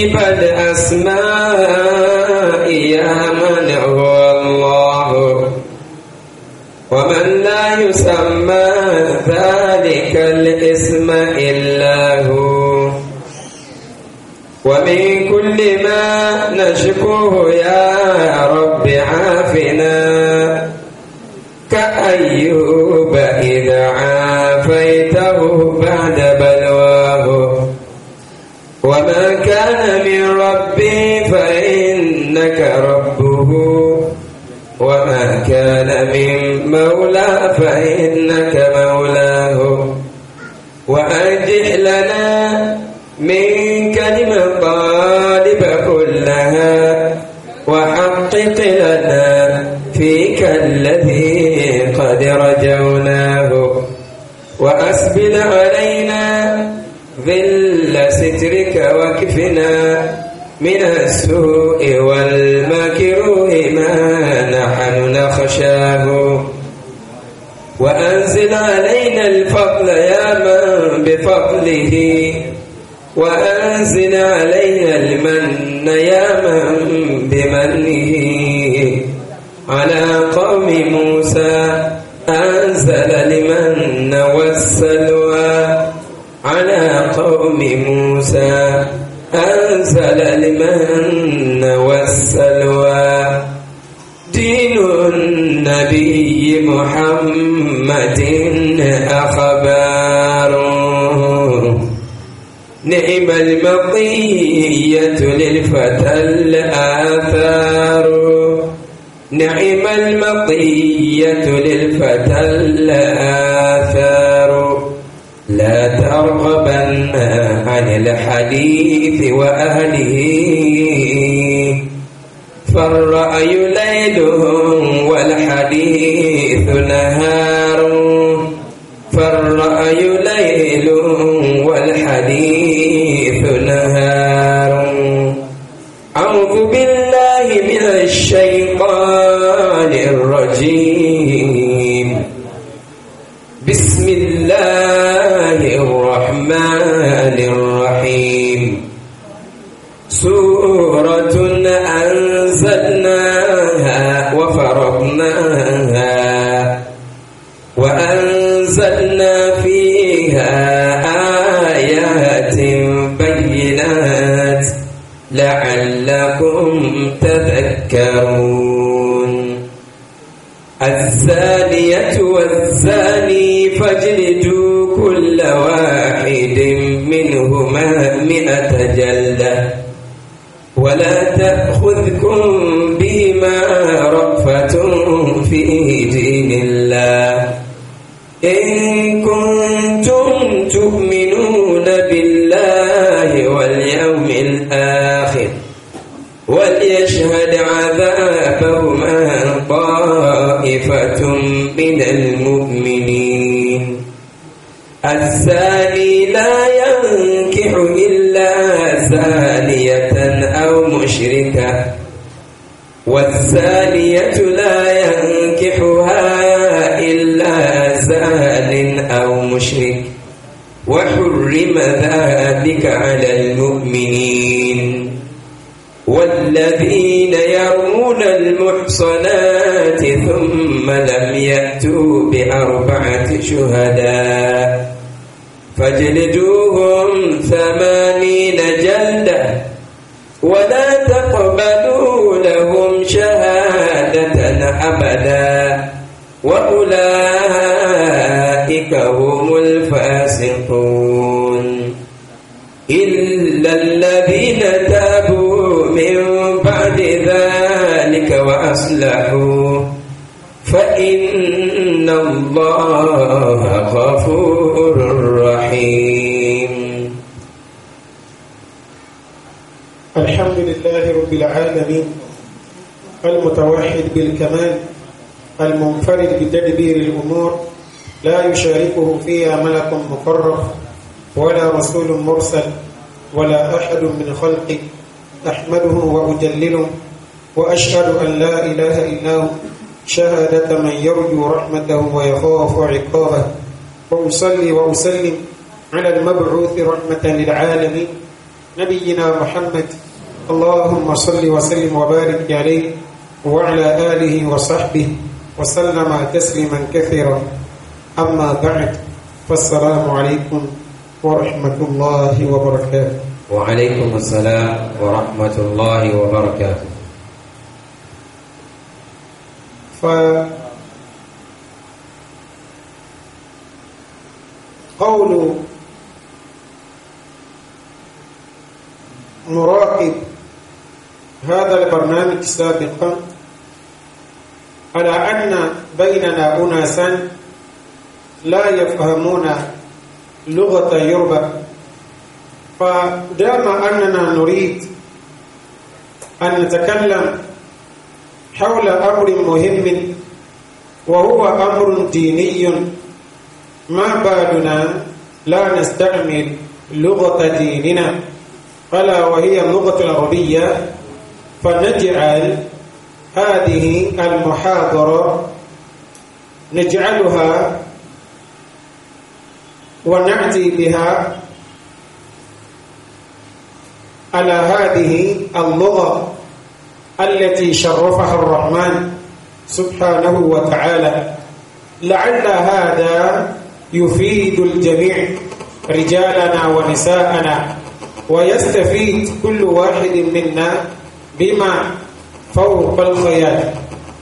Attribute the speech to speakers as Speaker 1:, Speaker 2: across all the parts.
Speaker 1: وكيف طيب الأسماء يا من هو الله ومن لا يسمى ذلك الاسم إلا هو ومن كل ما نشكوه يا رب عافية مولا فإنك مولاه وأنجح لنا منك المطالب كلها وحقق لنا فيك الذي قد رجوناه وأسبل علينا ذل سترك وكفنا من السوء والمكروه ما نحن نخشاه وأنزل علينا الفضل يا من بفضله وأنزل علينا المن يا من بمنه على قوم موسى أنزل المن والسلوى على قوم موسى أنزل المن والسلوى دين النبي محمد فيهما المطية للفتى الآثار نعم المطية للفتى الآثار لا ترغبن عن الحديث وأهله فالرأي ليل والحديث نهار فالرأي ليل بالله من الشيطان الرجيم
Speaker 2: مكرم ولا رسول مرسل ولا أحد من خلقي أحمده وأجلله وأشهد أن لا إله إلا هو شهادة من يرجو رحمته ويخاف عقابه وأصلي وأسلم على المبعوث رحمة للعالمين نبينا محمد اللهم صل وسلم وبارك عليه وعلى آله وصحبه وسلم
Speaker 1: تسليما كثيرا أما بعد فالسلام عليكم ورحمة الله وبركاته وعليكم السلام ورحمة الله وبركاته ف
Speaker 2: قول مراقب هذا البرنامج سابقا على أن بيننا أناسا لا يفهمون لغة يربا فدام أننا نريد أن نتكلم حول أمر مهم وهو أمر ديني ما بالنا لا نستعمل لغة ديننا ألا وهي اللغة العربية فنجعل هذه المحاضرة نجعلها ونأتي بها على هذه اللغة التي شرفها الرحمن سبحانه وتعالى لعل هذا يفيد الجميع رجالنا ونساءنا ويستفيد كل واحد منا بما فوق الخيال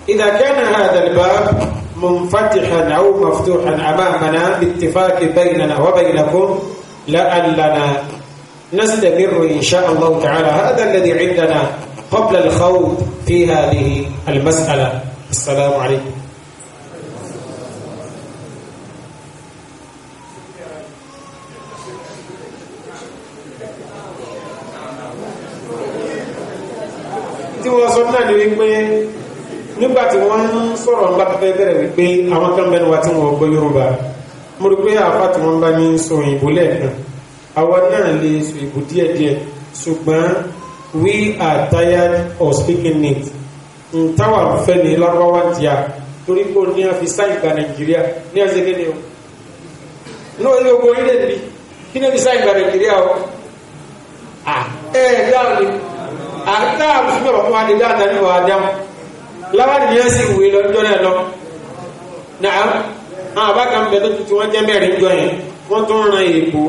Speaker 2: إذا كان هذا الباب منفتحا أو مفتوحا أمامنا باتفاق بيننا وبينكم لعلنا نستمر إن شاء الله تعالى هذا الذي عندنا قبل الخوض في هذه المسألة السلام عليكم Thank you. nígbà tí wọ́n ń sọ̀rọ̀ nígbà tó fẹ́ bẹ̀rẹ̀ wípé àwọn kan bẹnu wa tí wọ́n gbọ́ Yorùbá mo rò pé àfa tí wọ́n bá ní sọ òyìnbó lẹ́ẹ̀kan àwa náà lè sọ òyìnbó díẹ̀díẹ̀ ṣùgbọ́n we are tired of speaking it n táwa fẹ́ ní lárúbáwá ti à torí pé ní a fi sáyìnká Nàìjíríà ní àṣekẹ́ ni o ní orí ogun orílẹ̀ èdè kí ní a fi sáyìnká Nàìjíríà o ẹ̀ ẹ̀ dáhùn ni àti táwa fi mẹ́wàá fún wa ní dáadáa ní wàá dáhùn láwárí yẹn sì wé lọ́jọ́ náà lọ náà àwọn àbá kan bẹ tó ti wọ́n jẹ́ mẹ́rin jọ yẹn wọ́n tún ran èèpo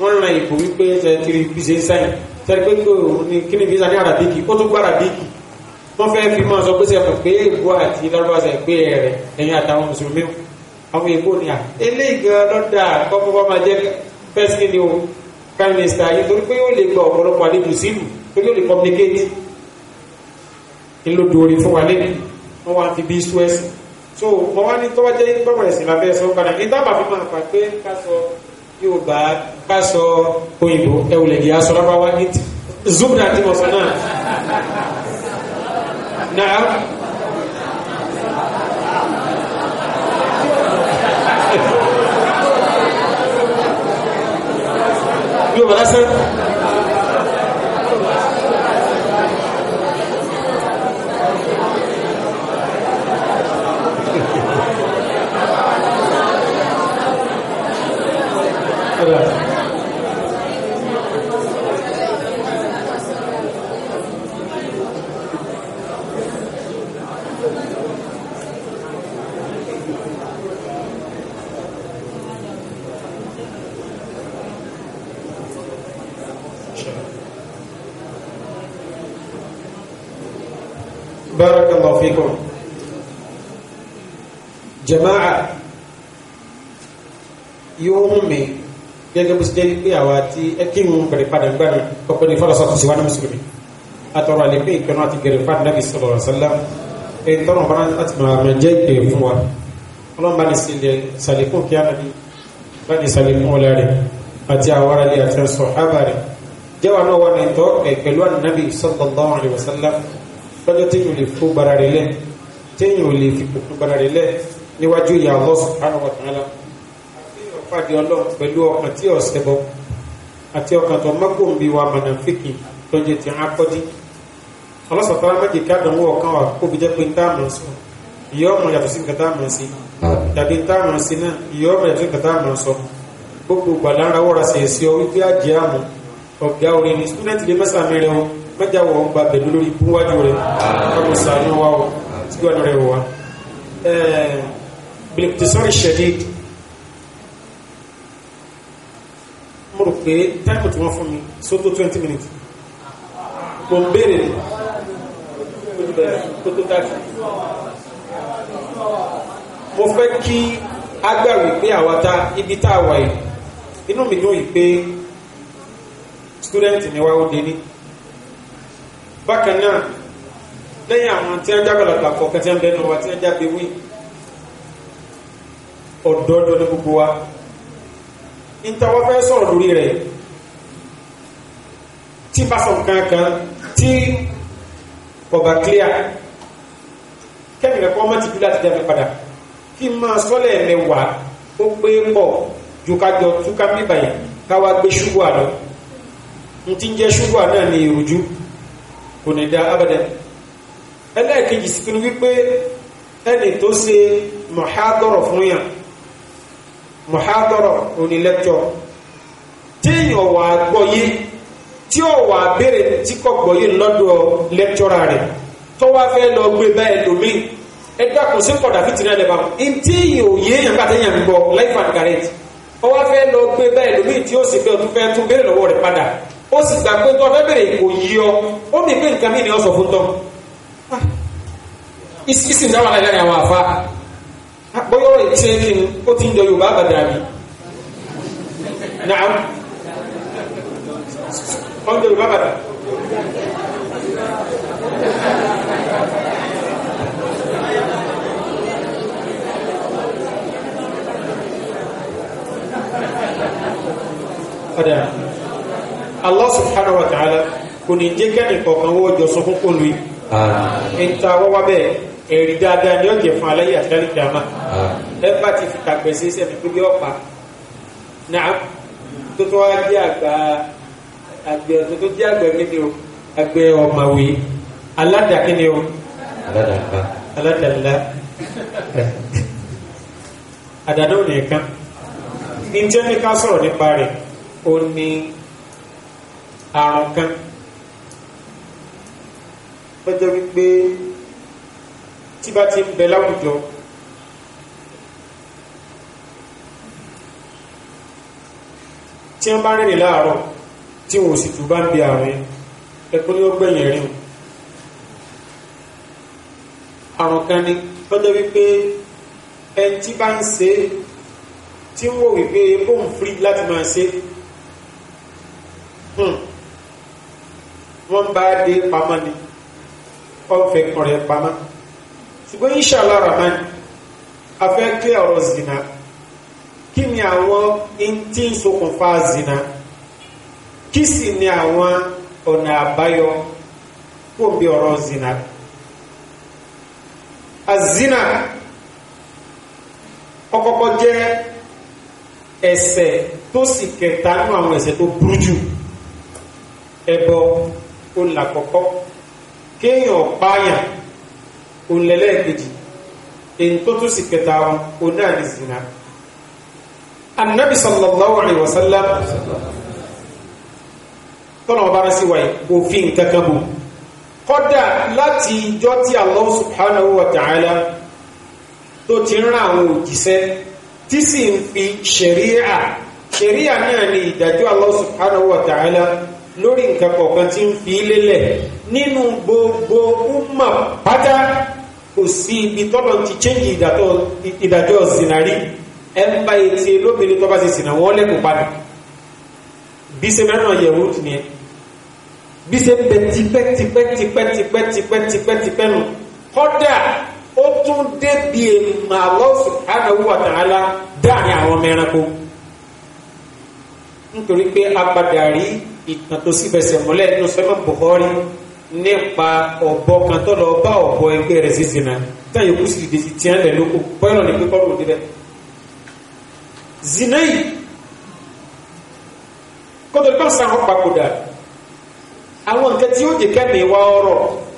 Speaker 2: wọ́n ran èèpo wípé ṣe tiri bí ṣe ń sáyìn sẹ́ni pé kí ni kí ni bí sani arabiki ó tún gbọ́ arabiki wọ́n fẹ́ fi máa sọ pé sẹ́kọ̀ pé èèpo àti lọ́dọ̀ sẹ́ pé ẹ̀rẹ̀ ẹ̀yìn àtàwọn mùsùlùmí àwọn èèpo ni à eléyìí gan lọ́dà kọ́kọ́ máa jẹ́ fẹ́sìkì ni o prime minister yìí torí pé ó lè gba ọ̀pọ̀lọpọ̀ àlejò sílùú torí ó lè communicate kí ló dorí fún wa lẹ́nu wọ́n wá fi bí sú so mo wá ní tọ́wọ́ jẹ́ gbọ́mọ̀ ẹ̀sìn lábẹ́ ẹ̀sìn padà ní tábà fi máa fà pé ká sọ yóò bá bá sọ òyìnbó ẹ ò lè aṣọ lábá wá ní zoom náà ti mọ̀ sọ náà náà. yóò barakallahu fikum jama'a yóò mú mi gẹ́gẹ́ bó ṣe jẹ́ pé àwa tí ẹkí mú bẹ̀rẹ̀ padà gbàdùn ọ̀pọ̀ ní fọlọ́sọ tó sì wá ní mùsùlùmí àtọ̀rọ̀ àlẹ́ pé ìpinnu àti gẹ̀rẹ̀ fún àdínábì sallallahu alaihi wasallam ẹ̀ tọ́nà bá láti máa jẹ́ ìpè fún wa ọlọ́mọba ní sílẹ̀ sàlékún kí á nàbí bani salimu ọlá rẹ àti àwọn aráàlú àti ẹsọ ọhábà rẹ jẹwàá náà wà ní ìtọ ẹ pẹ̀lú ànábì sallallahu alaihi wasallam lọ́jọ́ téèyàn lè fún bara rẹ̀ lẹ̀ téèyàn lè fi kókó bara rẹ̀ lẹ̀ níwájú ìyá Allah subhanahu wa ta'ala àfihàn pàdé ọlọ́run pẹ̀lú ọkàn tí ọ̀sẹ̀ bọ àti ọkàn tó mọ́kòǹbí wa mọ̀nà fíkì a kọ́dí ọlọ́sọ̀tara méjì ká dánwó ọkàn wa kó fi jẹ́ pé ń tá àmọ̀ sọ ìyá ọmọ yàtọ̀ sí nǹkan tá àmọ̀ sí tàbí ń tá àmọ̀ sí náà ìyá ọmọ yàtọ̀ sí nǹkan tá àmọ̀ sọ gbogbo mẹ́jà wọ̀ ń ba bẹ̀lú lórí búwájú rẹ̀ ọmọ sàánú wa wọ̀ tí wọ́n rẹ̀ wọ̀ biliktisari shadid mo rò pé táìmù tí wọ́n fún mi sótó twenty minutes mo ń béèrè ní kótó tàbí mo fẹ́ kí agbá wípé àwátá ibi tá a wà yìí inú mi dùn yìí pé student ni wa ó dé ní bákan náà lẹ́yìn àwọn tí wọ́n jágbàlagbà kọ̀ọ̀kan tí wọ́n bẹ́ẹ̀ náà wá tí wọ́n jáde wí ọ̀dọ́dọ́ ní gbogbo wa ìtawọ́ fẹ́ sọ̀rọ̀ lórí rẹ̀ tí bá sọ nǹkan kan tí kọ̀bà clear kẹ́mi rẹ̀ kọ́ ọmọ ti dúdà ti jáde padà kí n máa sọ́lẹ̀ mẹ́wàá ó pé pọ̀ ju kájọ túká káwá gbé ṣúgbà lọ n ti jẹ́ ṣúgbà náà ní ìrújú kò ní da abadan ẹlẹ́ẹ̀kejì sí pinnu wípé ẹni tó ṣe mọ̀hádọ́rọ̀ fún yàn mọ̀hádọ́rọ̀ onílẹ́tọ̀ tí èèyàn wà gbọ́yé tí ó wà béèrè tí kò gbọ́yé lọ́dọ̀ lẹ́tọ́ra rẹ̀ tó wá fẹ́ lọ gbé bá ẹlòmíì ẹ dákun sí kọ̀dà fìtìrì ẹ̀lẹ́bà ntí yóò yé èèyàn bá tẹ̀yàn gbọ́ life and garret ó wá fẹ́ lọ gbé bá ẹlòmíì tí ó sì fẹ́ tún fẹ́ tún béèrè lọ́wọ́ rẹ̀ padà ó sì gbà pé tó ọbẹ̀ bẹ̀rẹ̀ kò yí ọ ó mi pé nǹkan mi ni ọ sọ fún tọ́ ah, ah, ìsì ń dáwà láìláì àwọn àfa bóyọ́ ọ̀rọ̀ ìṣe kí ni ó ti ń jọ Yorùbá àbàdà mi naam ó ń jọ Yorùbá àbàdà ọ̀dà. Allah subhanahu wa ta'ala kò ní jẹ́ kẹ́ni kọ̀ọ̀kan wọ́n jọ sọ fún kólu yìí níta wọ́wọ́ bẹ́ẹ̀ ẹ̀rí dáadáa ni ó jẹ́ fún aláyé àtàlẹ́ kìámà ẹ bá ti fi tàgbẹ̀ sí sẹ́mi tó bí ọ̀pá náà tó tó wá jẹ́ àgbà àgbẹ̀ tó tó jẹ́ kí ni o àgbẹ̀ ọ̀màwé aládàá kí ni o aládàá ńlá àdàdà ò ní ẹ̀ka ní jẹ́ ní ká sọ̀rọ̀ nípa rẹ̀ ó ní àrùn kan lọ́jọ́ wípé tí bá ti ń bẹ láwùjọ tí wọ́n bá rìnrìn láàárọ̀ tí wọ́n sì tún bá ń bi àrùn ẹkùn ní ó gbẹ̀yìn rìn àrùn kan ni lọ́jọ́ wípé ẹni tí bá ń ṣe tí wọ́n wípé bóun firi láti máa ṣe. Hmm wọ́n bá dé pamọ́ ni wọ́n fẹ́ kọ̀rẹ́ pamọ́ ṣùgbọ́n inṣàlá rahman afẹ́ kí ọ̀rọ̀ zina kí ni àwọn tí ń ṣokùnfà zina kí sì ni àwọn ọ̀nà àbáyọ kó bí ọ̀rọ̀ zina azina ọkọ̀kọ́ jẹ́ ẹ̀ṣẹ̀ tó sì kẹta nínú àwọn ẹ̀ṣẹ̀ tó burú jù ẹbọ òun làkọ́kọ́ kéèyàn pààyàn òun lẹ́lẹ́ẹ̀kejì èyí tó tún sì kẹta wọn òun náà ní zina anabi sallallahu alayhi wa sallam tọ́nà ọba rẹ̀ sí wáyé òfin kankan bò kọ́dà láti ìjọ tí Allah subhanahu wa ta'ala tó ti rán àwọn òjíṣẹ́ tí sì ń fi ṣẹ̀ríà ṣẹ̀ríà náà ni ìdájọ́ Allah subhanahu wa ta'ala lórí nǹkan kọ̀ọ̀kan tí ń fi lélẹ̀ nínú gbogbo umma pátá kò sí ibi tọ́lọ̀ ti ìdájọ́ zinari ẹ etí lóbìnrin tó bá ti sìnà wọ́n lẹ́kùn padà bí ṣe mẹ́ràn yẹ̀wò nìyẹn bí ṣe bẹ tipẹ́tipẹ́tipẹ́tipẹ́tipẹ́tipẹ́ nù kọ́dà ó tún débi èèmà Allah subhanahu wa dáàrin àwọn ọmọ nítorí
Speaker 3: ìtàn tó sì fẹsẹ̀ múlẹ̀
Speaker 2: nínú sọ́mọ́ Bukhari nípa ọ̀bọ kan tó lọ bá ọ̀bọ ẹgbẹ́ rẹ̀ sí zina táyà kú sì dìde tiẹ́ lẹ̀ lóko bọ́ọ̀lù ní pípọ́ lòdì rẹ̀ zina yìí kótó tó sàn án papòdà àwọn nǹkan tí ó jẹ kẹ́mi wá ọ̀rọ̀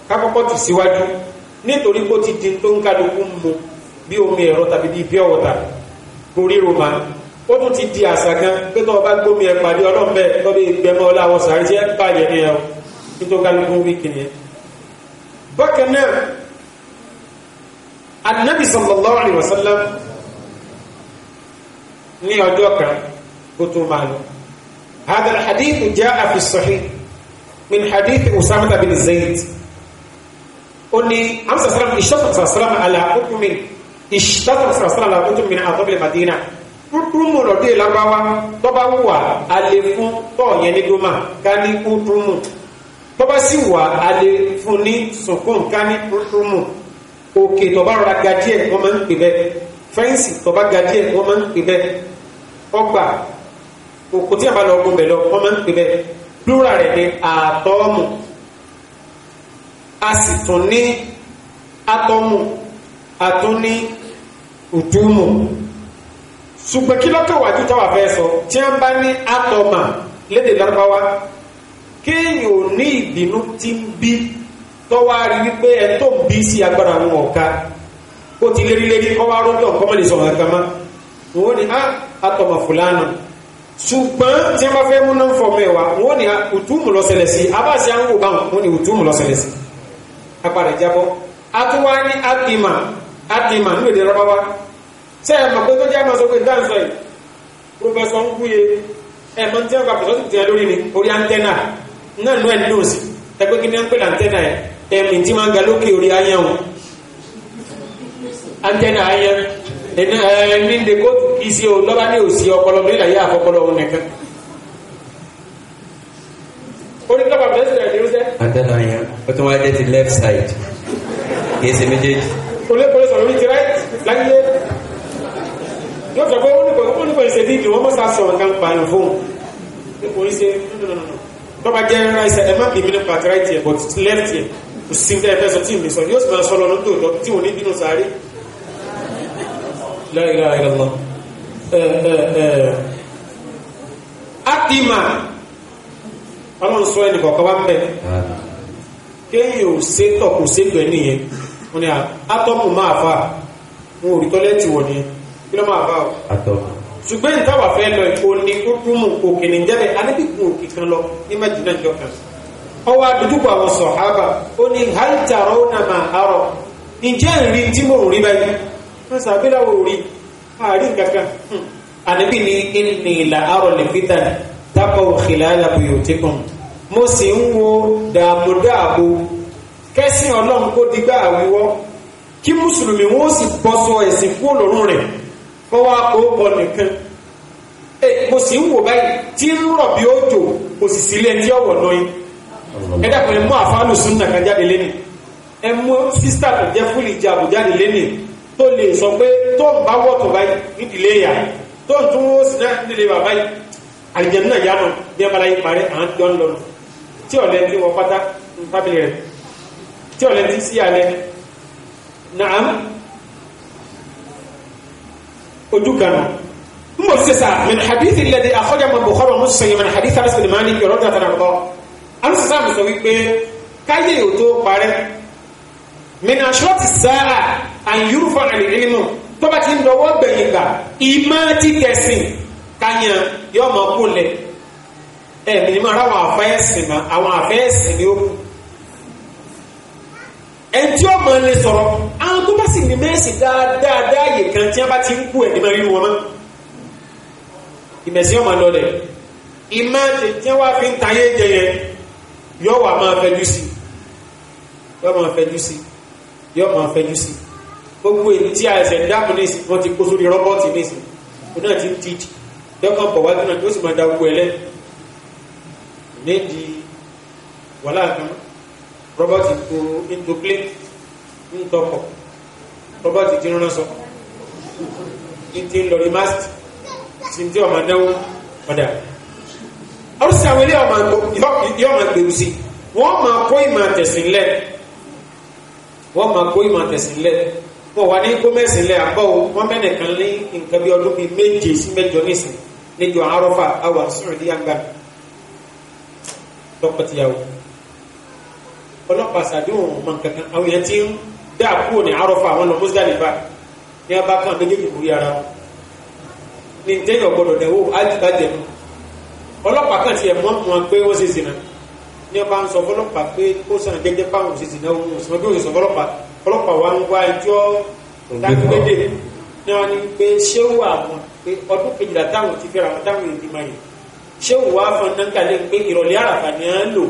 Speaker 2: kákọ́kọ́ tù síwájú nítorí pé ó ti di tó ń kálukú mu bí omi ẹ̀rọ tàbí bí bí ọ̀wọ̀ta orí roma ó tún ti di àṣà kan pé tó o bá gbómi ẹ pàdé ọlọ́run bẹ́ẹ̀ tó bí gbẹmọ ọlá àwọn sàárẹ̀ tí ẹ ń bàjẹ́ ní ẹ o nítorí kálukú wí kìnìyẹn. bákan náà anabi sọlọlọ alayhi wa ní ọjọ́ kan kó tó máa lọ. هذا الحديث جاء في الصحيح من حديث أسامة بن زيد أني أمس صلى الله عليه وسلم على حكم اشتغل صلى الله عليه وسلم على حكم من أطفال المدينة kúdùmù lọ́dọ̀ ìlábáwá tọ́ba wùwà alẹ́ fún tọ́ọ̀yẹn ní dómà ká ní kúdùmù tọ́ba sì wà alẹ́ fún ní sùnkún ká ní kúdùmù òkè tọ́ba rọra ga díẹ̀ wọ́n máa ń pè bẹ́ẹ̀ fẹ́ǹsì tọ́ba ga díẹ̀ wọ́n máa ń pè bẹ́ẹ̀ ọgbà òkú tí a bá lọ ọgbọ́n bẹ̀ lọ wọ́n máa ni àtọ́ọ̀mù a sì ṣùgbọ́n kí lọ́kàn wájú táwa fẹ́ sọ tí wọ́n bá ní atọ́mà lédè lárúbáwá kéèyàn ò ní ìbínú tí ń bí tọ́wá rí wípé ẹ tó ń bí sí agbára àwọn ọ̀ka ó ti lérí lérí kọ́ wá rọ́bí ọ̀kọ́ mọ́ lè sọ̀rọ̀ kankan mọ́ wọ́n ní ah, atọ́mà fúlànà ṣùgbọ́n tí wọ́n bá fẹ́ múná ń fọmọ ẹ̀wà ah, wọ́n ní ùtúmù lọ́sẹ̀lẹ̀ sí abáṣe àwọn òbá wọn ní ùtúmù lọ́sẹ̀lẹ̀ sí apàdé jábọ́ atúwá ní atima atima nílẹ̀ lárúbáwá ṣé ẹ mọ̀ pé tó jẹ́ ẹ máa sọ pé dáńsọ yìí pòfẹsọ ń wúye ẹ mọ̀ tí wọ́n pa pòfẹsọ tuntun yẹn lórí ni orí antẹ́nà náà nù ẹ̀ ní òsì ẹ pé kí ni ẹ ń pè ní antẹ́nà yẹn ẹ̀mí tí máa ga lókè orí ayẹ̀wò antẹ́nà ayẹ̀ ẹni ń de kó isi o lọ́ba ní òsì ọpọlọ mi láyé àfọpọlọ òun nìkan orí lọ́ba bẹ́sẹ̀ rẹ̀ lérú sẹ́.
Speaker 1: antẹ́nà ayẹ̀ o tún wáyé dé ti left side kì í ṣe méjèèjì.
Speaker 2: olóòpolósọ̀rọ̀ mi ti right láyé yóò sọ pé ó ní pẹ̀lú ṣèdíìdì wọ́n mọ́ sá sọ̀rọ̀ nǹkan pààyàn fóun nítorí ṣe tọ́ba jẹ́ ráìsẹ̀ ẹ má bí mi nípa ráìtì ẹ̀ but left ẹ̀ kò sí ní ẹ̀fẹ́ sọ tí mi sọ yóò sì máa sọ lọ lóńtò ìtọ́ tí wọ́n ní bínú sáré. La ilaha illallah àtìmà ọlọ́run sọ ẹnì kọ̀ọ̀kan wá ń bẹ̀ kéèyàn ò sétọ̀ kò sétọ̀ ẹ̀ nìyẹn wọ́n ní àtọ́mù máa fà wọn ò rí tọ́lẹ́tì wọ̀ kí ló máa bá ọ. àtọ̀mọ̀. ṣùgbọ́n ìtawà fẹ́ lọ ìkó ni ó tún mú òkè ní jẹ́bẹ̀ alẹ́bìkún òkè kan lọ ní mẹ́jìnà jọ kan. ọwọ́ àdójúkọ àwọn sọ̀hábà ó ní hàìjàrọ̀ ó nà máa harọ̀ ǹjẹ́ ìrìn tí mò ń rí báyìí wọ́n sàbíláwò rí àárín kankan. Hmm. àníbì ni ìnì ìlà àrọ̀ lè fi tàn dápọ̀ òkèlè alábòyò tí kàn mo sì ń wo dààmúdààbò kẹ́sìn ọlọ́run kó digbá àwíwọ́ kí mùsùlùmí wọn ó sì bọ́ sọ ẹ̀sìn kú òlòrùn rẹ̀ kọ́ wá kó kọ nìkan mo sì ń wò báyìí tí ń rọ̀ bí ó jò kò sì sí ilé tí ọ̀wọ̀ lọ yìí ẹ dàpọ̀ ẹ mú àfáàlù súnà kan jáde lẹ́nu ẹ mú sísítà tó jẹ́ fúlì jàbù jáde lẹ́nu tó lè sọ pé tó ń bá wọ̀ tó báyìí nídìílé yà tó ń tún ó sì náà nídìílé bàbá yìí àlìjẹ̀mú náà yá nù bí ẹ bá láyé parí à ń jọ ń lọ tí ọ̀lẹ́ ti wọ pátá ń tábìlì rẹ̀ tí ọ̀lẹ́ ti sí alẹ́ nàám ojú kan nù n bò sisan min hadithi lẹ́dí àkọ́jà mọ̀ bùkọ́rọ̀ mú sọ̀yìn min hadithi alẹ́ sọ̀rọ̀ mání yọ̀rọ̀ dàtà nà kọ́ an sisan mi sọ wípé káyé yóò tó parẹ́ min aṣọ ti sáà an yúrù fún àlè ìlímù tó bá ti ń dọwọ́ gbẹ̀yìn gbà ìmọ̀ ti tẹ̀sìn káyà yọ̀ mọ̀ kó lẹ̀ ẹ̀ mìíràn àwọn àfẹ́sìn àwọn àfẹ́sìn ni ó kù ẹtí ọmọ ẹni sọ̀rọ̀ àwọn tó bá sì ní mẹ́sì dáadáa yè kan tí wọ́n bá ti ń kú ẹ̀dínmá rí wọn mọ́ ìmẹ̀sí ọmọ lọlẹ̀ ìmọ̀ tí wọ́n fi ń tayé jẹ yẹn yọ wà máa fẹjú sí yọ máa fẹjú sí yọ máa fẹjú sí gbogbo èyí tí a ẹsẹ̀ dáàmú ní ìsìn wọn ti kó sórí rọ́bọ́ọ̀tì ní ìsìn wọn náà ti ń tíjì dọ́kàn bọ̀ wájú náà tó sì máa da gbogbo ẹ̀ lẹ́ nídìí wàhálà kan Robert go into plane ń tọkọ̀ Robert ti rán sọ ti ń lọrí mast ti ń tí ọmọ náwó ọ̀dà ọ̀rùsí àwọn ilé ọmọ gbèrú sí wọ́n máa kó ìmọ̀ àtẹ̀sìn lẹ̀ wọ́n máa kó ìmọ̀ àtẹ̀sìn lẹ̀ wọ́n wà ní gómẹ̀sìn lẹ̀ àbọ̀ wọ́n mẹ́nìkan ní nǹkan bí ọdún bíi méje sí mẹ́jọ nísìn níjọ àárọ̀fà àwọn àṣírí ní tọkọtìyàwó ọlọ́pàá sàdéhùn mọ̀ kankan àwọn èèyàn ti ń dá kúrò ní arọ́fà àwọn lọ mọ́sídàlífà ní abá kan méjèèjì kúrí ara wọn ní tẹ́yìn ọ̀gbọ́dọ̀ dẹ̀wò alìbàjẹ́ mu ọlọ́pàá kan ti ẹ̀ mọ́ wọn pé wọ́n ṣe zìnà ní ọba ń sọ fọlọ́pàá pé ó sàn jẹ́jẹ́ páwọn ṣe zìnà òun sọ bí òun sọ fọlọ́pàá fọlọ́pàá wa ń wá ẹjọ́ dákúrédè ní wọn ni pé ṣé ó wà wọn pé ọdún kejìlá táwọn ti fẹ́ra táwọn èdè máa yẹ ṣé ó wà fọn náà kálẹ̀ pé ìrọ̀lẹ́ àràfà ni à ń lò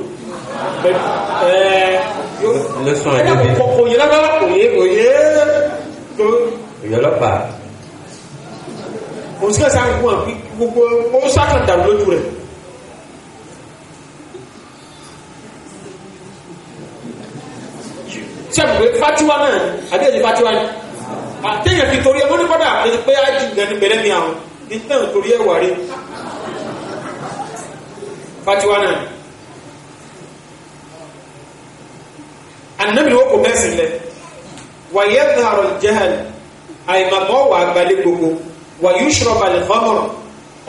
Speaker 4: Eh,
Speaker 1: lẹ́sùn àjẹbí kò yẹ lára
Speaker 2: kò yẹ kò yẹ
Speaker 1: tó. ìyọlọ́pàá.
Speaker 2: òun sì kẹsàn-án gbogbo ó sàkàndà lójú rẹ̀. sẹ́gbẹ̀ẹ́ fatiwa náà àbí ẹ̀sìn fatiwa ni àtẹ̀yẹ̀ fi torí ẹ̀mọ́ ní kọ́dà àti pé ájì gani bẹ̀rẹ̀ mi àwọn ní tẹ̀wọ̀n torí ẹ̀wà rí fatiwa náà. ànábì wọ́n kò mẹ́sìn lẹ wàyẹ́ dàrọ̀ jẹ́hàn àìmàmọ́ wà gbalẹ̀ gbogbo wàyú ṣọ́ọ̀bà lè fọ́mọ̀rọ̀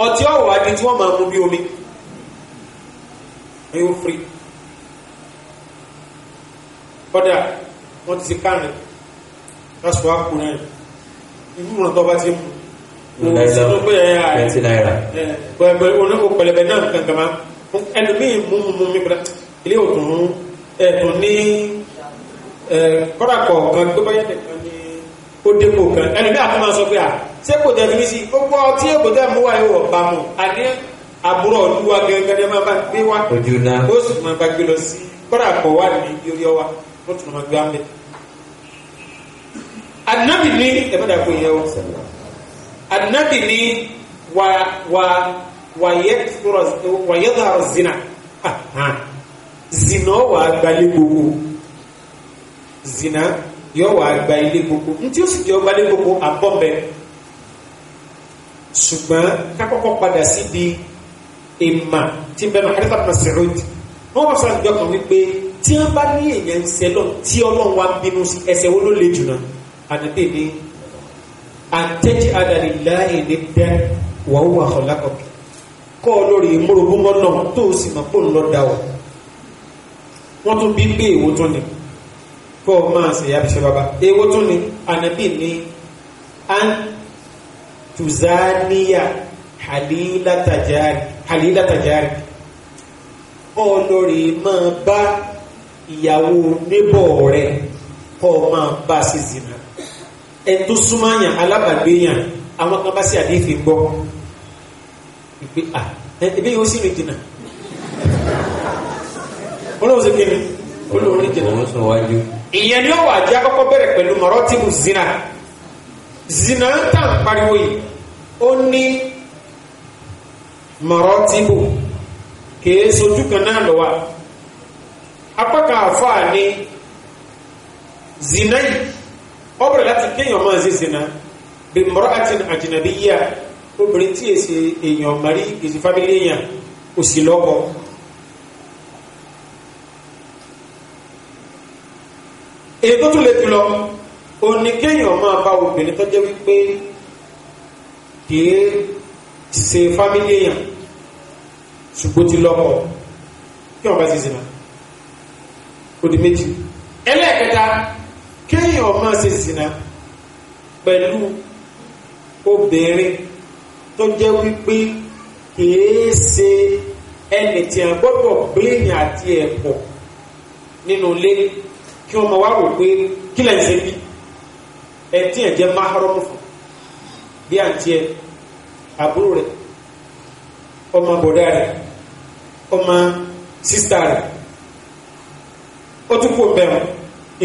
Speaker 2: ọtí ọ̀wọ̀ adi tí wọ́n máa mú bí omi yóò firi kọ́dà wọ́n ti kárìn lásìkò àpò náà irú ìrìn tó bá ti
Speaker 1: mú ìsẹ́nu pé ẹ̀yà rẹ̀
Speaker 2: pẹ̀lú oníkó pẹ̀lẹ̀bẹ̀ náà kankan máa ẹnu mí mú mú mi padà ilé òtún ẹ̀tún ní kọ́dà kọ̀ọ̀kan tó bá yẹ́dẹ̀ kan ní ó dépò kan ẹnu bí àfihàn máa sọ pé à ṣé kò tẹ̀ fi sí ó gbọ́ tí èkó tẹ̀ mú wáyé wọ̀ bá mu àní àbúrò olúwa gẹ́gẹ́ ní máa bá gbé wá ojú náà ó sì máa bá gbé lọ sí kọ́dà kọ̀ wá ní yorí ọwá ó tún máa gbé wá mẹ́. Ànábì ní ẹ̀fọ́dà kò yẹ wọ́n Ànábì ní wà wà wà yẹ́ zina ah, ah. zina wà gbalẹ̀ gbogbo zina yóò wá gba ilé gbogbo ntí ó sì jẹ́ ọgbà ilé gbogbo àbọ̀bẹ̀ ṣùgbọ́n kákọ́kọ́ padà síbi ìmà tí bẹ́ẹ̀ náà hadith ibn Mas'ud wọ́n bá sọ̀rọ̀ ìjọ kan wípé tí wọ́n bá ní èèyàn ń ṣe lọ́n tí ọlọ́run wa ń bínú ẹsẹ̀ wo ló le jù náà àdìdè ni àtẹ́jì adàlélá èdè dẹ́ wàá wà ọ̀làkọ̀ kọ́ ọ lórí ìmúrogún náà tó o sì mọ̀ pò ń lọ da wọ́n tún bí gbé ìwò ni kọ́ ọ máa ṣe yàbíṣẹ́ bàbá ewo tún ni ànábì ní an tùzáníyà halilatajari ọlọ́rẹ̀ máa bá ìyàwó níbọ̀ rẹ̀ kọ́ ọ máa bá sí zina ẹni tó súnmọ́ àyàn alábàgbé yàn àwọn kan bá sí àdéhìí gbọ́ ìpè à ẹbí yóò sì rìn jìnnà
Speaker 1: olóhùn sí kéde olóhùn rìn jìnnà ìyẹn
Speaker 2: ni ó wà jẹ́ akọ́kọ́ bẹ̀rẹ̀ pẹ̀lú mọ̀rọ́tìmù zina zina ń tàn pariwo yìí ó ní mọ̀rọ́tìmù kìí sojú kan náà lọ́wọ́ apá kan àfáà ni zina yìí ó bẹ̀rẹ̀ láti kéèyàn máa ṣe zina bí mọ́rọ́tì àjìnàbí yíyà obìnrin tí èsì èèyàn mari èsì fábílì èèyàn òsì lọ́kọ̀ọ́ èyí tó tún lè jùlọ òní kéèyàn máa bá obìnrin tó jẹ́ wípé kìí ṣe fámílì èèyàn ṣùgbọ́n ti lọ́kọ kí wọ́n bá ti zina ó di méjì ẹlẹ́ẹ̀kẹta kéèyàn máa ṣe zina pẹ̀lú obìnrin tó jẹ́ wípé kìí ṣe ẹnì tí a gbọ́dọ̀ gbé èèyàn àti ẹ̀pọ̀ nínú ilé kí wọ́n ma wá wò pé kí lẹ́yìn ṣe bí ẹ tí ẹ̀ jẹ́ máhárọ́mù fún bí àǹtí ẹ àbúrò rẹ̀ ọmọ bọ̀dá rẹ̀ ọmọ sísá rẹ̀ ó tún kò bẹ̀rẹ̀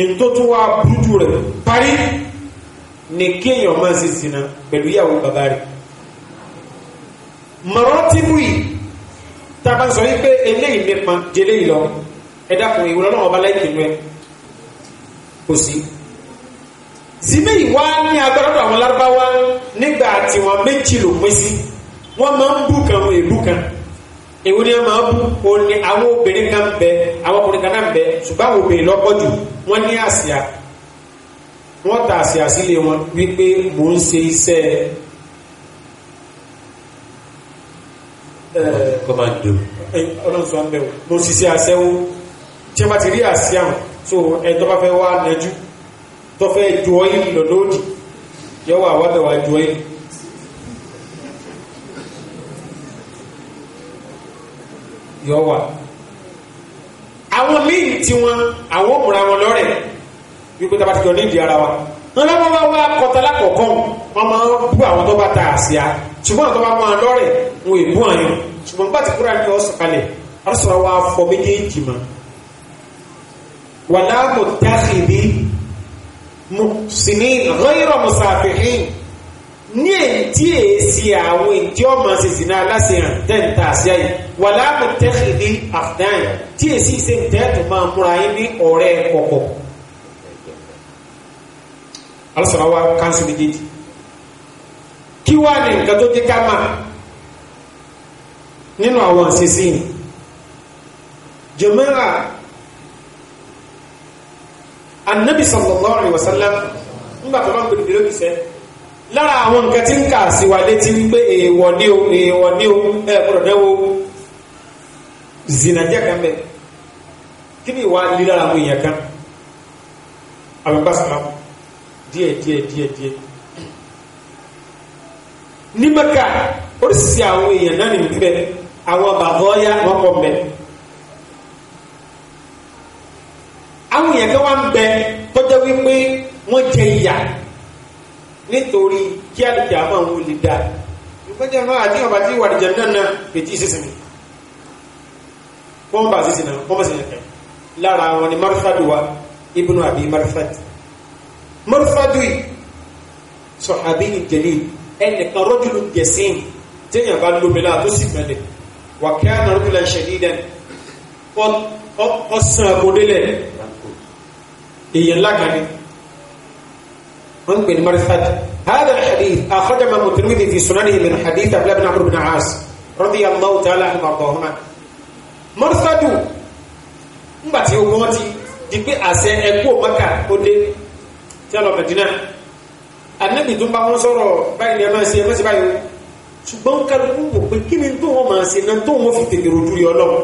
Speaker 2: ìtótó wá burújú rẹ̀ parí ní kéèyàn máa ṣe sìnà pẹ̀lú ìyàwó bàbá rẹ̀ mọ̀rọ́ tí wù yìí tá a bá sọ wípé eléyìí nípa jẹ́lé ìlọ ẹ̀dá kùnrin ìwúrọ̀ náà ọba láìpẹ́ nú ẹ̀ kò sí. zimé ìwá ní agbára àwọn lárúbáwá nígbà tí wọn méjì ló pín sí wọn máa ń bú kan wọn èlú kan èwo ni wọn máa ń bú òun ni àwọn obìnrin kan bẹ àwọn ọkùnrin kan náà bẹ ṣùgbọ́n àwọn obìnrin lọ́pọ̀ jù wọ́n ní àsíá wọ́n ta àsíá sílé wọn wípé mò ń ṣe iṣẹ́ kọ́mándò ọlọ́run sọ ń bẹ̀rù mo ṣiṣẹ́ aṣẹ́wó tí wọ́n bá ti rí àsíá wọn so ẹni tó bá fẹ́ wá nẹjú tó fẹ́ jọ yìí lọ́lọ́dì yọ wà wọ́dọ̀ wá jọ yìí yọ wà àwọn míì tí wọn àwọn òmùra wọn lọ́rẹ̀ wípé tá a bá ti jọ nídìí ara wa wọn lábọ́ bá wá kọtàlá kọ̀ọ̀kan wọn máa ń bú àwọn tó bá ta àsíá ṣùgbọ́n tó bá máa lọ́rẹ̀ wọn èbú àyàn ṣùgbọ́n gbàtí kúrò àti ọ̀sán kalẹ̀ arásọ̀rọ̀ wa fọ méjèèjì máa ولا متخذي سنين غير مسافحين ní èyí tí èsì àwọn èyí tí ọmọ ṣèṣì náà aláṣẹyàn dẹ́ǹta àṣẹ yìí wà láàmú tẹ́kìlì afghan tí èsì ṣe ń tẹ́ẹ̀tù máa múra yín ní ọ̀rẹ́ kọ̀kọ̀. alásọ̀rọ̀ wa káńsì méjèèjì kí wàá ní nǹkan tó dé ká mà nínú àwọn àṣẹṣe jọmọ́ra anabi sallallahu alayhi wa sallam nígbà tó bá ń gbèdè lóbi sẹ́ lára àwọn nǹkan tí ń kà sí o o kan kan àwọn èèyàn kan wá ń bẹ tọ́jọ́ wípé wọ́n jẹ ìyà nítorí kí àlùkí àmọ́ àwọn olè dá ìpẹ́jẹ́ náà àti ọba tí wà nìjẹ́ náà náà pètí ìṣẹ́sìnmi wọ́n bá sísìn náà wọ́n bá sísìn náà lára wọn ni marfadu wa ibnu abi marfadu marfadu yìí sọ̀hábí ni jẹ̀lì ẹnìkan rọ́jùlù jẹ̀sìn téèyàn bá lómi náà tó sì mẹ́lẹ̀ wà kí á nà rọ́jùlù ṣẹ̀dídẹ́n ọ̀sán àbòdélẹ̀ èèyàn lága ni wọ́n ń pè ní marisad هذا الحديث أخرجه من الترمذي في سننه من حديث أبلا بن عمرو بن عاص رضي الله تعالى عنه وأرضاهما marisad ńgbà tí ogun wọn ti di pé àṣẹ ẹkú Mákà ó dé tí a lọ Mẹdínà Ànábì tó ń bá wọn sọ̀rọ̀ báyìí ni ẹ máa ṣe ẹ máa ṣe báyìí ṣùgbọ́n kálukú wò pé kí ni tó wọn máa ṣe náà tó wọn fi tètè rojú rí Ọlọ́run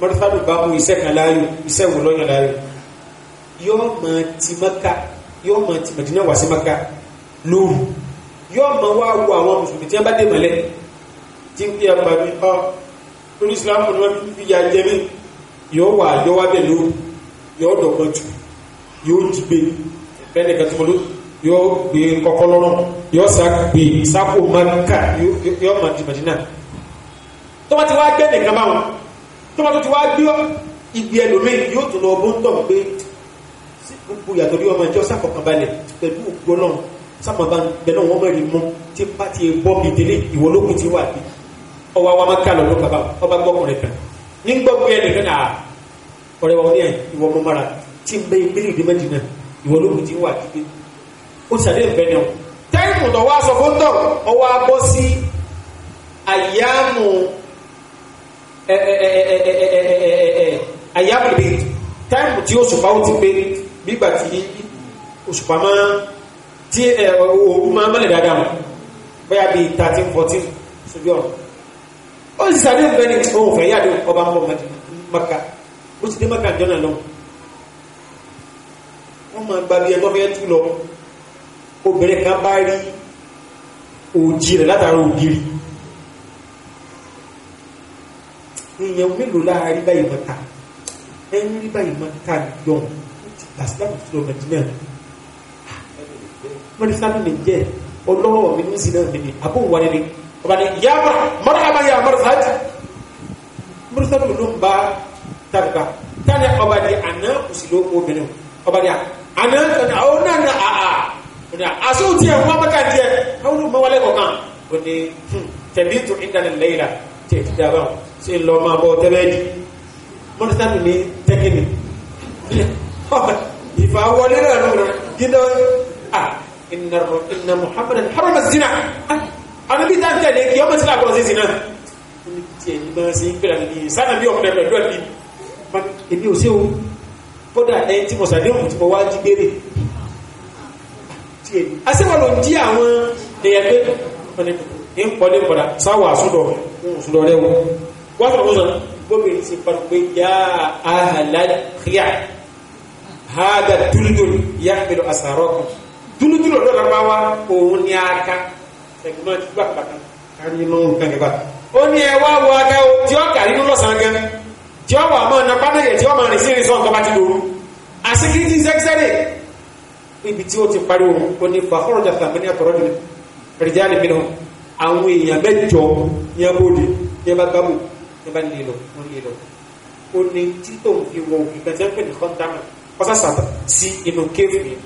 Speaker 2: marisad bá mu iṣẹ́ kan láàyò iṣẹ́ wò lọ́yàn láàyò yóò mọ̀ ti mẹ́ka yóò mọ̀ ti mẹ̀dínà wá sí mẹ́ka lóru yóò mọ̀ wá wo àwọn mùsùlùmí tí wọ́n bá dé mọ́lẹ̀ tí ń pè é pàmì ọ́ lórí islam ni wọ́n fi ya jẹ mí yóò wà yóò wá bẹ̀ lóru yóò dọ̀gbọ́n jù yóò dìgbé bẹ́ẹ̀ nìkan tó lóru yóò gbé kọ́kọ́ lọ́rùn yóò sá gbé sáko mẹ́ka yóò ti mẹ̀dínà tó bá ti nìkan báwọn tó bá gbé ìgbé ẹlòmíì yóò tún lọ bó ń tọ̀ pé gbogbo yàtọ̀ bí wọ́n máa jẹ́ ọ̀sàkọ̀kànbalẹ̀ pẹ̀lú ògbọ́nà sábàbà bẹ̀rẹ̀ náà wọ́n mẹ́rin mọ́ tí bá ti bọ́ mi délé ìwọlókun ti wà bí ọwọ́ wa máa kà lọ́dún bàbá ọba gbọ́kùnrin kan ní gbọ́gbọ́ ẹ̀ nìkan náà ọ̀rẹ́ wa oníyàn ìwọ ọmọ mara tí ń bẹ ìpínlẹ̀ èdè mẹ́jìnà ìwọlókun ti wà bí ó sàlẹ̀ ìfẹ́ náà tẹ́rìmù tó wá sọ fún tọ̀ ọwọ́ abọ́ sí àyàmù àyàmù ìbí tẹ́rìmù tí ó sùpá ó ti pé gbígbà tí òṣùpá máa tí òru máa mọ́lẹ̀ dáadáa mọ̀ bóyá bíi thirteen fourteen sójú ọ̀run ó sì sáré òun fẹ́ni òun fẹ́ yàdó ọba mọ́ maka ó sì dé maka jọ́nà lọ wọ́n máa gba bí ẹ lọ́fẹ́ tú lọ obìnrin kan bá rí òjì rẹ̀ látara ògiri èèyàn mélòó láàárín báyìí mọ́ta ẹ̀yìn rí báyìí mọ́ta gbọ̀n làsìlámù tó lọ́mọ jí náà wọ́n ní sáà mi jẹ́ ọlọ́wọ́ mi ní sinna mi ni àbò wà ní ni ọba ní yá mara mara àbá yá mara sáájú mara sáájú ló ń bá tàbíkà tani ọba ní àná òsìlò obìnrin ọba ní àná àwọn náà ní àà ọ̀nà àṣọ òtí ẹ̀ wọ́n bẹ́ka díẹ̀ àwọn olùmọ̀ wọlé kọ̀ọ̀kan ó ní tẹ̀bí tó ń dalẹ̀ lẹ́yìn la tẹ̀ ti dàbà ṣe lọ́ọ́ máa bọ̀ tẹ́lẹ̀ di mara sáájú ní tẹ́kẹ́ mi ìfàwọlé náà ló rẹ gídá ìnà muhammadan haram zina àbíbí tá n tẹ̀lé kí ọmọ sílá kọ́ sí zina ní tiẹ̀ ní bá ṣe ń pèrè àbí sánà bí ọkùnrin pẹ̀lú ẹ̀bí èmi ò sí o kódà ẹni tí mo sàdéhùn tí mo wá jí gbére tiẹ̀ asẹ́wọ̀n ló jí àwọn èèyàn pé ń pọ́lé pọ̀dà sáwọ̀ àsúdọ̀ òsùdọ̀ rẹ̀ wọ́n fọ̀rọ̀ mọ́sán gómìnà ti pàdùgbé yá àhàlá kíá hada dúlúdúlú yàgbẹ̀lú àsàrọ́kùn dúlúdúlú ọ̀dọ́ la máa wá òun ní aka ẹ̀gbọ́n ti gbà pàtàkì kárí inú nǹkan kẹfà ó ní ẹ wá wọ aka o tí ó kàrí inú lọ́sàn-án gan tí ó wà mọ́ ọ̀nà pátẹ́yẹ tí ó máa rìn sí irin sọ́ọ̀kan bá ti lòrú àsìkiri ti sẹ́kísẹ́rì ibi tí ó ti parí òun ó ní fàkọ́rọ̀jà tàbí ní àtọ̀rọ̀ jù rìjáde mi náà àwọn èèyàn mẹ́jọ ní abóde ní ẹ bá gbámù ní ẹ bá nílò ó nílò ó ní títò fi wọ òkè kẹsẹ́ pẹ̀lú ọsà sàtà sí inú kéèfù yẹn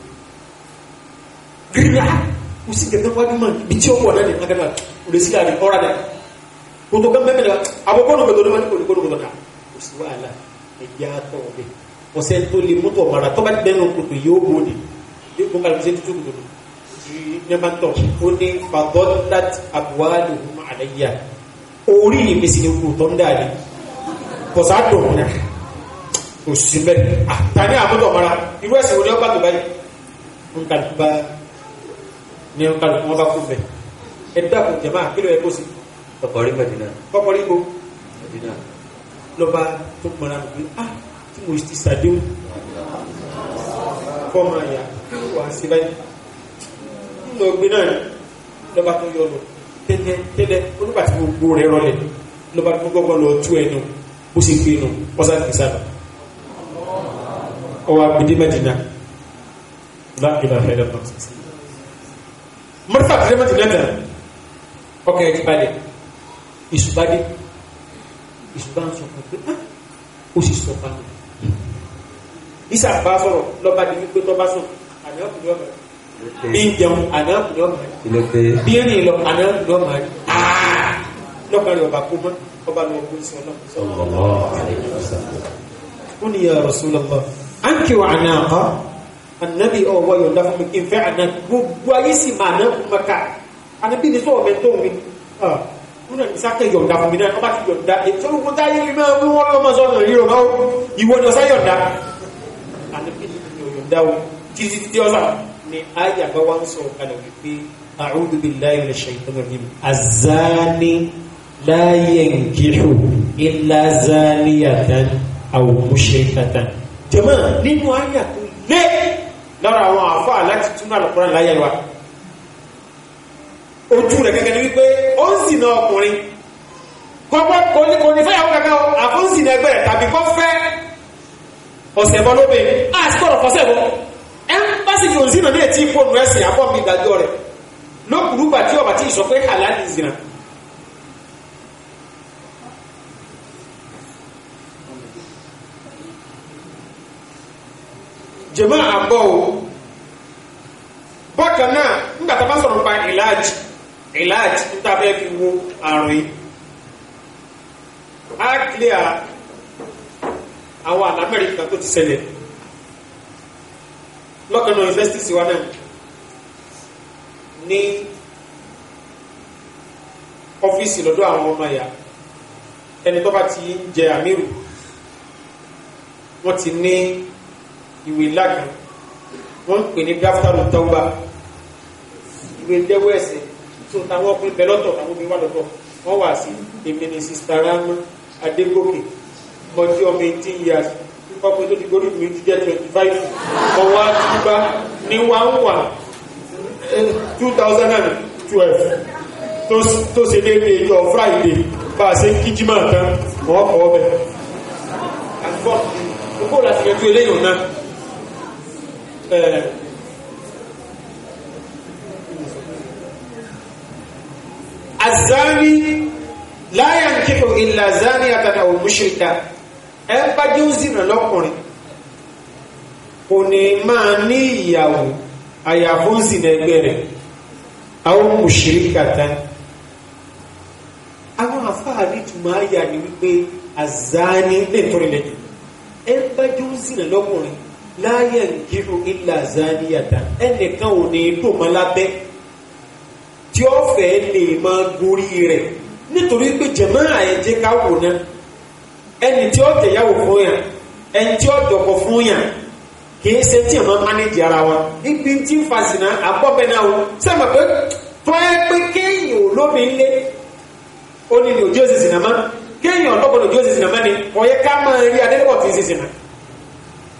Speaker 2: gírígà kò sí gẹ̀gẹ́ wájú mọ́ ibi tí ó wọ̀ náà ní agadá olùsí àrí ọ̀rá dà gbogbo gẹ́gẹ́ mẹ́rin àkọ́kọ́ ní gbogbo ní gbogbo gbogbo ká kò sí wàhálà ẹ̀jẹ̀ àtọ̀ ọ̀bẹ ọ̀sẹ̀ tó lè mú tó ọ̀mọ̀ràn tó bá ti bẹ́ẹ̀ nù kòtò yóò bó ni yóò bó kàlùsẹ̀ tó tó gbogbo nyama tɔ ko ni fadɔdat abuwaaluhum ni kò tọ́ ń dà ní kò sá kò sí mẹ́ àtàní àmúdọ̀ mara irú ẹ̀sìn oní ọgbà tó báyìí ń kàlù bá ní ń kàlù wọn bá kú bẹ ẹ dàpọ̀ jẹ̀má kílò ẹ kó sí
Speaker 1: ọkọ̀rí mẹ́dínà ọkọ̀rí ibo mẹ́dínà
Speaker 2: lọ́ba tó pọnra mi pé ah tí mo ti sàdéhùn fọ́ọ̀mù àyà kí wà á sí báyìí nínú ọgbìn náà lọ́ba tó yọ lọ tẹ́lẹ̀ tẹ́lẹ̀ onígbà tí gbogbo rẹ̀ rọlẹ̀ lọ́ba tó gbọ́gbọ́ lọ tú ẹnu bó ṣe gbé nu ọ̀sán kìí sábà ọwọ́ abidí mẹ́dínà láìlà ẹ̀dẹ̀ náà mọ́tà tẹ̀lé mọ́tà lẹ́tà ọkẹ́ ẹ̀tì balẹ̀ ìṣùbádé ìṣùbá ń sọ pé ah! ó sì sọ pa ìṣà bá sọ̀rọ̀ lọ́ba ní wípé tọ́ bá sọ àná ọkùnrin ọmọ
Speaker 4: rẹ̀ bí ń jẹun àná ọkùnrin ọmọ rẹ̀ bí
Speaker 2: ń rìn lọ àná ọkùnrin ọmọ ah! rẹ̀ lọ́kàrin ọba kó mọ́ ọba lọ́wọ́ kó sí ọlọ́run
Speaker 4: sọ́wọ́
Speaker 2: ó ní ya Rasulullah anki wa anaqa anabi ọwọ́ yọ̀ǹda fún mi kí n fẹ́ àná gbogbo ayé sì máa ná kú maka anabi ní sọ̀rọ̀ mẹ́tọ́ mi wọn náà nísà kẹ́ yọ̀ǹda fún mi náà ọba ti yọ̀ǹda ètò ìwọ́n tá yé mi máa mú wọn lọ́mọ sọ́nà yìí ọ̀gá o ìwọ ni ọ̀sá yọ̀ǹda anabi ní yọ̀ǹda o títí títí ọ̀sà ni ayé àgbà wa ń sọ kalẹ̀ wípé a'udhu billahi minash shaitanir rajim azani la yankihu illa zaniyatan aw mushrikatan jẹ̀mọ́ nínú
Speaker 4: àyà tó lé
Speaker 2: lára àwọn àfáà láti tún náà lọ́kùnrin láyé wa ojú rẹ̀ gẹ́gẹ́ ni wípé ó ń sì na ọkùnrin kọ́pọ́ kò ní fẹ́yàwó kankan o àfọ́ ń sì na ẹgbẹ́ rẹ̀ tàbí kọ́ fẹ́ ọ̀sẹ̀ bọ́ lóbe àsìkọ̀rọ̀ fọ́sẹ̀ bọ́ ẹ̀ńbásí ni òǹzínà ní ètí ìponu ẹ̀sìn àbọ̀ mi gbàgbọ́ rẹ̀ lókùrúgbà tí ọ̀bà tí ìsọ pé àlá ní ìzìnà jẹ̀mọ́ àbọ̀ o bákan náà nígbà tá a bá sọ̀rọ̀ pa ìlàjì ìlàjì níta fẹ́ fi wo àrùn yìí á kílẹ̀ àwọn àlámẹ́rin kan tó ti ṣẹlẹ̀ lọ́kànnà yunifásitì wa náà ní ọ́fíìsì lọ́dọ̀ àwọn ọmọ ẹ̀yà ẹni tó bá ti ń jẹ àmírù wọ́n ti ní ìwé ńlá kan wọ́n ń pè ní gáfítàrù tọ́gbà ìwé dẹ́wọ́ ẹ̀sìn tó táwọn ọkùnrin bẹ́ẹ̀ lọ́tọ̀ táwọn obìnrin wà lọ́tọ̀ wọ́n wà sí èmi ní sista Rama Adégòkè mọ́jú ọmọ eighteen years nípa pé tó ti gorí mi ti jẹ́ twenty five ọwọ́ àtúgbà ní wà ń wà two thousand and twelve tó ṣe déédéé ìjọ Friday bá a ṣe ń kí jimá tán wọ́n kọ́ ọ bẹ̀. àgbọ̀ gbogbo làtìyànjú eléyìí Eh. azani láyà ń kíkọ ilà azani àtàtà òmùsùlùkà ẹ bá jẹ́ òsìnà lọ́kùnrin kò ní máa ní ìyàwó àyàfó òsìnà ẹgbẹ́ rẹ̀ àwọn òmùsùlùkà tán àwọn àfáà ní àyà ni wípé azani lè tọrin lẹ́yìn ẹ bá jẹ́ òsìnà lọ́kùnrin láyé nkírù ilà zaniyata ẹnìkan ò ní dùn mọ́ lábẹ́ tí ó fẹ́ lè máa gorí rẹ̀ nítorí pé jẹ̀mọ́ àyẹ̀jẹ̀ ká wò ná ẹni tí ó tẹ̀yàwó fún yàn ẹni tí ó dọ̀kọ̀ fún yàn kìí ṣe tí àwọn mánéjì ara wa ibi tí ń fa sìnà àbọ̀bẹ̀ náà o sábà pé tọ́yẹ pé kéèyàn olómi ńlẹ̀ ó ní ní ojú òsì sìnà mọ́ kéèyàn ọlọ́gbọ̀n ojú òsì sìnà ni ọ̀yẹ́ ká máa rí adélẹ́wọ̀ tí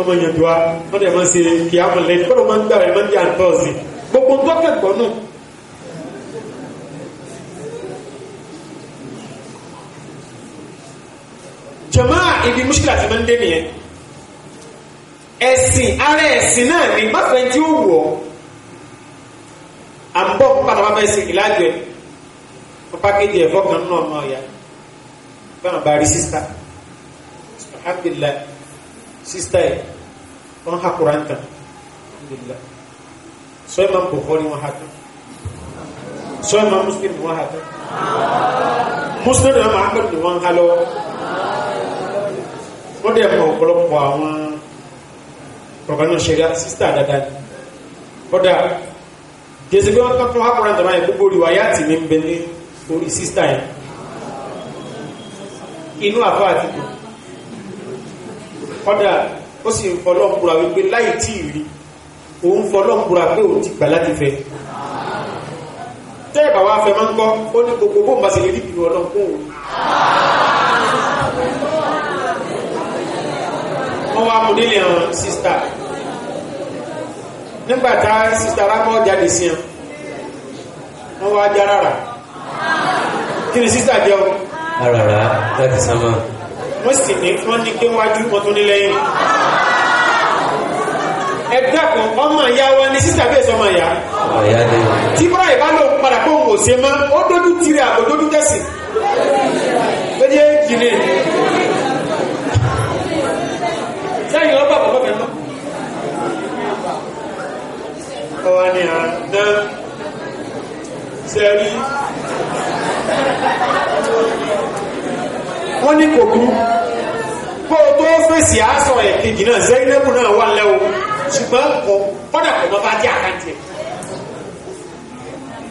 Speaker 2: ọmọ yẹn dùn a wọn dẹ̀ máa se kí á mọ̀ lẹ́yìn kọ́dọ̀ máa ń gbà rẹ̀ máa ń yà ntọ́ọ̀sì gbogbo ń tọ́kẹ̀ gbọ́ náà. jọ̀mọ́ ibi mùsùlùmí àti máa ń dé nìyẹn ẹ̀sìn ara ẹ̀sìn náà ní báfẹ́ tí ó wọ̀ à ń bọ̀ pàtàkì wọn fẹ́ ṣe ìlàjọ ẹ̀ wọ́n kan náà máa yá báwọn bá rí sísá alhamdulilayi sísítà ẹ̀ wọ́n ha kura ń tàn sọ ẹ̀ So ń bọ̀ kọ́ ni wọ́n ha tán sọ ẹ̀ máa muslim ni wọ́n ha tán muslim náà máa ń bẹ̀rù ni wọ́n ha lọ́wọ́ wọ́n dẹ̀ mọ ọ̀pọ̀lọpọ̀ àwọn ọ̀gbọ́n náà ṣẹlẹ̀ sísítà ni kọ́dà jẹ́sẹ̀ bí wọ́n kọ́ fún hákùnrin àtàwọn gbogbo rí wáyé àti mi ń bẹ ní orí sísítà yẹn inú àfọ́ àti kò kọ́dà ó sì ń fọlọ́pùra wípé láì tí ì rí òun fọlọ́pùra pé òun ti gbà láti fẹ́ tẹ́ ìbàwá fẹ́ máa ń kọ́ ó ní gbogbo bó ń bá ṣe lè dìbò ọlọ́pùn kí ni sísítà jẹun
Speaker 1: àràrà láti sámọ́
Speaker 2: wọ́n sì ní kí wọ́n ní pé wájú kan tó ní lẹ́yìn ẹgbẹ́ kan ọmọ ìyá wa ní sísà bẹ́ẹ̀ sọmọ ìyá tí bọ́lá ìbálò padà kó wò ṣe mọ́ ó dójú tiri àbò dójú tẹ̀sí
Speaker 4: lóye jìnnì sẹ́yìn ọba
Speaker 2: bàbá mi mọ́ ọwọ́ ni à ń dán sẹ́rí wọ́n ní kò burú kó tó fèsì àásọ ẹ̀kejì náà Zainabu náà wà lẹ́wọ̀ ṣùgbọ́n kọ kọ́dà kò mọ́ bá jẹ́ àkáǹtì ẹ̀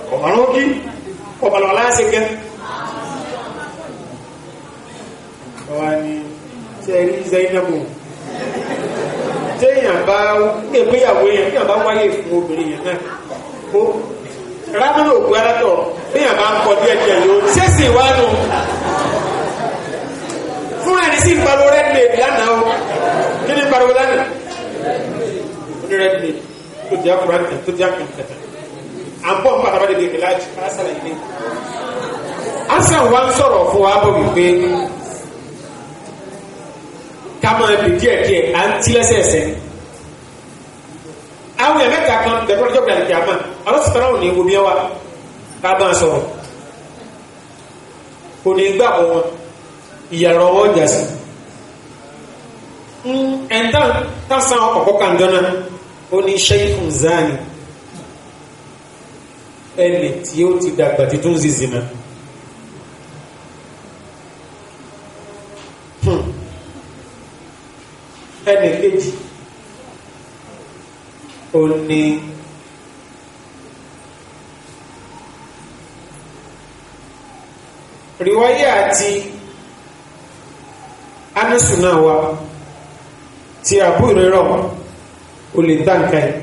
Speaker 2: kọ̀mọ̀rún kí kọ̀mọ̀rún aláṣẹ gẹ́ wọ́n ní tẹ́rí Zainabu téèyàn bá gbéyàwó yẹn téèyàn bá wáyé fún obìnrin yẹn náà kó rámúlò òkú alátọ̀ téèyàn bá kọ díẹ̀ díẹ̀ yóò ṣèṣì wánu fún ẹni sí ìpariwo red maid lánàá o kí ni ìpariwo lánàá ó ní red maid tó di akura nǹkan tó di akura kẹta à ń bọ̀ ń padà bá débi ìpìlẹ̀ àjù asàlẹ̀ ilé asan wa ń sọ̀rọ̀ fún wa bọ̀ wípé ká máa bì díẹ̀ díẹ̀ à ń tí lẹ́sẹ̀ẹsẹ̀ àwọn èèyàn mẹ́ta kan bẹ̀rẹ̀ lọ́jọ́ gbẹ̀rẹ̀ kìámà ọlọ́sọ̀tàn náà ò ní ewu bí ẹ wa ká bá a sọ̀rọ̀ kò ní gbà wọn ìyàrá ọwọ́ ọjà sí ẹ̀ńtà tásán ọ̀kọ̀ kàndọ́nà ó ní shaykhun zani ẹni tí ó ti dàgbà tí tó ń zizi náà hmm. ẹni kejì ó ní riwaya àti anẹ́sù náà wa ti àbú ìrẹ́rọ̀ o lè gbá nǹkan ẹ̀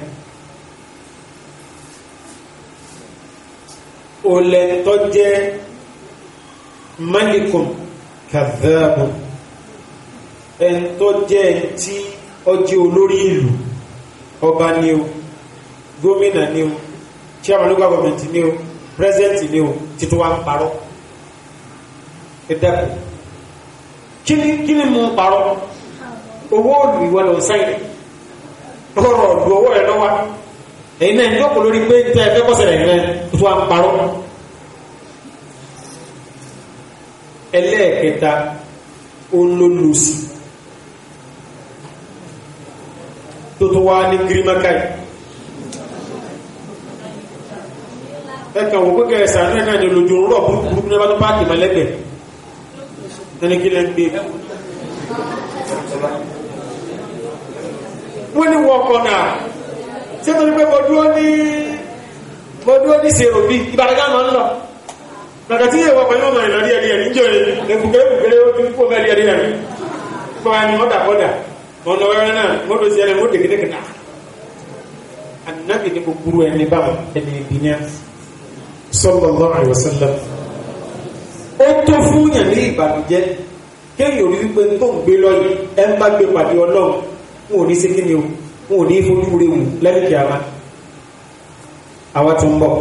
Speaker 2: o lẹ tọ́ jẹ́ malikun kàdáàbù ẹn tó jẹ́ tí ọjọ́ ọba ni o gómìnà ni o chairman local government ni o president ni o títí wá ń parọ́ ẹ dẹ́kun Kini kíni mú parọ́ owó òlù ìwọ lọ sáyẹn ọ̀rọ̀ ọdù owó rẹ lọ wa ẹyin náà yọkọ lórí pé tẹ ẹ fẹ kọsẹlẹ rẹ tó à ń parọ́ ẹlẹ́ẹ̀kẹta olólùsì tó tó wá ní girimakai ẹ̀ka òwò pé kẹsàn-án náà ní olójú rọ̀ burúkú ní bá tó páàkì mọ́lẹ́gbẹ̀ẹ́ ẹni kí lẹ ń gbé wọ́n ní wọ́n kọ̀ náà ṣé tó ní pé mo dúró ní mo dúró ní ṣèrò bí ìbàdàgà máa ń lọ bàtà tí yẹ̀wọ̀ pẹ̀lú ọmọ ìlọ díẹ̀ díẹ̀ níjọ́ rẹ̀ lẹ́kùnkẹ́rẹ́ kùnkẹ́rẹ́ ó tún kó fẹ́ díẹ̀ díẹ̀ pọ̀ ẹni ọ̀dà kọ́dà ọ̀nà wẹ́rẹ́ náà mọ́tò sí ẹlẹ́mọ́ dèkìdèkìdà ànábì ní gbogbo ẹni báwọn ẹni ìbíní sallallahu alaihi wasallam ó tó fún yàn ní ìbànújẹ́ kéèyàn rí wípé tó ń gbé lọ́yìn ẹ ń bá gbé pàdé ọlọ́run wọn ò ní sí kíni o wọn ò ní fojú rewù lẹ́yìn kíámà àwọn tó ń bọ̀.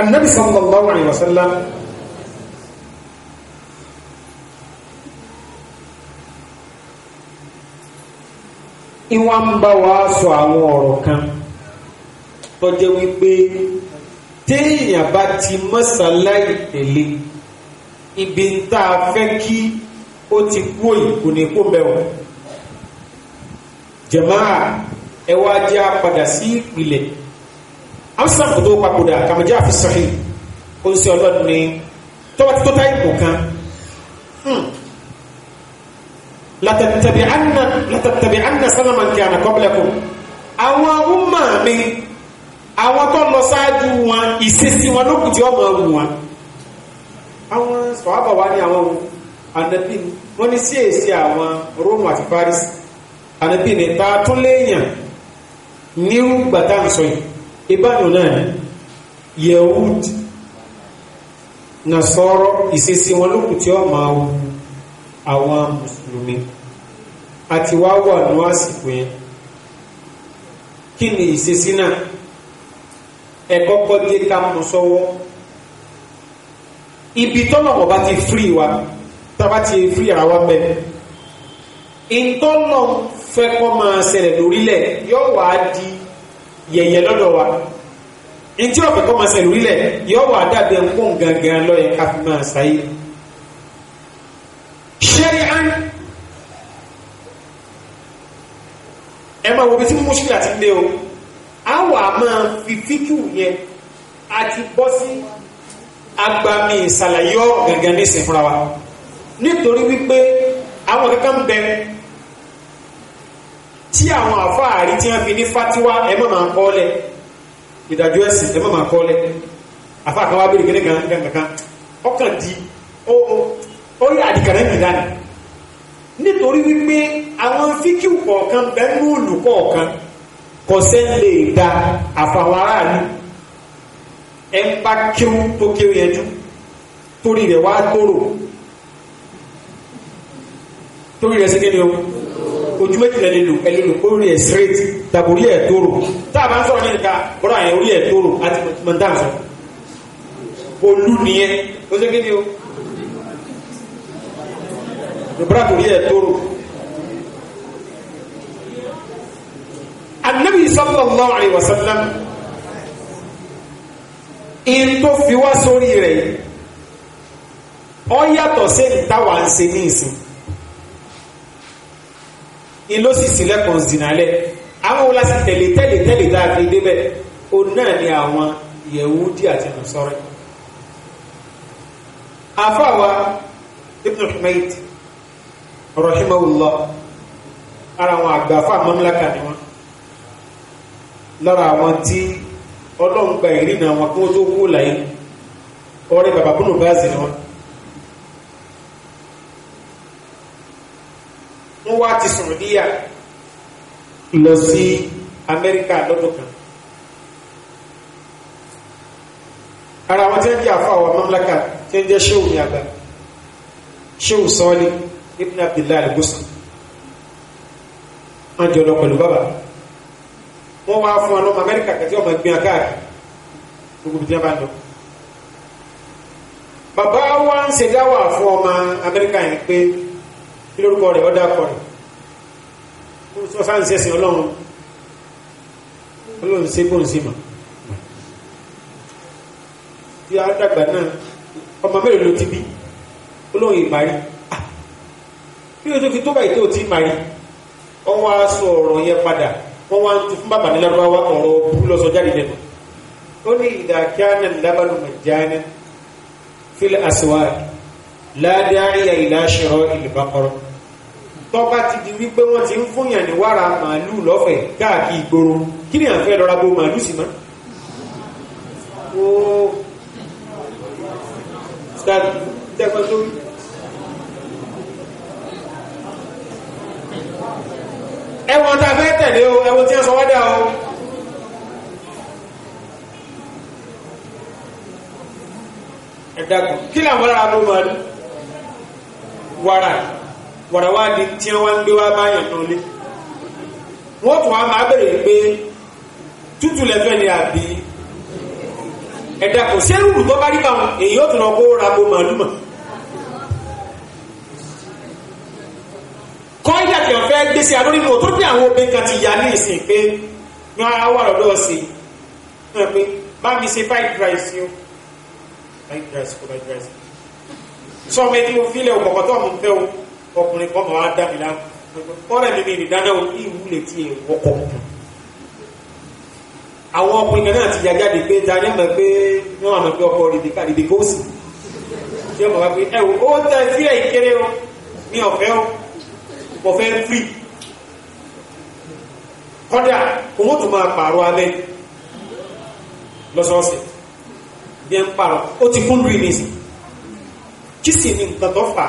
Speaker 2: النبي صلى الله عليه وسلم ìwọ̀n bá wa sọ àwọn ọ̀rọ̀ kan tó jẹ́ wípé téèyàn bá ti mọ́sálá ìtẹ̀lé ibi tá a fẹ́ kí ó ti kú òyìnbó ní kó bẹ̀rù jàmáà ẹ wá jẹ́ apàdà sí ìpìlẹ̀ amsam kò tó papòdà kàmájà àfi sọ́hìn ó ń sọ ọlọ́run ní tọ́wọ́ tó táyì kò kan látàtàbí àná látàtàbí àná sálámà kí àná kọ́bílẹ̀kùn àwọn ọmọ mi. àwọn tó lọ sáájú wọn ìṣesí wọn ló kù ọmọ ọmọ wọn àwọn sọ̀hábà wa ní àwọn ànàbí wọ́n ní sí èsì àwọn Rome Paris ànàbí ní ta tún léèyàn ní gbàtà nsọ yìí yehud na sọ̀rọ̀ ìṣesí wọn ló tí ọmọ àwọn mùsùlùmí àti wà ní ẹ kọ́kọ́ dé ká mú sọ́wọ́ ibi tọ́nà ọba ti firi wa tába ti firi ara wa bẹ́ẹ̀ ìtọ́nà fẹ́ kọ́ máa ṣẹlẹ̀ lórílẹ̀ yóò wá di yẹ̀yẹ̀ lọ́dọ̀ wa ntí ọ̀fẹ́ kọ́ máa ṣẹlẹ̀ lórílẹ̀ yóò wá dàbí ẹ̀kún gangan lọ́yẹ̀ ká fi máa ṣáyé ṣẹ́rí án ẹ máa wo bí tí mú ṣílẹ̀ àti ilé o a wà máa fi fíkù yẹn àti bọ́ sí agbami ìsàlàyé ọ̀rọ̀ gẹ̀gẹ̀ ní ìsìn fúnra wa nítorí wípé àwọn kankan bẹ tí àwọn àfáàrí tí wọ́n fi ní fatiwa ẹ má máa kọ́ lẹ̀ ìdájọ́ ẹ̀sìn ẹ má máa kọ́ lẹ̀ àfáà kan wá bèrè kéde kankan ọkàn di ó ó yà àdìkàrẹ́ nìyá ni nítorí wípé àwọn fíkì kọ̀ọ̀kan bẹ́ẹ̀ ní olùkọ́ ọ̀kan kọsẹ́ lè da àfàwọn aráàlú ẹ ń bá kíw tó kíw yẹn jù torí rẹ̀ wá tóró torí rẹ̀ sí kí ni o ojú méjìlá lè lò ẹ lè lò orí ẹ straight tàbí orí ẹ tá a bá ń sọ̀rọ̀ ní ìka bọ́dọ̀ àyẹ̀ orí ẹ tóró àti mọ̀ndáǹsọ̀ olú nìyẹn ó sì kí ni o ìbúra torí ẹ tóró. anabi sallallahu alayhi wa sallam in tó fi wá sórí rẹ̀ ọ yàtọ̀ sí ìtawà ń ṣe ní ìsìn in ló sì sílẹ̀kùn zinalẹ̀ àwọn wo la sì tẹ̀lé tẹ̀lé tẹ̀lé tá a fi débẹ̀ o náà ni àwọn yẹ̀wúdí àti nùsọ́rẹ́ àfáwa ibn Humayd rahimahullah ara àwọn àgbà fáwọn mamlaka ni wọn. lára àwọn tí ọlọ́run ìrìnà wọn kí wọ́n tó kú láyé ọ̀rẹ́ bàbá bùnú báàzì wọn. wọ́n wá ti sọ̀rọ̀ lọ sí amẹ́ríkà lọ́dún kan. ara wọn tí ń jẹ́ àfa àwọn mamlaka tí ń jẹ́ ṣéwù ní àgbà ṣéwù sọ́ọ́lì ibn abdullahi wọ́n wá fún ọlọ́mọ amẹ́ríkà kẹtí ọmọ ẹgbẹ́ akáàrà gbogbo bí wọ́n bá lọ. bàbá wa ń ṣe dáwà fún ọmọ amẹ́ríkà yẹn pé kí lórúkọ rẹ̀ ọ̀dà kọ rẹ̀ wọ́n sá ń ṣẹ̀sìn ọlọ́run ọlọ́run ṣe bó ń ṣe mọ̀ bí a dàgbà náà ọmọ mẹ́rin ló ti bí olóhùn ìparí bí o tó fi tó báyìí tó ti parí ọwọ́ aṣọ ọ̀rọ̀ yẹn padà wọ́n wá ń tu fún bàbá ní lárúbáwá ọ̀rọ̀ burú lọ́sọ jáde lẹ́nu ó ní ìdàkíánà lábàlù mẹjáánà fílẹ̀ àsìwá ládàáyà ìlàṣẹ̀rọ ìlúbakọrọ tọ́ba ti di wípé wọ́n ti ń fúnyàn ní wàrà màálù lọ́fẹ̀ẹ́ káàkiri ìgboro kí ni àfẹ́ lọ́ra bó màálù sì mọ́ stade dẹ́gbẹ́ tó fẹ́ tẹ̀lé o ẹwọ tí wọ́n sọ wádà o ẹ̀dàkùn kí làwọn ará ló máa rí wàrà wàrà wá di tí wọ́n ń gbé wá báyàn náà lé wọ́n tún wá máa bèrè pé tútù lẹ́fẹ́ ni àbí ẹ̀dàkùn sẹ́rù tó bá rí báwọn èyí ó tún lọ kó ra gbó màálùmọ̀ kọ́ńdà tí wọ́n fẹ́ gbé sí alórí inú tó bí àwọn obìnrin kan ti yà ní ìsìn pé ní wọ́n á wà lọ́dọ̀ sí i wọ́n pe bá mi ṣe fried rice yó fried rice kó fried rice sọ ma ẹni mo fílẹ̀ o kọ̀kọ́ tó ọmọ fẹ́ o ọkùnrin kọ́ mọ̀ á dá mi lá ọ̀rẹ́ mi mi rì dáná o kí ìwúlẹ̀ tiẹ̀ wọ́kọ̀ àwọn ọkùnrin kan náà ti yà jáde pé ta ni mọ̀ pé wọ́n àmọ̀ pé ọkọ̀ rìdíkà rìdíkà ó sì ṣé ọmọ wa pé ẹ o ó tẹ sí ẹ̀ ìkéré o mi ò o kò fẹ́ free kọ́dà owó tó máa pààrọ̀ abẹ́ lọ́sọ̀ọ̀sẹ̀ bí ẹ ń pààrọ̀ ó ti kún rí nìsí kí sì ni nǹkan tó fà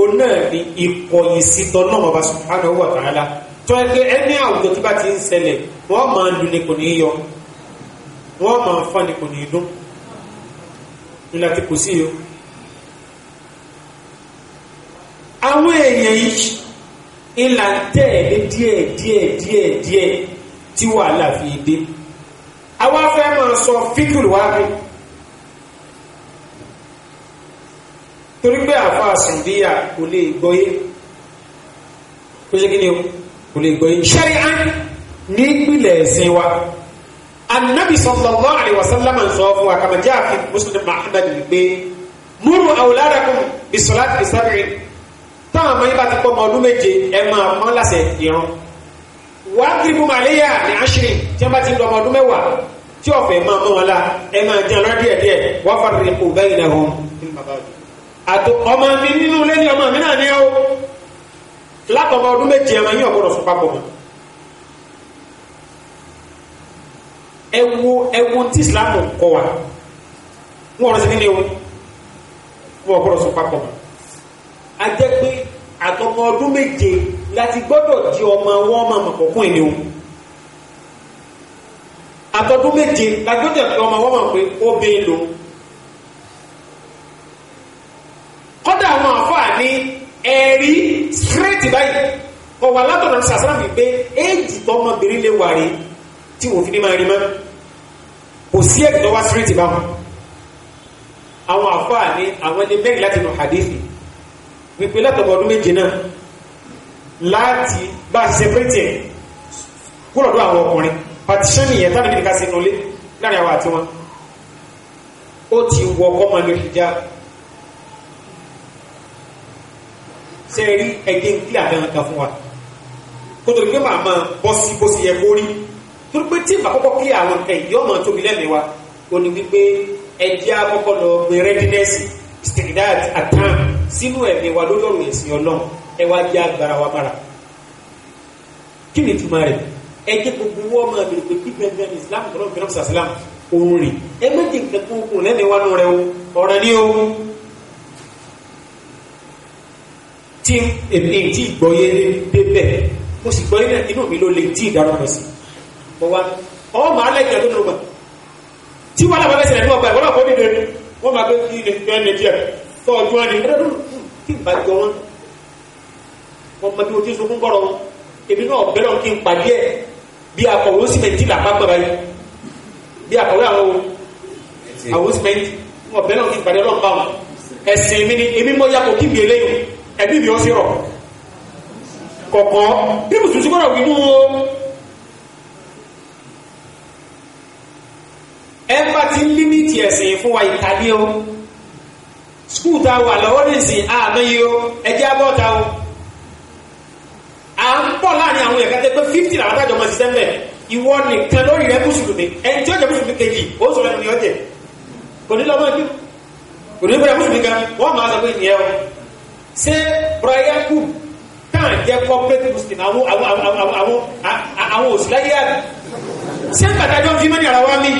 Speaker 2: ó náà ni ìkọ̀yìn sí tọ́nà ọba subhanahu wa ta'ala tó ẹ pé ẹni àwùjọ tó bá ti ń ṣẹlẹ̀ wọ́n máa lu ni kò ní yọ wọ́n máa fọ́ ni kò ní dún nílá ti kò sí o àwọn èèyàn yìí ìlà ń tẹ̀lé díẹ̀ díẹ̀ díẹ̀ díẹ̀ tí wàhálà fi dé àwa fẹ́ máa sọ fíkìlù wá rí torí pé àfa àsùndíyà kò lè gbọ́yé kò ṣe kí ni kò lè gbọ́yé ṣẹ́rí á ní ìpìlẹ̀ ẹ̀sìn wa annabi sallallahu alaihi wasallam sọ fún wa kàmájá àfi muslim muhammad wípé múrù àwòládàkùn bisalati bisabirin táwọn ọmọ yín bá ti pọ́ ọmọ ọdún méje ẹ máa pọ́n láṣẹ ìran wàá kiri fún màléyà ní àṣírí tí wọ́n bá ti lọ ọmọ ọdún mẹ́wàá tí ọ̀fẹ́ máa mọ́ wọn la ẹ máa jẹun díẹ̀ díẹ̀ wàá fara rẹ̀ kó bẹ́ẹ̀ náà wọn. àtò ọmọ mi nínú ilé ni ọmọ mi náà ní o látọmọ ọdún méje ẹ máa yín ọ̀gbọ́dọ̀ fún papọ̀ mọ́. ẹ wo ẹ wo tí Islam kọ wa wọn ọ̀rọ̀ a jẹ́ pé àtọmọ ọdún méje láti gbọ́dọ̀ di ọmọ wọn máa mọ̀ kọ̀ọ̀kan ẹni o àtọdún méje láti gbọ́dọ̀ di ọmọ wọn máa pé ó bẹ́ẹ̀ lò kọ́dà àwọn àfáà ní ẹ̀rí straight báyìí ọ̀wà látọ̀nà sàṣàrà mi pé éèjì tọmọbìnrin lè wà rí tí wọ́n fi ní máa rí mọ́ kò sí ẹ̀dọ́wà straight báwọn àwọn àfáà ní àwọn ẹni mẹ́rin láti nù hadithi wípé látọ̀bọ̀ ọdún méje náà láti bá a ṣiṣẹ́ pẹ́tì ẹ̀ kúrò lọ́dọ̀ àwọn ọkùnrin partition yẹn tánà bí nìkan sí inú ilé láàrin àwọn àti wọn ó ti wọ ọkọ máa lo hijab ṣe rí ẹgbẹ́ ń kílà dáhùn kan fún wa kó tó lè gbé màmá bọ́ sí bó ṣe yẹ kó rí torí pé tí ìgbà kọ́kọ́ kílà àwọn ẹ̀yìn ọmọ tóbi lẹ́mìí wa ó ní wípé ẹjẹ́ àkọ́kọ́ lọ gbé readiness steady at sínú ẹ̀mí wa lórí ọ̀rọ̀ ẹ̀sìn ọlọ́run ẹ wá jẹ́ agbára wa bára kí ni ìtumọ̀ rẹ̀ ẹ jẹ́ gbogbo wọ́n máa bèrè pé kí gbẹ̀ngàn Islam tọ́lọ́ fẹ́ràn sàsílám òun rìn ẹ má jẹ́ nǹkan kan kùn lẹ́nu wa nù rẹ o ọ̀ràn ní o tí èmi tí ìgbọ́yé débẹ̀ mo sì gbọ́yé náà inú mi ló le tí ìdárúkọ sí mo wá ọwọ́ màá lẹ́jọ́ tó nù mà tí wàhálà bá bẹ́sẹ̀ rẹ̀ ní ọgbà ìwọ́n náà kọ́ sọ ọjọ́ ni ẹ̀rọ tí ìbá jọ wọn ọmọ bí mo ti sunkún bọ̀rọ̀ wọn èmi náà bẹ́rẹ̀ kí n pàdé ẹ̀ bí akọ̀wé ó sì mẹ́tì làpapọ̀ báyìí bí akọ̀wé àwọn àwọn sì mẹ́tì wọn bẹ́rẹ̀ kí n pàdé ọlọ́run bá wọn ẹ̀sìn mi ni èmi mọ́ yàtọ̀ kí mi eléyìí ẹ̀mí mi ó sì rọ̀ kọ̀kọ́ bí mùsùlùmí gbọ́dọ̀ wí nú o ẹ bá ti ń límìtì ẹ̀sìn fún wa ìtàdé o skul ta wà lọ́wọ́ nìsín àmọ́ yìí o ẹjẹ́ abọ́ ta o à ń pọ̀ láàrin àwọn ẹ̀ka tẹ́ pé fifty làwọn àtàjọ máa ṣiṣẹ́ mẹ́ ìwọ nìkan lórí rẹ mùsùlùmí ẹni tí ó jẹ mùsùlùmí kejì ó sọ̀rọ̀ ẹni ọ̀jẹ̀ kò ní lọ́mọ ẹbí kò ní bẹ̀rẹ̀ mùsùlùmí kan wọ́n máa sọ pé ìyẹn o ṣé brian kù táà jẹ́ corporate muslim àwọn àwọn àwọn àwọn òṣìláyé àgbẹ̀ ṣé pàtàkì ọ̀fìn mẹ́rin àrà wa mi.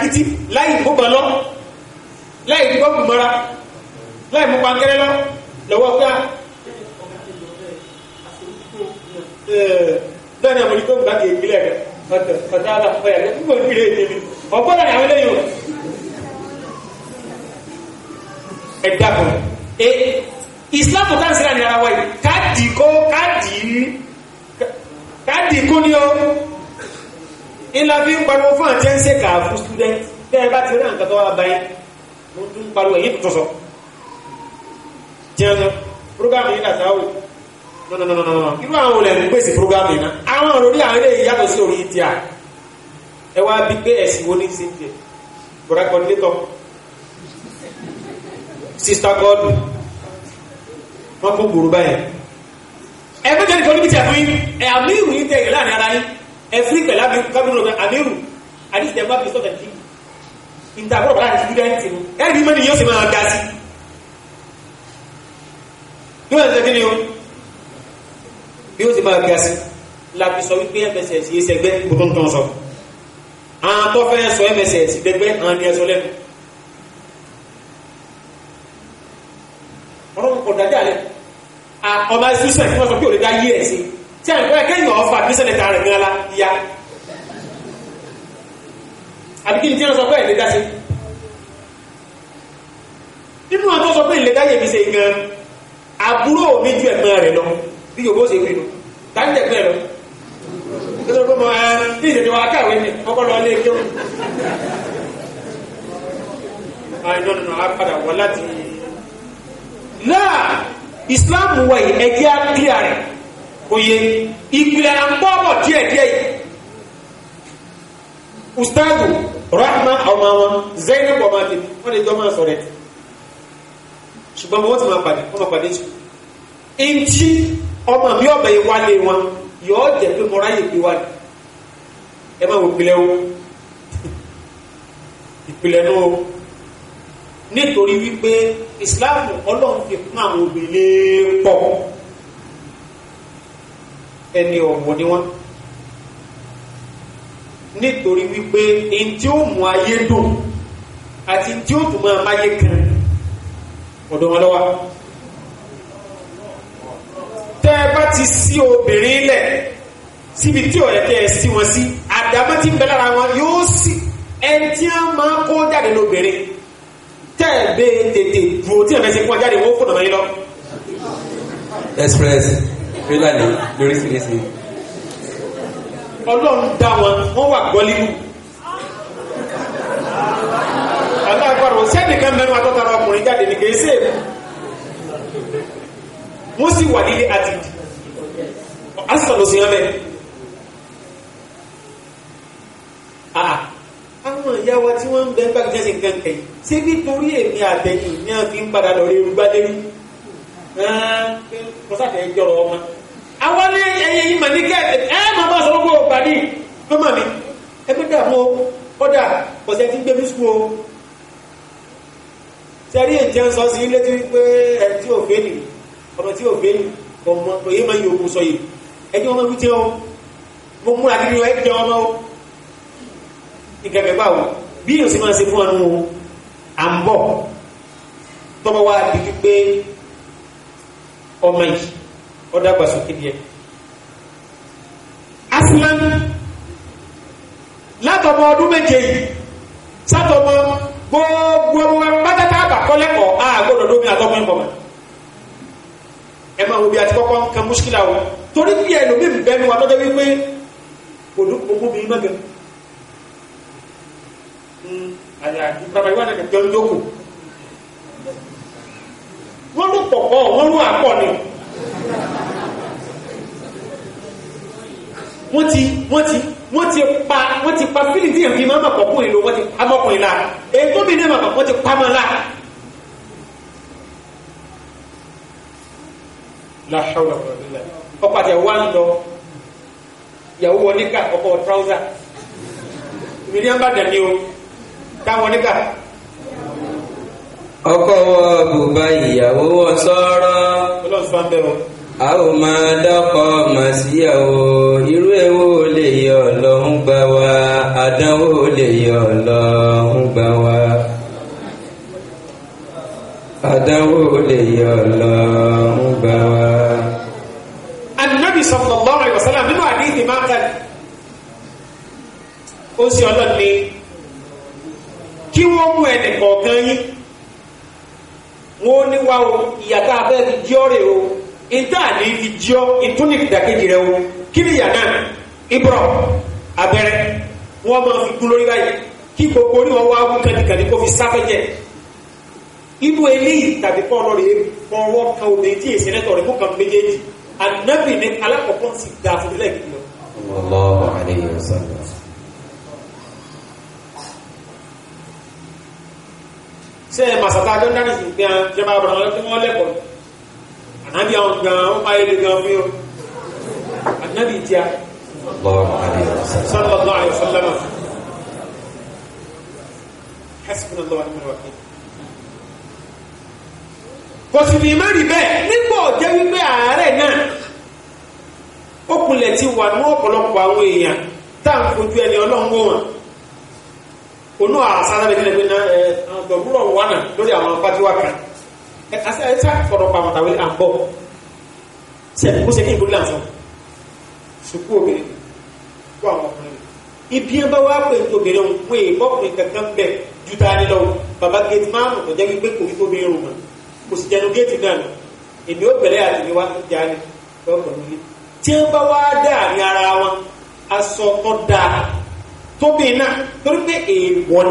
Speaker 2: kìtì láì gbọ́gbọ́n lọ láì gbọ́gbọ́n mọ́ra láì mú pankẹ́rẹ́ lọ lọ́wọ́ pé a. bẹ́ẹ̀ ni àwọn olùkọ́ ìgbà kì í gbilẹ̀ rẹ̀ ọ̀tọ̀ ọ̀tọ̀ àlà ọ̀yà rẹ̀ fún òun gbilẹ̀ èdè mi ọ̀pọ̀ náà àwọn eléyìí o. ẹ dàpọ̀ ẹ Islam tó tán síra ní ara wa yìí káàdì kó káàdì káàdì kó ní o ìlà fi ń pariwo fún àti ẹ̀ńsẹ̀ kà fún student tẹ́ ẹ bá ti rí àǹkà tó wà báyìí mo tún pariwo èyí tó sọ jẹun programme yìí làtà ó
Speaker 4: nọ̀nọ̀nọ̀nọ̀ irú àwọn olè ń pèsè
Speaker 2: programme yìí náà àwọn òròrí àwọn eléyìí yàtọ̀ sí orí ti à ẹ wá bí pé ẹ̀sìn wo ní sí ti bọ̀dá coordinator sister god wọn kó gbòòrò báyìí ẹ bẹ́ẹ̀ tẹ́lẹ̀ kọ́ níbi tí a fún yín ẹ̀ àmì ìròyìn tẹ̀ láàrin ara yín ẹ̀fírí pẹ̀lú kábírù lọ́gbẹ̀ àmírù àdíṣẹ́ bá bíṣọ́ tẹ̀lé ìntàkùrọ̀ bá láti ṣúdẹ́ǹtì ni ẹ̀rí mọ́ ni yóò sì máa ga sí yóò ṣe kí ni o yóò sì máa ga sí láti sọ wípé mss yìí ṣẹgbẹ́ gbogbo nǹkan sọ àwọn tó fẹ́ sọ mss dẹgbẹ́ àwọn ni ẹ sọ lẹ́nu ọ̀rọ̀ kò dájà lẹ ọba ṣúṣẹ̀ fún ọ̀sán pé òde dá yí ẹ̀ sí i tí a ń pẹ́ kéèyàn ọ̀fà bí sẹ́nẹ̀tà rẹ̀ gan la ya àbí kí ni tí wọ́n sọ pé ìlé dá sí nínú àwọn tó sọ pé ìlé dá yẹ̀mí ṣe gan àbúrò mi ju ẹ̀gbọ́n rẹ̀ lọ bí yòówó ṣe pinnu tàbí ẹ̀gbọ́n rẹ̀ lọ tó sọ pé mo Islam wọ̀nyí ẹgbẹ́ á oyè ìpìlẹ̀ à ń bọ́ bọ̀ díẹ̀díẹ̀ yìí ustaadu rahma ọmọ wọn zainab ọmọ àti wọn lè jọ máa sọ̀rọ̀ ẹ̀ ṣùgbọ́n wọ́n ti máa pàdé wọ́n máa pàdé jù eŋti ọmọ mi ọbẹ̀ yìí wálé wọn yọ̀ọ́ jẹ́ pé mọ́ra yìí pé wálé ẹ máa wò ìpìlẹ̀ wo ìpìlẹ̀ náà nítorí wípé ìsìláàmù ọlọ́run fi kún àwọn obìnrin pọ̀ ẹni ọ̀wọ̀ ni wọ́n nítorí wípé ẹni tí ó mú ayé dùn àti tí ó tún máa máyé kan ọ̀dọ̀ wọn lọ́wọ́ tẹ́ ẹ bá ti sí obìnrin lẹ̀ síbi tí ọ̀rẹ́ tẹ́ ẹ sí wọn sí àdámọ́ tí ń bẹ lára wọn yóò sì ẹni tí a máa kó jáde lóbìnrin tẹ́ ẹ bẹ tètè dùn tí ẹ bẹ ṣe kó jáde wọ́n fò nàmọ́ yín lọ.
Speaker 1: express fílàní lóríṣiríṣi.
Speaker 2: ọlọ́run dá wọn wọ́n wà gbọ́límù. aláàgbàrò sẹ́nìkan mẹ́rin atọ́tara ọkùnrin jáde ní kèé sèé wọ́n sì wà nílé àti asọ̀rọ̀ sí ọmọ ẹ̀. àwọn ìyá wa tí wọ́n ń bẹ bá jẹ́ sí kankan yìí ṣé nítorí èmi àtẹ̀yìn ní a fi ń padà lọ rí irúgbádẹ́rí. kọ́sàtẹ̀ jọ̀rọ̀ ọmọ àwọn ní ẹyẹ yìí mà ní gẹ́ẹ̀tì ẹ máa máa sọ gbogbo ọgbà ní mọ́mà mi ẹ gbé dààmú o kódà ọ̀sẹ̀ ti gbé mi sùn o sẹ́rí ìjẹ́ sọ sí létí pé ẹ tí ò fẹ́ nì ọmọ tí ò fẹ́ nì ọmọ òye máa ń yòókù sọ yìí ẹjọ́ ọmọ wíjẹ́ o mo múra nínú ẹjọ́ ọmọ o ìkẹ̀kẹ̀ báwo bí yóò sì máa ṣe fún ọdún o à ń bọ̀ tọ́mọ wa di pé ọmọ yìí ó dàgbà sókè díẹ̀. asilani látọmọ ọdún méje yìí sátọmọ gbogbo ọmọ pátákà àbàkọ́lẹ́kọ̀ọ́ àgọ́dọ̀ lómi àtọ́mọ ẹ̀kọ́ mọ́ ẹ máa wo bí àti kọ́kọ́ kan múṣkìlà wọn torí bí ẹlòmíì bẹnu wa lọ́jọ́ wípé kò ní gbogbo mi má gẹ̀ àyàdí bàbá ìwádìí kẹ̀kẹ́ ń lóko wọ́n lù pọ̀pọ̀ wọ́n lù àpọ̀ ni wọ́n ti wọ́n ti wọ́n ti pa wọ́n ti pa fílì tí èyàn máa pọ̀kùnrin lò wọ́n ti pa mọ́kùnrin la èyí tó bí náà wọ́n ti pa mọ́ la. láhàwọ̀ ọkọ̀ àti ẹ̀wọ́ ń lọ ìyàwó wọ níkà ọkọ̀ tíráúsà ìmìlíọ̀n bá dẹ̀ ní o káwọn níkà ọkọ wọ bùbá ìyàwó wọ sọ́rọ́ a ó máa dọ́kọ̀ mà sí ẹ̀wò
Speaker 1: irú ẹ̀wò lè yọ ọlọ́run gbà wá àdánwò lè yọ ọlọ́run gbà wá àdánwò lè yọ ọlọ́run gbà wá.
Speaker 2: Ànábì sallallahu alaihi wasallam nínú àdéhìí máa kàn ó sì ọlọ́ni kí wọ́n mú ẹnì kọ̀ọ̀kan yín wọn ò ní wá o ìyàtọ̀ abẹ́ fi jí ọ́ rè o ìta ní fi jí ọ́ ìtúni rẹ o kí ni ìyàtọ̀ ibrọ abẹ́rẹ́ wọ́n máa fi kú lórí báyìí kí gbogbo orí wọn wá wú kàdìkàdì kó fi sáfẹ́jẹ́ inú eléyìí tàbí kọ́ ọ̀nà rẹ̀ fọwọ́ kan obìnrin tí èsì ẹlẹ́tọ̀ rẹ̀ fọ́kàn méjèèjì ànábì alákọ̀ọ́kọ́ sì dáa fún ilé ìgbìmọ̀. ṣe é màsàtà àjọ ńdá nìsín gbé àwọn ìjọba àbọ̀rọ̀ wọn kí wọ́n lẹ́kọ̀ọ́ ànábì àwọn gan ó máa yẹlẹ gan fún yọ ànábì tíya sallallahu alaihi wasallam hasbunallahu wa ni'mal wakeel kò sì ní má rí bẹ́ẹ̀ nígbà ọ̀jẹ́ wípé ààrẹ náà ó kulẹ̀ ti wà ní ọ̀pọ̀lọpọ̀ àwọn èèyàn tá à ń fojú ẹni ọlọ́run wọ́n onú àṣàlẹ̀ bẹ́ẹ̀ kílẹ̀ pé ná ẹ ọ̀gbọ̀gbúrọ̀ wà náà lórí àwọn pàtíwà kan ẹ ẹ sá fọ̀rọ̀ pàmò tàwé à ń bọ̀ ṣe kó ṣe kí ìgbóni làǹfọ̀ sùkú obìnrin kó àwọn ọkùnrin ibi ẹ bá wá pé obìnrin òun pé ọkùnrin kankan bẹ ju ta ni lọ bàbá géètì márùn tó jẹ́ pé kò fi tóbi irun mọ́ kò sì jẹnu géètì náà lọ èmi ó bẹ̀rẹ̀ àtìmí wá ní jáde lọ́kùnrin tí ẹ bá ara wọn aṣọ kan tóbìnrin náà torí pé èèwọ̀ ni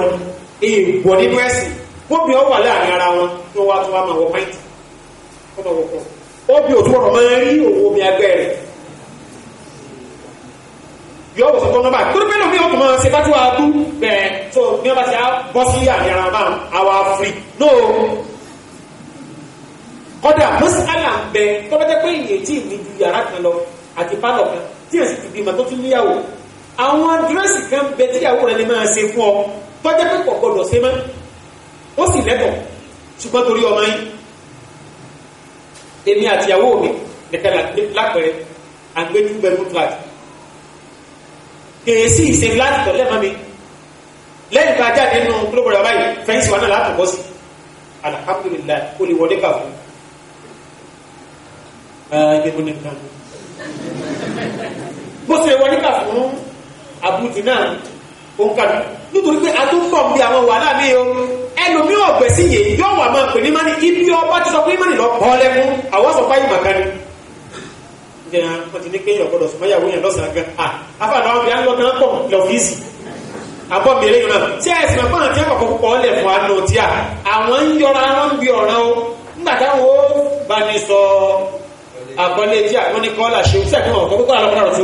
Speaker 2: èèwọ̀ nínú ẹ̀sìn bóbi ọ wà láàrin ara wọn ní wọ́n wá tó wá máa wọ pẹ́ǹtì wọ́n máa wọ pọ̀ óbì òtún ọ̀rọ̀ máa rí òwò omi agbẹ́ rẹ̀ yọ wọ̀ sọ́kọ́ nọ́mbà torí pé lómi ọkùnrin máa ṣe bátú adú bẹ́ẹ̀ tó ní ọba ti bọ́ sí àárín ara máa àwa firi náà kọ́dà mọ́sálà ń bẹ tọ́bẹ́tẹ́ pé ìyè tí ì àwọn dírẹ́sì kan bẹ tí ìyàwó rẹ̀ lè máa ṣe fún ọ tọ́jẹ́ pé kò gbọdọ̀ ṣe mọ́ ó sì lẹ́tọ̀ ṣùgbọ́n torí ọmọ yín èmi àti ìyàwó mi nìkan lápẹ̀rẹ̀ àgbẹ̀dú bẹ̀rù flat kèésì ìṣe flat tọ́lẹ̀ mọ́ mi lẹ́yìn tá a jáde nínú global rabbi fẹ́ǹsì wa náà látọ̀kọ́ sí alhamdulilayi ó lè wọlé kà fún ẹgbẹ́ bó ní ṣe wọlé kà fún àbútí náà ó ń kàdú nítorí pé a tó pọ̀ bí àwọn wàhálà mi o ẹlòmí ọ̀gbẹ́ sí yè yóò wà máa pè ní mání ibi ọba ti sọ pé mání lọ lẹ́kún àwọn sọ fáyì màkà ni. ǹjẹ́ wọ́n ti ní kéèyàn gbọ́dọ̀ lọ́sàn-án gan lọ pọ̀ náà tí ẹ̀sìn àti a àwọn ń yọra ọ̀ràn o táwọn ó bá ní sọ àkọlé tí àwọn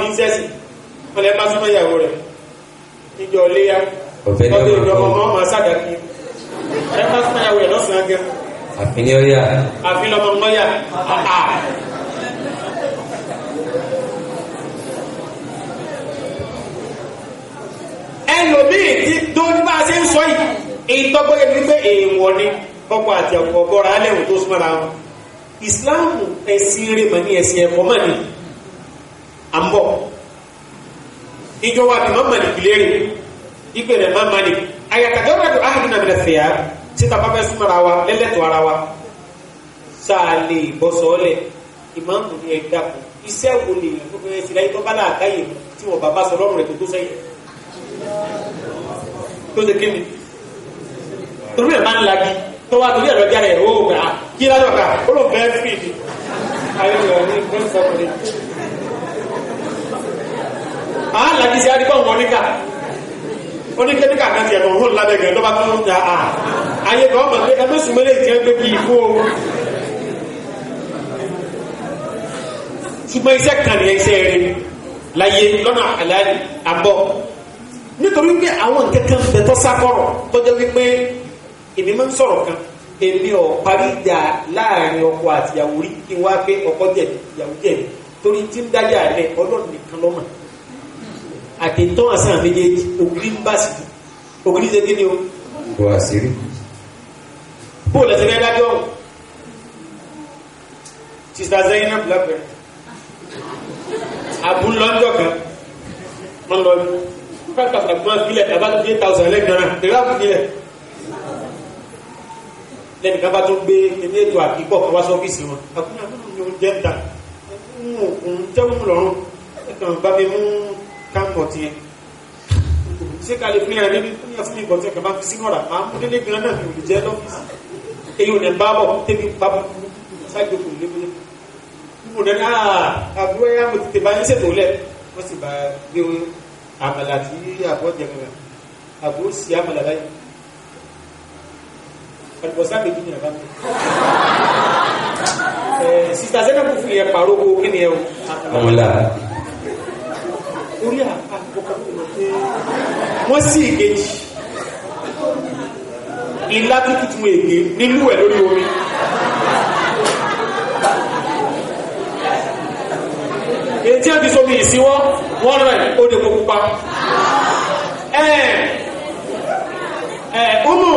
Speaker 2: ní ṣe ó wọn lè má súnmọ́ ìyàwó rẹ̀ ìjọ léyà
Speaker 1: ọdún ìjọ ọmọ ọmọ
Speaker 2: sàdákì ẹ má súnmọ́ ìyàwó rẹ̀ lọ́sàn-án gẹ. àfin ni ó yà. àfin lọmọ ọmọ yà àhà. ẹlòmíì ti tó bá a ṣe ń sọ yìí ìtọ́gbọ́n yẹn ti pé èèwọ̀ ni ọkọ àti ọkọ bọ́ra alẹ́wò tó súnmọ́ra wọn ìsìláàmù ẹ̀sìn rèmọ̀ ní ẹ̀sìn ẹ̀kọ́ mọ̀ à ń bọ̀ ìjọba àbímọ́ mànìkì léèrè ìgbè rẹ̀ má mànì àyàtàjọ́ rẹ̀ áhàdùn àmì rẹ̀ fẹ̀yà síta bàbá súnmọ́ra wa lẹ́lẹ́tọ̀ ara wa sáà lè bọ́ sọ́ọ́lẹ̀ ìmáàmù ni ẹ̀ dàpọ̀ iṣẹ́ wo lè fúnfún ẹ̀ sílẹ̀ ìtọ́ bá láàkáyè tí wọ́n bàbá sọ lọ́rùn rẹ̀ tó tó sẹ́yìn tó ṣe kéde torí ẹ̀ máa ń lagi tó wá torí ẹ̀rọ jáde ẹ̀rọ òògùn à kí lálọ́ka ó lọ bẹ́ẹ̀ fìdí ayọ̀ ní ìgbésọ̀kùnrin aláàdì sí adìpọ̀ wọn oníkà oníkẹ́díkà kan ti ẹ̀kọ́ òun lábẹ́ gẹ̀ẹ́ lọ́ba tó ń ta à ayé kan mọ̀ pé ẹmẹ́sùn mẹ́lẹ̀ jẹ́ pé kí ikú o ṣùgbọ́n iṣẹ́ kan ní iṣẹ́ rẹ̀ láyé lọ́nà àlàyé àbọ̀ nítorí pé àwọn kẹ́kẹ́ bẹ̀tọ́ sákọ̀rọ̀ tọ́jọ́ wípé èmi máa ń sọ̀rọ̀ kan èmi ò parí ìjà láàrin ọkọ àtìyàwó rí kí n wá pé ọkọ jẹ̀bi ìyàwó jẹ̀bi torí tí ń dájà rẹ̀ ọlọ́run nìkan lọ́mọ àtẹ̀tọ́ àṣà méjèèjì ògiri ń bá sí ògiri ṣe kíni o.
Speaker 1: bó a
Speaker 3: sì rí.
Speaker 2: bó lọ sí fẹ́ dájọ́ ọ̀hún. sista Zainab lápẹ̀. àbú lọ́jọ́ kan wọ́n lọ rí. pátákà tó máa filẹ̀ tàbá tó fi tàwùsàn lẹ́gbẹ̀rẹ́ náà tẹ̀lé àbú filẹ̀. lẹ́nu ká bá tó gbé kíní ètò àkíkọ̀ kan wá sọ́fíìsì wọn. àkúnyà fún mi ò jẹ́ ta. n ò kún jẹ́wọ́n lọ́rùn. ẹ kàn bá mi mú káńbọ̀ tiẹ̀ ṣé ká lè fúnyà níbi fúnyà fún mi bọ̀ tiẹ̀ kàbá fi sínú ọ̀rà máa mú délé gan náà mi ò lè jẹ́ lọ́fíìsì èyí ò ní bá bọ̀ tẹ́bi pàbọ̀ ṣáàjò kò lé bóyá mo dẹ́ni ah, àbúrò yá mo tètè bá yín ṣètò lẹ̀ wọ́n sì bá gbé àmàlà àti àbọ̀ jẹ àbúrò sí àmàlà báyìí àlùbọ̀sá méjì ní àbá mi eh, sista sẹ́nà fi ẹ̀ pàrọ̀ kó kí ni ẹ o. àmàlà orí
Speaker 3: àpòkàpòkàpò
Speaker 2: wọ́n sì èjì ilá tuntun èdè nínú ẹ̀ lórí omi ètí ẹ̀bí sómi ìsíwọ́ wọ́n rẹ̀ ó dé kó pupa ẹ̀ ẹ̀ ọmọ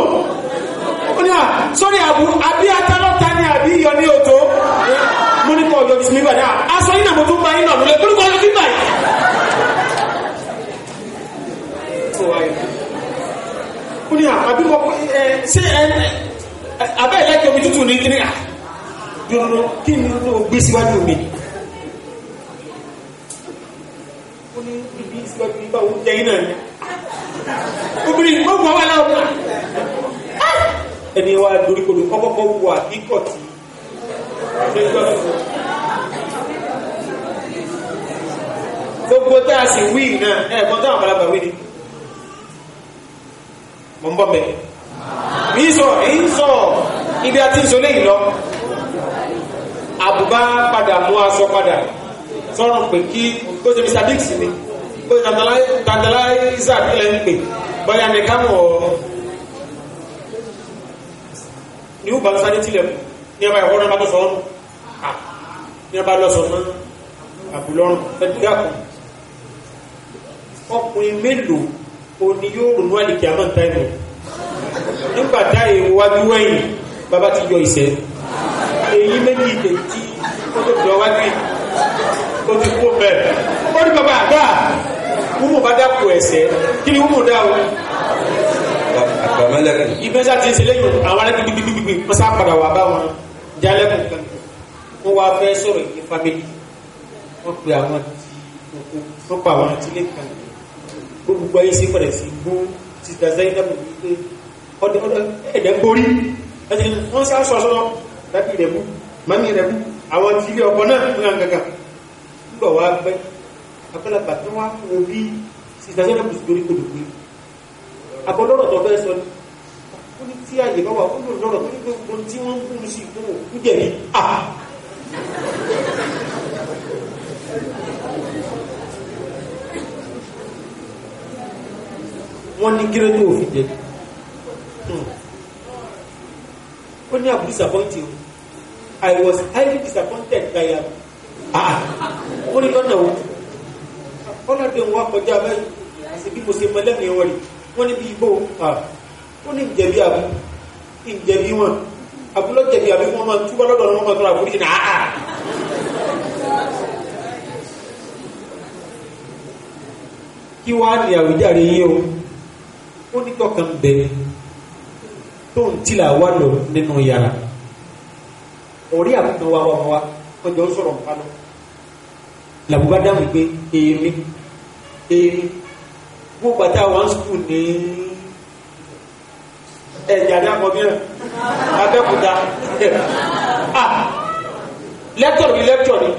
Speaker 2: ó ní à sọ́rí àbú àbí atálọ́ta ni àbí iyọ̀ ní òtó mo ní kọ́ ọ̀dọ̀ bìsí mi bàdá aṣọ yìí náà mo tún gba yín náà lulẹ̀ kúrúkọ́ ọ̀dọ̀ bíbà yìí fún wa yìí ó ní àbí mo ẹ ṣé ẹ abẹ́ ìlẹ́kẹ̀ omi tútù ní kíní à yọ̀nà kí ni ó gbé síwájú mi ó ní ibi síwájú mi báwo jẹ́yìn náà ni obìnrin mo gbọ́ wà láwọn ẹni wa dorí kodò kọ́kọ́kọ́ wà kíkọ̀ tí ṣe gbọ́ gbogbo tá a sì wí náà ẹ̀gbọ́n táwọn àgbàlagbà wí ni mo ń bọ́ mẹ́ ìsọ̀ ìsọ̀ ibi àti ìsọ̀ léyìn lọ àbúbá padà mú aṣọ padà sọ́rọ̀ pé kí ó ṣe mr biggs ni ó ṣe tantalizer nílẹ̀ ń pè bọ́yá ni ká mọ̀ ọ́ ní ó bá sáré tilẹ̀ ní ẹbá ìwọ́n náà bá tó sọ ọ́nù ní ẹbá lọ́sọ̀ mọ́ àbúlọ́rùn ẹgbẹ́ àkùn mélòó òní yóò rònú àlìkí àmọ́ ta ẹnu nígbà tá ìwájú wẹ̀yìn bàbá ti yọ ìṣẹ́ èyí méjì ìdè tí ó tó jọ wájú ó ti kú bẹ́ẹ̀ ó ní bàbá àgbà wúmù bá dákú ẹ̀ṣẹ̀ kí ni wúmù dá o. ìgbésà ti ń ṣe lẹ́yìn àwọn alẹ́ gbígbígbígbí wọ́n sá padà wà bá wọn jálẹ̀kùn kan wọ́n wá fẹ́ sọ̀rọ̀ ìgbé fámìlì wọ́n pe àwọn tí wọ́n pa àwọn àtìlẹ́kàn gbogbo ayé sí padà sí bú títà zainabu wípé ọdọ ọdọ ẹ̀dẹ̀ borí ẹ̀dẹ̀ wọ́n sá sọ sọ́rọ̀ dábì rẹ̀ bú mami rẹ̀ bú àwọn tí ilé ọkọ̀ náà fún àgàgà gbọ́ wá gbẹ́ àgbàlagbà tó wá wo bí títà zainabu sì lórí kodò gbé àbọ̀lọ́rọ̀ tó fẹ́ sọ ni ó ní tí àyè bá wà ó lò lọ́rọ̀ ó ní gbogbo tí wọ́n ń bú sí ìkúrò kú jẹ̀bi ah! wọ́n ní kíló tó fi jẹ hmm. ó ní àbúrò disappointed I was highly disappointed by am ah, ah. ó ní lọ́nà o ọlọ́dẹ wọn kọjá báyìí àti bí mo ṣe mọ lẹ́mìí wọn rí wọ́n ní bí igbó ó ní ìjẹ̀bi àbí ìjẹ̀bi wọn àbúlọ́ jẹ̀bi àbí wọ́n máa túbọ̀ lọ́dọ̀ wọn máa tọrọ àforíjì náà ah, kí wàá ní àwùjáre yìí o ó ní tọkàn bẹ tó ń tilà wà lọ nínú yàrá ọ̀rí àkùnkan wa wà wá ọjọ́ sọ̀rọ̀ nǹkan lọ làbúgbà dáhùn pé èmi èmi wọ́n pàtà wọn sùkúù ní ẹ̀jẹ̀ àdàkọ mìíràn abẹ́kúta lẹ́tọ̀rì ní ah, lẹ́tọ̀rì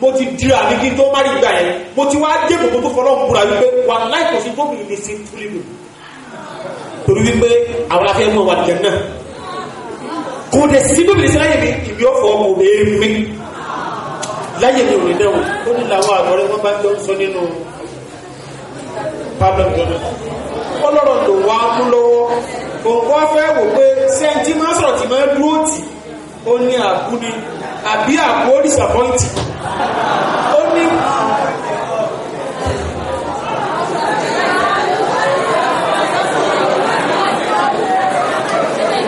Speaker 2: mo ti dira ní kí n tó má rí gbà yẹn mo ti wá dé kòkó tó fọlọ́ ń búra wípé wà láì kò sí gómìnà ní sí túlẹ̀ lòdì torí wípé àwọn afẹ́ mọ̀ wà nìyẹn náà kò dẹ̀ sí bíbí ní sáyẹ̀ mi ìbí ọ̀fọ̀ ọmọ òde mi láyé mi ò ní dẹ̀wọ̀n ó ní làwọn àgbọ̀rẹ́ wọn bá ń jọ sọ nínú pardon jọ náà ọlọ́rọ̀ ló wá mú lọ́wọ́ òǹkọ́ afẹ́ wò pé sẹ́ńtì máa sọ̀rọ̀ tì máa dúró tì ó ní àbúni àbí àbú disappointing ó ní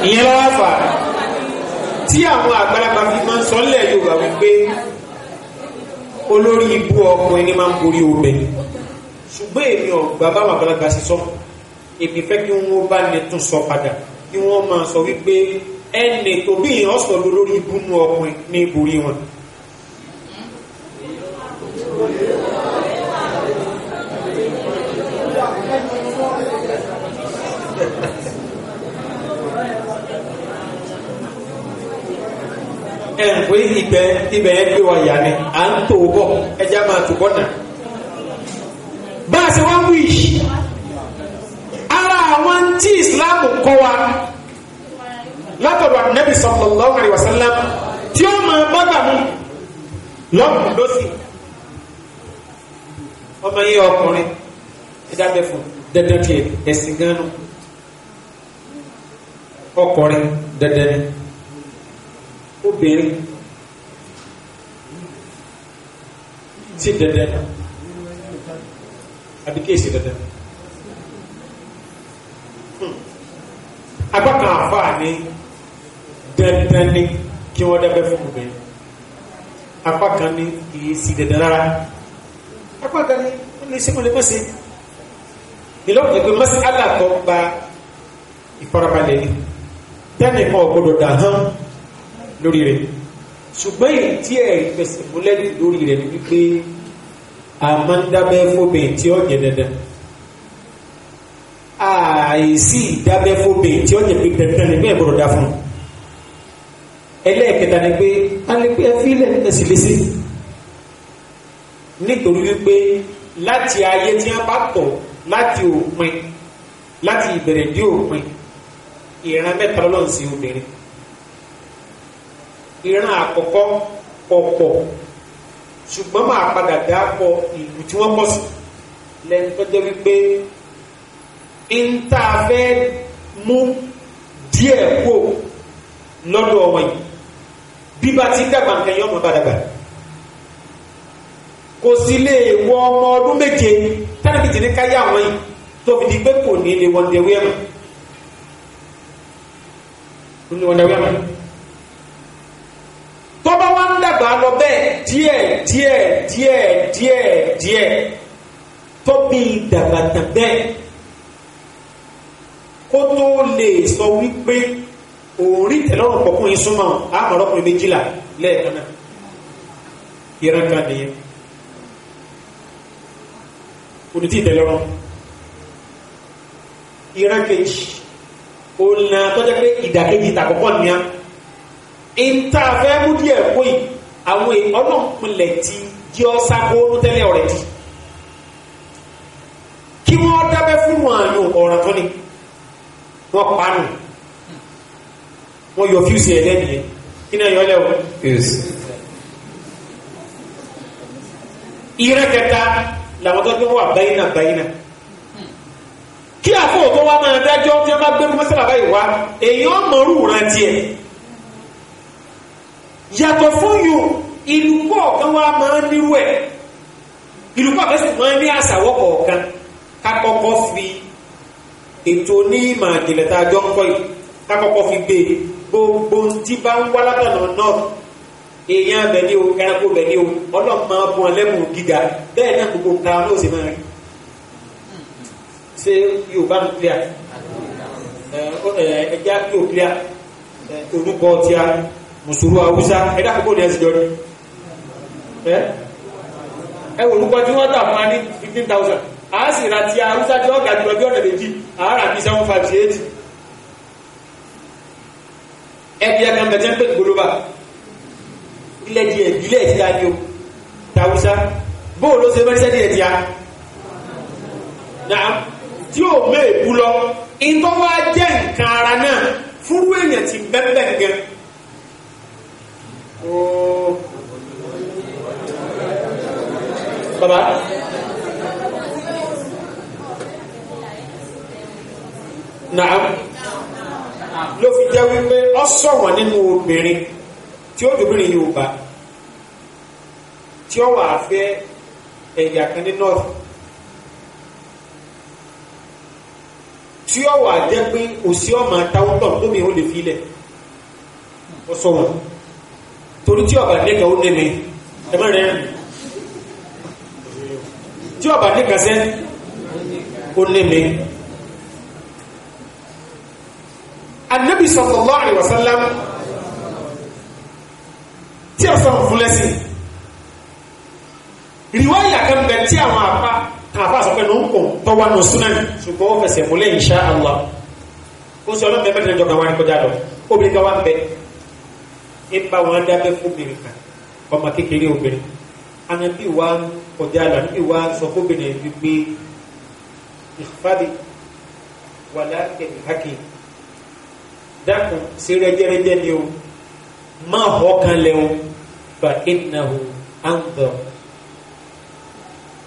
Speaker 2: ìyẹn lọ́wọ́ fà á tí àwọn àgbàlagbà fi máa ń sọ lẹ̀ Yorùbá wípé olórí ibú ọkùnrin ni máa ń borí obẹ̀ ṣùgbọ́n èmi ọ̀gbà báwọn àgbàlagbà sì sọ èmi fẹ́ kí wọ́n bá ní tún sọ padà kí wọ́n máa sọ wípé ẹnì tó bí ìyẹn ọ̀sọ̀ lórí ibú ọkùnrin ní borí wọn. ẹn pé ìgbẹ́ ibẹ̀ ẹ gbé wa yà ni à ń tò bọ̀ ẹja máa tò bọ̀ nà. bá a ṣe wá wí yìí ara àwọn tí Islam kọ́ wa látọ̀dọ̀ Ànábì sallallahu alaihi wasallam tí ó máa bá gbà mú lọ́kùn lọ́sìn ọmọ yẹn ọkùnrin ẹ̀dá bẹ fún dandan tiẹ̀ ẹ̀sìn gan-an ọkùnrin dandan ni obìnrin sí dẹdẹ àbí kéèsì dẹdẹ hmm. agbákan àfáà ní dandan ní kí wọ́n dábẹ́ fún obìnrin apá kan ní kìí sí dẹdẹ rárá apá kan ní ní sẹ́kọ̀lẹ́ mọ́sí ìlọ́pù jẹ́ pé mọ́sí alàkọ́ gba ìfarabalẹ̀ ní tẹ́nìkan ọ̀gbọ́dọ̀ dà hàn lórí rẹ̀ ṣùgbọ́n èyí tí ẹ̀ fẹsẹ̀ múlẹ̀ lórí rẹ̀ ni wípé àmọ́ndábẹ́ fóbìn tí ó yẹ dandan àìsí ìdábẹ́ fóbìn tí ó yẹ pé dandan ni bẹ́ẹ̀ gbọ́dọ̀ dá fún un ẹlẹ́ẹ̀kẹta ni pé alẹ́pẹ́ fílẹ̀ ẹ̀sìn lé sí nítorí wípé láti ayé tí wọ́n bá tọ̀ láti òpin láti ìbẹ̀rẹ̀ dé òpin ìran mẹ́ta lọ́nà sí obìnrin ìran àkọ́kọ́ ọ̀pọ̀ ṣùgbọ́n máa padà dápọ̀ ìlú tí wọ́n pọ̀ sí lẹ́nu tó jẹ́ wípé ń tá a fẹ́ mú díẹ̀ kó lọ́dọ̀ ọmọ yìí bí bá ti dàgbà nǹkan yọ ọmọ bàdàgbà kò sí lè wọ ọmọ ọdún méje tẹ́lẹ̀ méje ní káyé àwọn yìí tó di pé kò ní lè wọ́n dẹ̀wé ẹ̀mọ́ tó bá wá ń dàgbà lọ bẹ́ẹ̀ díẹ̀ díẹ̀ díẹ̀ díẹ̀ díẹ̀ tó bí dàgbàtà bẹ́ẹ̀ kó tó lè sọ wípé òórí tẹ̀lọ́rùn pọ̀kún yín súnmọ́ àmọ̀rọ́kùnrin méjìlá lẹ́ẹ̀kan náà ìran kan nìyẹn onítì tẹ̀lọ́rùn ìran kejì òun náà pé ìdàkejì tàkọ́kọ́ nìyẹn ìta fẹ́ mú díẹ̀ kó yìí àwọn ọ̀nà ìpínlẹ̀ ti di ọ̀sá kóónú tẹ́lẹ̀ ọ̀rẹ́ di kí wọ́n dábẹ́ fún wọn àyàn ọ̀ràn tó ni wọ́n pa nù wọ́n yọ fíùsì ẹ̀ lẹ́nu yẹn kí náà yọ lẹ́wọ̀. ìrẹ́ kẹta làwọn tó ń wà báyìnà báyìnà kí àfọwọ́ tó wá máa dájọ́ tí wọ́n bá gbẹ́rú mọ́sálà báyìí wá èèyàn mọ̀ọ́rù rántí ẹ̀ yàtọ̀ fún yòó ìlú kọ̀ọ̀kan wa máa ń nírú ẹ̀ ìlú kọ̀ọ̀kan sì máa ń ní àṣàwọ̀ kọ̀ọ̀kan kákọ́kọ́ fi ètò ní ìmọ̀ àjẹlẹ̀ tá a jọ ń kọ́ yìí kákọ́kọ́ fi gbé e. gbogbo tí bá ń wá látọ̀nà náà èèyàn abẹ ní o ẹranko bẹ ní o ọlọ́run máa bọ́ ẹlẹ́mùú gíga bẹ́ẹ̀ náà gbogbo nǹkan ló sì máa rí ṣé yorùbá ń clear ẹ ẹ ẹja yóò clear orúkọ tí a mùsùlù awúsá ẹ̀dá àkókò ní ẹ̀sìn jọrí ẹ wò lúkọ tí wọ́n tà fún ní fifteen thousand a sì ra ti awúsá tí wọ́n gà jùlọ bí ọ̀nà méjì àárà bíi seven five sí eight ẹbí ẹ̀ka mẹ́tẹ́ ń pè gbólóbà ilẹ̀ díẹ̀ ìbílẹ̀ ti dá ní o tàwùsá bóò ló ṣe mẹ́rìsẹ́ díẹ̀ ti a náà tí ó mẹ́ èbú lọ ìtọ́wá jẹ́ nǹkan ara náà fúrú èèyàn ti bẹ́ẹ̀ bẹ́ẹ̀ gan Oh. Bye bye. Nàám ló fi jẹ́ wípé ọ sọ̀wọ́n nínú obìnrin tí ó dòbìnrin Yorùbá tí ó wà fẹ́ ẹ̀yà kan ní north tí ó wà jẹ́ pé òsì ọmọ àtàwọn tọ̀ lómi ò lè fi ilẹ̀ ọ sọ̀wọ́n. torí tí ọba nìkan ó nẹ́mi ẹ mọ́ rẹ̀ tí ọba nìkan sẹ́ ó nẹ́mi. anabi sallallahu alaihi wasallam tí a sọ fún lẹ́sìn riwaya kan bẹ tí àwọn apá kan apá sọ pé ló ń kò bọ́ wa nù súnà ṣùgbọ́n ó fẹsẹ̀ múlẹ̀ insha Allah ó sọ ọlọ́mọbẹ bẹ́ẹ̀ ní ọjọ́ kan wá ní kọjá lọ obìnrin kan wá ń bẹ ń bá wọn dábẹ́ fún obìnrin kan ọmọ kékeré obìnrin anabi wa kọjá lọ anabi wa sọ fún obìnrin wípé ìfàdí wàlá kẹ̀mí hákì dákun sí rẹ́jẹ́rẹ́jẹ́ ni o máa họ́ kan lẹ̀ o fa innahu anzar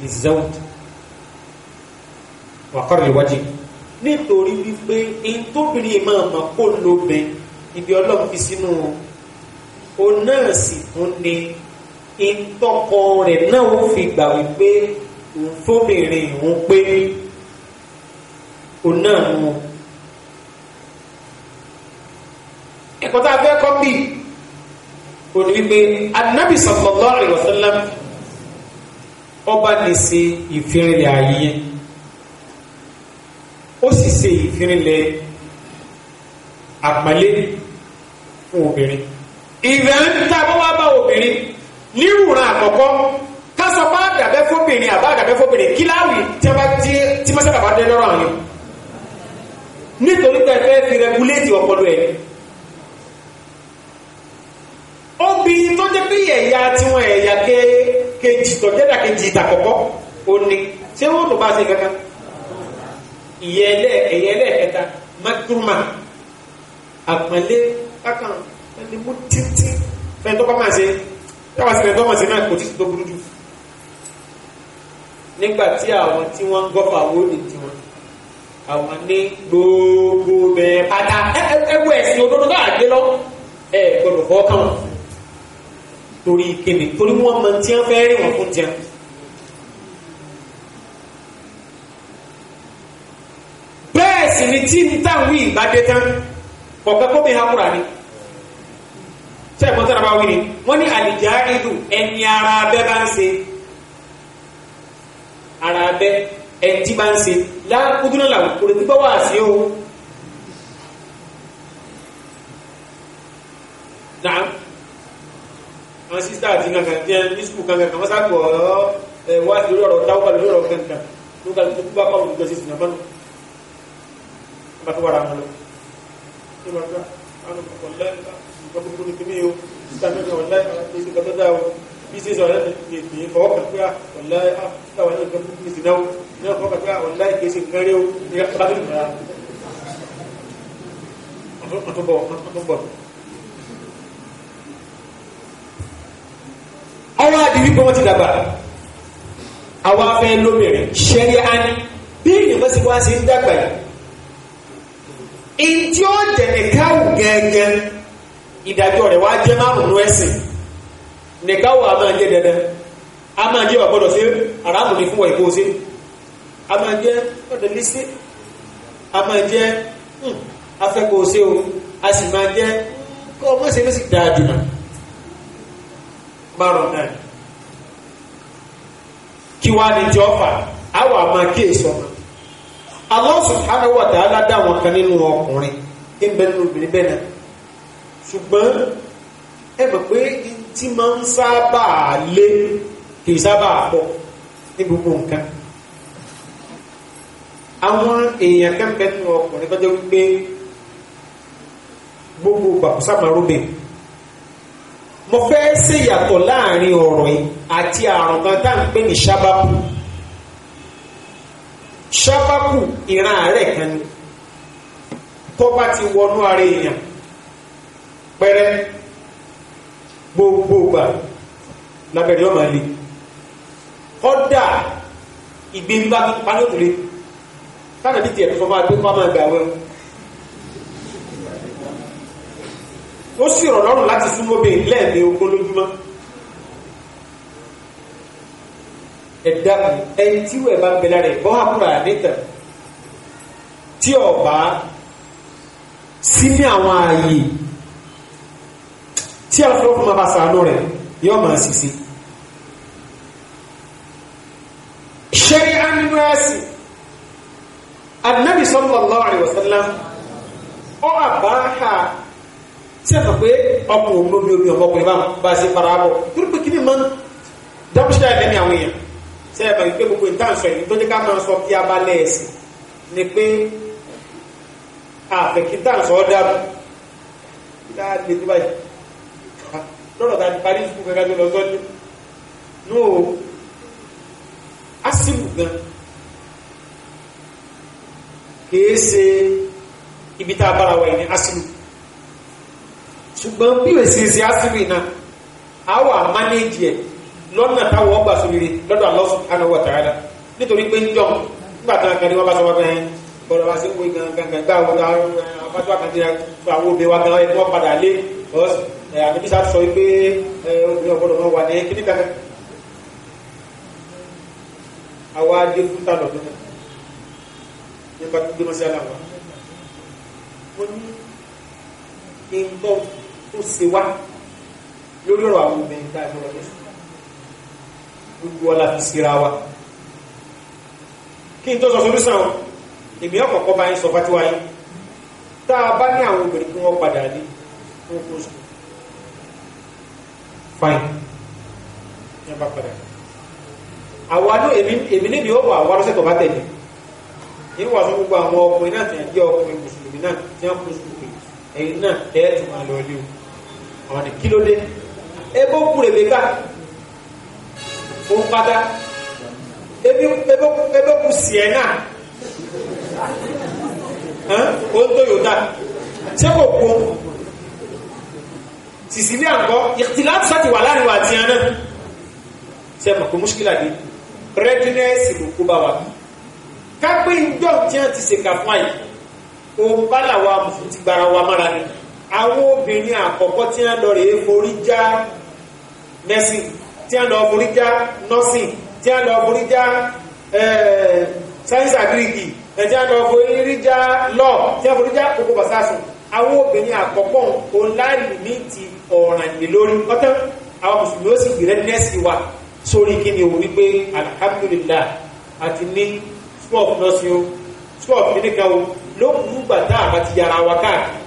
Speaker 2: ìzẹ́wọ̀n wàkọ́rọ̀ ìwájú nítorí wípé ntòbìnrin máa mọ̀ kó lóbẹ̀ ibi ọlọ́run fi sínú o òun náà sì tún ni ìtọ́kọ
Speaker 3: rẹ̀ náà ó fi gbà wípé
Speaker 2: òun fóbìnrin òun pé òun náà mú ẹ̀kọ́ tá a fẹ́ kọ́ bí òun wípé anábì sallallahu alaihi wasallam ọba lè ṣe ìfirinlẹ̀ ayé ó sì ṣe ìfirinlẹ̀ àpọ́nlé fún obìnrin ìrẹ̀ ń ta bó wá bá obìnrin nírùran àkọ́kọ́ kásọ bá dàbẹ́ fóbìnrin àbá dàbẹ́ fóbìnrin kí láwì tí mọ́sálà bá dé lọ́rọ̀ àwọn nítorí pé fẹ́ fi rẹgúléètì ọpọlọ ẹ̀ obìnrin tó jẹ́ bí ẹ̀yà tiwọn ẹ̀yà kejì tó jẹ́ dàkejì ìtàkọ́kọ́ ó ní ṣé wọ́n tó bá ṣe kankan ìyẹlẹ ẹ̀yẹlẹ ẹ̀ta mẹtúrúmà àpọ̀lé kákan ẹni mú títí fẹ́ni tó bá máa ṣe yàwá sílẹ̀ tó máa ṣe náà kò títí tó burú jù nígbà tí àwọn tí wọ́n ń gọ́fà owó ní tiwọn àwọn ní gbogbo bẹ̀rẹ̀ pátá ẹwọ ẹ̀sìn olóró náà gbé lọ ẹ gbọdọ̀ fọ́ kàn torí ìkéde torí wọ́n máa tí wọ́n fẹ́ rí wọn fún tiẹ̀. bẹ́ẹ̀ sì ni tí ń tàwí ìgbàdé tán kọ̀ọ̀kan kó mi ha ni sẹ́ẹ̀kọ́ sára bá wí ni wọ́n ní àlìjá ìlú ẹni ara abẹ́ bá ń ṣe ara abẹ́ ẹni tí bá ń ṣe lákúndúnà làwọn kò lè gbọ́ wá sí o. náà àwọn sísítà àti kankan jẹ́ nísìkú kankan kan wọ́n sáàpọ̀ ọ̀rọ̀ ẹ̀ wá sí lórí ọ̀rọ̀ táwọn lórí ọ̀rọ̀ kankan ló ga ló bá pàwọn olùjọ sí ìsìnàmọ́ nù bá tó wà ra wọn gbogbo ní kíní o ìsàmì kan ọ̀la ìṣe kan tó dá o bí ṣe sọ̀rọ̀ ní ìpín fọwọ́ kan pé ọ̀la táwọn ẹ̀ka gbogbo ní ìsìnà o ní ọ̀fọ́ kan pé ọ̀la ìké ṣe nǹkan rí o ní ọ̀pádùn nìyà ọ̀túnbọ̀ ọ̀túnbọ̀. ọwọ́ àdìrí pé wọ́n ti dàgbà àwọn afẹ́ lómìnirin ṣẹ́rí á bí ìyẹ̀mọ́ sí wá sí dàgbà yìí. ìjọ́ dẹ̀nẹ̀ká gẹ́gẹ́ ìdájọ́ rẹ̀ wá jẹ́ márùn-ún ẹ̀sìn nìkan wà á máa jẹ́ dandan a máa jẹ́ ọ̀gbọ́dọ̀ sí aráàlú ní fún wọ̀ ìkó sí a máa jẹ́ ọ̀dọ̀ lé sí a máa jẹ́ hmm, afẹ́kọ̀ọ́ sí o a sì máa jẹ́ kọ́ ọmọ ìṣẹ́ ló sì dáa jù náà márùn náà kí wá ní jọ fà á wà máa kí èso ọmọ Allah subhanahu wa ta'ala dá wọn kan nínú ọkùnrin ń bẹ nínú obìnrin bẹ́ẹ̀ náà ṣùgbọ́n ẹ mọ̀ pé tí máa ń sábà lé kì í sábà pọ̀ ní gbogbo nǹkan àwọn èèyàn kẹ́kẹ́ nínú ọkùnrin tó jẹ́ wípé gbogbo gbàkúsà máa rúbẹ̀ mo fẹ́ ṣe ìyàtọ̀ láàrin ọ̀rọ̀ yìí àti àrùn kan tá à ń pè ní ṣábàkù ṣábàkù ìran àárẹ̀ kan ni tó bá ti wọnú ara èèyàn pẹ́rẹ́ gbogbo gbà lábẹ́rẹ́ ọmọ ilé kọ́dà ìgbín bá panótòlé tánà bí tiẹ̀ tó fọ́ máa gbé pọ́ máa gbà wẹ́n ó sì rọ̀ lọ́rùn láti súnmọ́ bẹ́ẹ̀ lẹ́ẹ̀mẹ́ ogún lójúmọ́ ẹ̀dá ẹni tí wọ́n bá ń lára ẹ̀ bọ́ àkúrà níta tí ọba sí ní àwọn ààyè tí àlọ́fọ́lọ́fọ́ máa bá sàánú rẹ̀ yóò máa sìsí ṣe àmìnú ẹ̀sìn annabi sallallahu alaihi wasallam ó àbáhà tí a sọ pé ọkùnrin olóbi omi ọmọkùnrin bá bá sí farabọ̀ torí pé kí ni máa ń dábùsílẹ̀ ẹ̀lẹ́mì àwọn èèyàn ṣe ẹ̀bà wípé gbogbo ìtànsọ̀ yìí tó máa sọ kí a bá lẹ́ẹ̀sì ni pé àfẹ́kí ìtànsọ̀ ọ̀dà bí dáadé tó báyìí lọ́rọ̀ tàbí parí ìsìnkú gẹ́gẹ́ tó lọ sọ́jú ní o asimu gan kìí ṣe ibi tá a bára wa yìí ní asimu ṣùgbọ́n bí o sì ṣe asimu iná a wà mánéjì ẹ̀ lọ́nà táwọn ọgbà sóríire lọ́dọ̀ Allah subhanahu wa ta'ala nítorí pé ń jọ nígbà tán kan ní wọ́n bá sọ wọ́n fẹ́ bọ̀rọ̀ wá sí pé gangan gbà wọ́n àwọn àwọn obìnrin wa padà lé ọ̀sùn àbíkí sá sọ pé obìnrin ọ̀gbọ́dọ̀ máa wà ní kíní kankan àwa dé fún ta lọ́dún náà nípa gbígbé mọ́sí aláwọ̀ ó ní nǹkan tó ṣe wá lórí ọ̀rọ̀ àwọn obìnrin tá a gbọ́dọ̀ lẹ́sìn gbogbo ọlá fi síra wa kí n tó sọ solúsàn ọ èmi ọkọ̀ọ̀kọ́ bá ń sọ fátíwáyé tá a bá ní àwọn obìnrin kí wọ́n padà ní wọ́n kó sùn fine yẹn bá padà àwa náà èmi èmi níbi ó wà wá lọ́sẹ̀ tó bá tẹ̀lé ní wà fún gbogbo àwọn ọkùnrin náà tí wọ́n jẹ́ ọkùnrin mùsùlùmí náà tí wọ́n kú sùkùnrin ẹ̀yin náà ẹ̀ tún máa lọ ilé o àwọn ni kí ló dé ebó kú rèbékà òun pátá ebó kú sìẹ́ náà ó ń tó yòóta ṣé kò kú sicilia nkọ ìtìláàtì sáti wà láàrin wa tiẹ̀ náà ṣe mọ̀ pé mùsùlùmí dé rẹ́dínẹ́sì ló kó bá wa kápẹ́ ìjọ tiẹ̀ ti ṣèkà fún àyè òun bá làwa mùsùlùmí ti gbara wa mára ni àwọn obìnrin àkọ́kọ́ tí wọ́n lọ é forí já nursing tí wọ́n lọ forí já nursing tí wọ́n lọ forí já science agrigi tí wọ́n lọ forí já law tí wọ́n forí já kókó bàtà sùn àwọn obìnrin àkọ́kọ́ òun láàrin ní ti ọ̀ràn yìí lórí ọ̀tán àwọn mùsùlùmí ó sì gbìrẹ́ nẹ́ẹ̀sì wa sórí kí ni o wípé alhamdulillah àti ní sport nọ́ọ̀sì o sport nìkan o lókùnrin ìgbà tá a bá ti yàrá wa káàkiri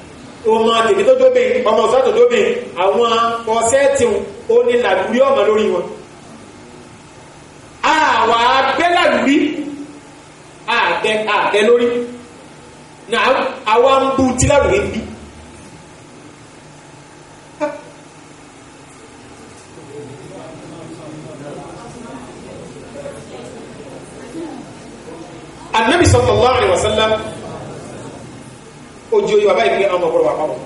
Speaker 2: ọmọ àtẹ̀mí tó tóbi ọmọ ọ̀sán tó tóbi àwọn ọ̀sẹ́ẹ̀tì ó ní làlúrí ọmọ lórí wọn àwa abẹ́ làlúrí àbẹ́ àbẹ́ lórí náà àwa ń bú tíláwèé ń bí. anabi sallallahu alaihi wasallam ojú oyè bàbá ìpínlẹ̀ àwọn ọmọkùnrin wà pàwọn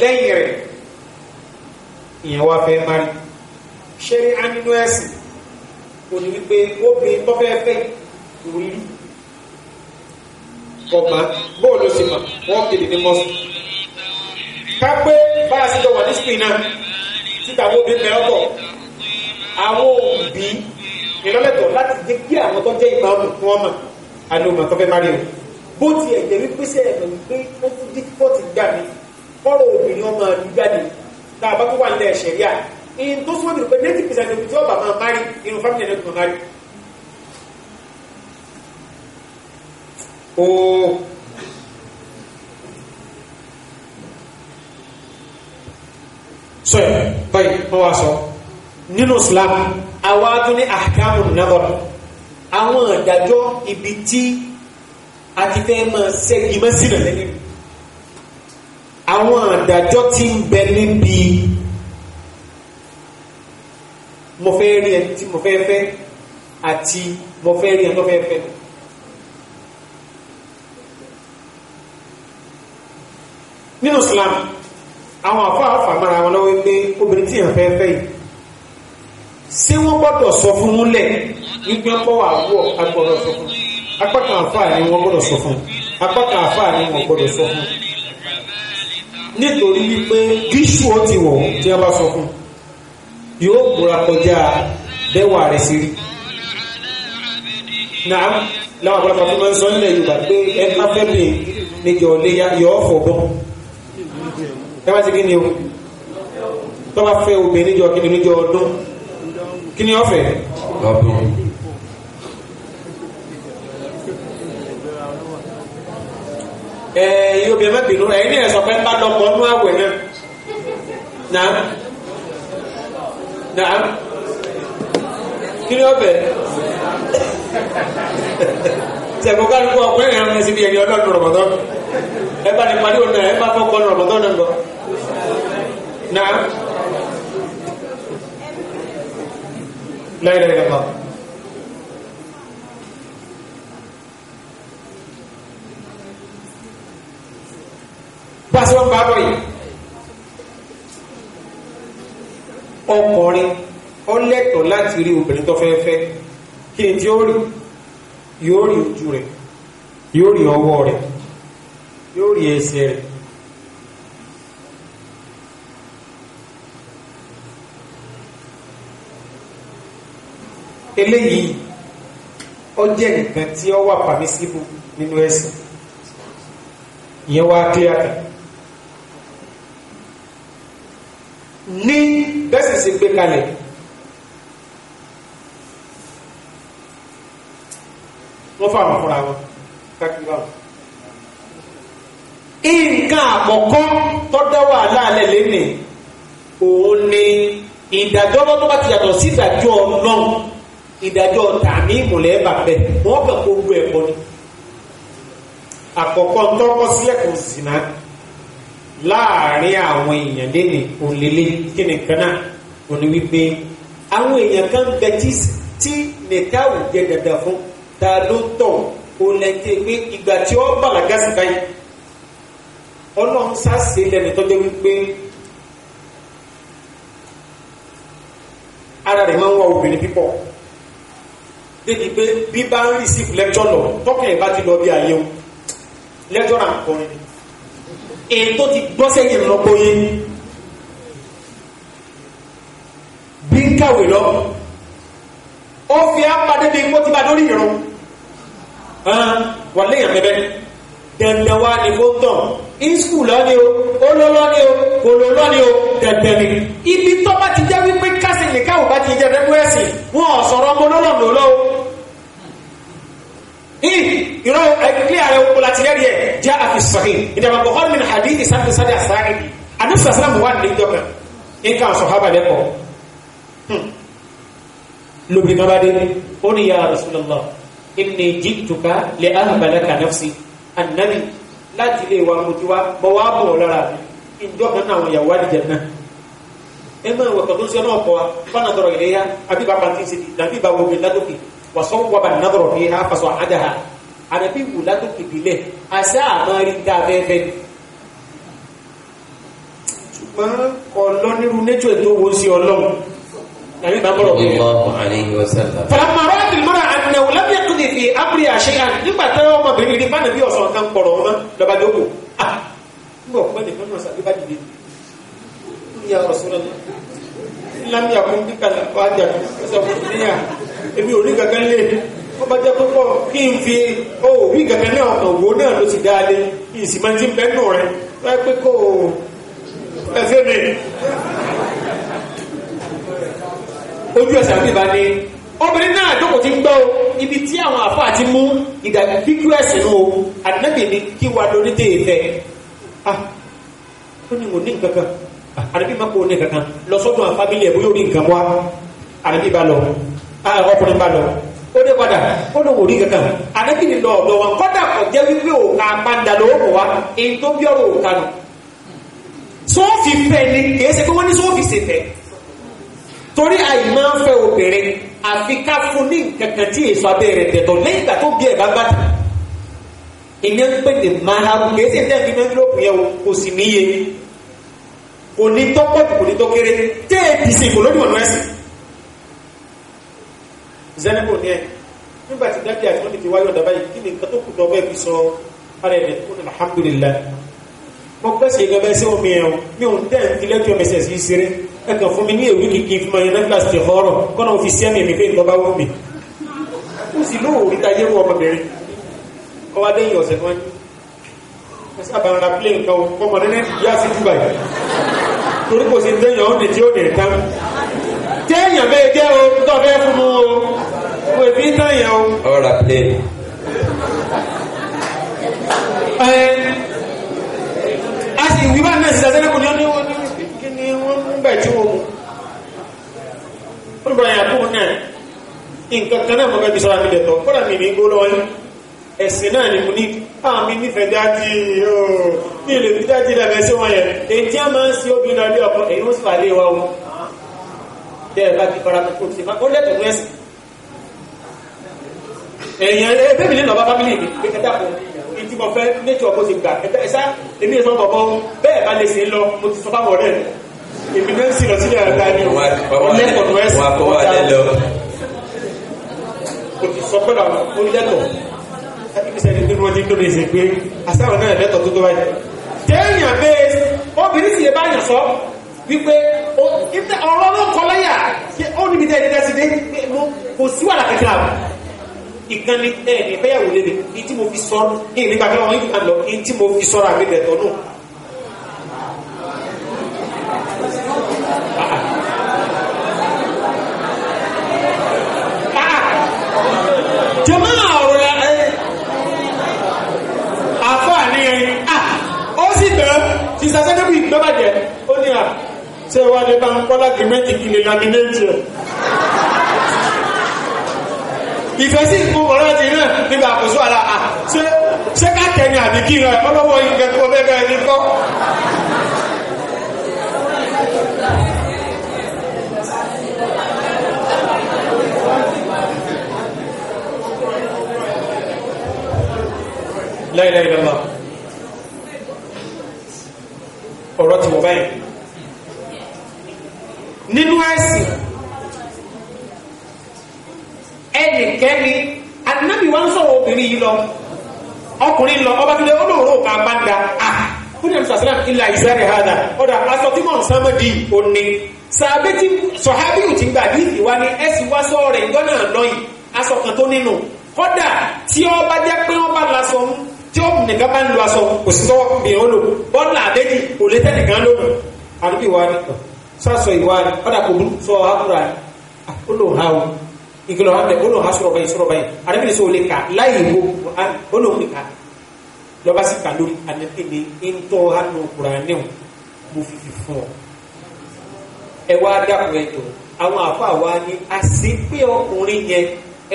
Speaker 2: lẹ́yìn rẹ̀ ìyẹn wá fẹ́ mari ṣe rí anínú ẹ̀sìn òní wípé ó bí bọ́fẹ́ fẹ́ ìwúrí ọ̀mà bóòlù sì mà wọ́n kéde ní mọ́sí. ká pé bá a sì jọ wà ní spain náà títa wo bí mẹ́rọ́ bọ̀ àwọn òbí ìrọ́lẹ́tọ̀ láti jẹ́ kí àwọn tó jẹ́ ìmọ̀ ọ̀mù fún ọmọ àni òmà tó fẹ́ má rí o. bó ti ẹ̀jẹ̀ wípé sẹ́ ẹ̀mọ̀ wípé ó tún dífọ́ọ̀tì gbà mí kọ́rọ̀ obìnrin ọmọ mi jáde tá a bá tó wà nílẹ̀ ṣẹ̀ríà ìyẹn tó súnmọ́ mi pé ninety percent of the job àmọ́ mari irun ó sọ ẹ̀ báyìí wọ́n wá sọ nínú Islam awájú ní ahkamu nadar àwọn ìdájọ́ ibi tí a ti fẹ́ mọ sẹ́gi mẹ́sìnà lẹ́yìn àwọn ìdájọ́ tí ń bẹ níbi mo fẹ́ rí ẹ tí mo fẹ́ fẹ́ àti mo fẹ́ rí ẹ tó fẹ́ nínú Islam àwọn àfáàfà mara wọn lọ́wọ́ pé obìnrin tí yàn fẹ́ fẹ́ yìí ṣé wọ́n gbọ́dọ̀ sọ fún un lẹ̀ wípé ọkọ̀ wà wọ̀ agbọ́dọ̀ sọ fún apá kan àfáà ni wọ́n gbọ́dọ̀ sọ fún apá kan àfáà ni wọ́n gbọ́dọ̀ sọ fún nítorí wípé gíṣù ó ti wọ̀ tí wọ́n bá sọ fún yóò gbọ́ra kọjá bẹ́wà rẹ̀ sí rí naam láwọn àgbàlagbà tó máa ń sọ nílẹ̀ Yorùbá pé ẹ má fẹ́ bèè níjọ́ léyà fọ̀ bọ́n tẹ́wọ́n ti kí ni o tó bá fẹ́ obìnrin níjọ kí ni níjọ ọdún kí ni ọ̀fẹ́. ọdún. ẹ yóò bí ẹ má bínú ẹ̀yin ní ẹsọ pé ń bá dọkọ ọdún àwẹ náà náà náà kí ni ọ̀fẹ́ sẹ̀kọ́ kálukú ọkùnrin yẹn rán síbi ẹ̀yìn ọlọ́run rọ̀bọ̀tọ́ ẹ bá ní parí òun náà ẹ bá fọ́kọ́ rọ̀bọ̀tọ́ náà lọ. náà láyé lẹ́yìn lọ́pàá. pàṣẹ wọn bá bọ̀ yìí ọkùnrin ó lẹ́tọ̀ọ́ láti rí obìnrin tó fẹ́ fẹ́ kí n tí ó rí yóò rí ojú rẹ̀ yóò rí ọwọ́ rẹ̀ yóò rí ẹsẹ̀ rẹ̀ eléyìí ó jẹ́ nǹkan tí ó wà pàmísíbù nínú ẹ̀sìn ìyẹn wá kíláàtà ní bẹ́sẹ̀ sí gbé kalẹ̀ wọ́n fà wọn fúnra wọn káàkiri báwọn. nǹkan àkọ́kọ́ tó dá wàhálà alẹ́ lẹ́nì òun ni ìdájọ́ tó bá ti yàtọ̀ sí ìdájọ́ náà ìdájọ́ tààmì ìmùlẹ̀ bàbẹ̀ wọ́n bẹ̀ kó gbé ẹ̀kọ́ ni àkọ́kọ́ tọ́kọ́ sílẹ̀kùn zina láàárín àwọn èèyàn lẹ́nu òlélẹ́ kíni kan náà òní wípé àwọn èèyàn kan bẹ tí nìkan ò dandan fún ta ló tọ̀ onẹtẹ pé ìgbà tí ó bàlágà sí báyìí ọlọ́run sáàsì lẹ́nu tọ́jọ́ wípé ara rẹ̀ máa ń wá obìnrin pípọ̀ débi pé bí bá ń receive lecture lọ tọ́kàn ẹ̀ bá ti lọ bí ayé o lecture náà kọrin èyí tó ti gbọ́ sẹ́yìn lọ́pọ̀ yé bí ń kàwé lọ ó fi á padé kó ti bá lórí ìrún wà léèyàn bẹ́bẹ́ dandan wá ní kó tàn ìskù lọ́ni o olólọ́ni o olólọ́ni o dandan ni ibi tó bá ti jẹ́ wípé kásìn lè káwọ̀ bá ti jẹ́ rẹ́gbẹ́sì wọn ò sọ̀rọ̀ ọmọ olólọ́nà lọ́wọ́ ìrọ̀ ẹgbẹ́ ààrẹ oko láti rẹ́rí ẹ̀ jẹ́ àfisọ̀hí ìdàmà bọ̀họ́n mi hàdí ìsáàdì sáàdì àsáàdì anúsàsánà mọ̀ wà ní ìjọba nǹkan sọ̀hábà lẹ́kọ̀ọ́ hmm. lóbi náà dé ó ní ya Rasulullah inni jituka lè ahàbàlẹ́kà nafsi annabi láti lè wa mo ti wá bọ́ lara. bọ̀ lára mi ìjọ kan náà àwọn ìyàwó àdìjẹ náà ẹ máa wọ̀ tọ́tún sí ọlọ́ọ̀kọ́ wa fọ́nà tọrọ ilé ya àbí bá pàǹtí sí i nàbí bá ki látòkè wà sọ wọ́n bá nàbọ̀rọ̀ fi ha fasọ̀ àdá ha àbẹ̀bí wù látòkè bílẹ̀ àṣà àmọ́rí dá abẹ́fẹ́ ni ṣùgbọ́n ọlọ́nirú nẹ́tọ̀ ètò wo sí ọlọ́run
Speaker 1: Fàlámà rọ́ọ̀dì
Speaker 2: mọ́ra ànàwò lábẹ́ ẹ̀kúndì fi ápùrì àṣeyà nígbà tí ọmọbìnrin rí bánàbí ọ̀sán kan pọ̀rọ̀ ọmọ lọ́ba dókò. Nígbà ọ̀pẹ́ nìkan náà sàbí bá dìde. Ìyá ọ̀sọ́rọ̀ náà. Lámì àkún kíkà làkọ́ àjà ọ̀sọ̀ fún níyà. Èmi ò rí gàgán lé. Wọ́n bá jẹ́ púpọ̀ kí n fi ó rí gàgán náà ọ̀nà òwò náà ló ti dáa lé. Ìsìmọ̀ ti bẹ́ẹ̀ nù rẹ̀. Wọ́n ojú ẹsẹ̀ àbíbá ni obìnrin náà jókòó ti ń gbọ́ ibi tí àwọn àfọ́ àti mú ìdàgbíjú ẹ̀sìn o ànábì ni kí wàá lórí dé ìfẹ́ ah ó ní mo ní nǹkan kan ah, ànábì má kó ní nǹkan kan lọ sọ́dọ̀ àwọn fámìlì ẹ̀ bóyá ó ní nǹkan wá ànábì bá lọ ah, ọkùnrin bá lọ ó dé padà ó lọ wò ní nǹkan kan ànábì ni lọ ọ̀dọ̀ wọn kọ́dà kọ̀ jẹ́ wípé òkà apanda ló wọ̀ wá èyí tó bí torí àìmọ́ fẹ́ obìnrin àfi ká fún ní kankan tí èso abẹ́ rẹ̀ tẹ̀tọ̀ lẹ́yìn ìgbà tó bí ẹ̀ bá bàtà ìyẹn ń pè ní maharu kìí ṣe tẹ́ẹ̀ fi ní ẹ́ńgílóòpù yẹn kò sì níye kò ní tọ́pọ̀ kò ní tó kéré tẹ́ ẹ̀ ti ṣe ìkòlódì ọ̀nà ẹ̀sìn zẹ́nìkò ní ẹ̀ nígbà tí dákì àti wọ́n ti wáyọ̀ dábàá yìí kí ni nǹkan tó kù tọ́ bẹ́ẹ̀ mo gbẹ́sì yìí gẹ́gẹ́ sí omi ẹ̀ o mi ò ń tẹ́ ìlẹ́tọ̀ ẹ̀mẹsẹ̀ sí ṣeré ẹ kàn fún mi ní èwì kìkì fún mi ní kílàsì tẹ̀ fọ́ọ̀rọ̀ kọ́nà òfin sí ẹ̀mí mi pé ìtọ́ bá wọ́n mi ó sì lóò rí ta yẹ́wọ́ ọmọbìnrin kọ́ wá dẹ́yìn ọ̀sẹ̀ kan ẹ sábà ń ra plane kan kọ́mọdé ní yá sí Dubai torí kò sí tẹ́yìn ọ̀hún tí ó dẹ̀ tán téèyàn bẹ́ẹ̀ jẹ́ o tó fẹ́ fún mu o mo èbí tẹ́yìn o.
Speaker 1: ọ̀rọ̀ plane
Speaker 2: sì wíwá náà sí sàtẹ́lẹ́kùn ní ọdún wọn kí ni wọ́n ń bẹ̀ tí wọ́n mú ó lùbọ̀rọ̀ yàkú náà nǹkan kan náà mọ̀gá ní gbólọ́ ẹ̀sìn náà ni mo ní àmì nífẹ̀ẹ́ dájí ní ilé tí dájí lẹ́fẹ̀ẹ́ sí wọn yẹn èyí tí a máa ń sí obìnrin náà lé ọkọ èyí ó sì fà wa o bẹ́ẹ̀ bá kí fara tó ti máa ó lẹ́tọ̀ọ́ ẹ̀sìn èèyàn ẹgbẹ́ lọ́ba fámìlì mi pé kẹta kò ní tí mo fẹ́ nature bó ti gbà ẹ̀dá ẹ̀sá èmi ìsọ́ bọ̀bọ̀ bẹ́ẹ̀ bá lè ṣe lọ mo ti sọ fáwọn ọ̀rẹ́ mi èmi náà sì lọ sílẹ̀ ọ̀gá ni ọ̀lẹ́kọ̀ọ́ ẹ̀sìn mo ti sọ pẹ́lú àwọn onílẹ̀tọ̀ ẹ̀kíṣẹ́ ní wọ́n ti ń tóbi ìsìn pé àsáwọn náà lẹ́tọ̀ tó tó báyìí téèyàn bẹ́ẹ̀ obìnrin sì yẹ bá yàn sọ wípé ọ̀rọ̀ ló kọ lẹ́yà ó níbi tẹ́ ẹ̀dẹ́dẹ́sí dé kò sí wàhálà kẹkẹrẹ àwọn ìkànnì ẹ̀ ní ìfẹ́yàwó lé mi ní tí mo fi sọ ní nípa fẹ́ wọn ní ìkànnì lọ ní tí mo fi sọ́ra mi bẹ̀ tọ́nù. Ah, ah. jọ̀mọ́ ọ̀rọ̀ ẹ̀ àfọ́ àníyàn ó sì bẹ̀rẹ̀ ti sàṣẹ́ níbi ìgbọ́bàjẹ́ ó ní à ṣé wàá lè bá ń kọ́ láti méjì kìlè lámìnẹ́tì rẹ̀ ìfẹ́ sí ìkókò náà ti náà nígbà àkóso àlà à ṣé ṣé ká kẹ́ni àbí kí rẹ ọlọ́wọ́ ìgbẹ́ tó bẹ́ẹ̀ bẹ́ẹ̀ ní
Speaker 4: kọ́.
Speaker 3: lẹ́yìn lọ́la
Speaker 2: ọ̀rọ̀ ti wọ̀ báyìí nínú ẹ̀sìn ẹnìkẹ́ni anábì wá ń sọ̀rọ̀ obìnrin yìí lọ ọkùnrin lọ ọba kílẹ̀ olóòrò ká bá ń da à fún ẹ̀mí sàṣẹ́lá ilà ìsẹ́rẹ̀ hàdà ọ̀dà aṣọ tí wọ́n sánmọ́ di òní sàbẹ́ tí sọ̀hábíù ti gbà bí ìwà ni ẹ̀sì wá sọ̀rọ̀ rẹ̀ ìgbọ́n náà lọ́yìn aṣọ kan tó nínú kọ́dà tí ọba jẹ́ pé wọ́n bá lasọ tí ó nìkan bá ń lo aṣọ kò sí sọ́wọ́ bìnrin ó lò bọ́ọ̀lù àbẹ́jì kò lè tẹ́nìkan lò àdúgbò ìwà ni sọ́ọ̀sọ̀ ìwà ni ọ̀dà kò ìkìlọ̀ wà bẹ̀ olóhùn asọ̀rọ̀ báyìí sọ̀rọ̀ báyìí arábìnrin sọ olè kà láyé wo olóhùn ìka lọ́ba sì kà lórí àdéhùn ìntọ́ hànú kùránìhùn mo fi fi fún ọ. ẹ wá dàpọ̀ ẹ̀jọ̀ àwọn àfa wa ni àṣepé ọkùnrin yẹn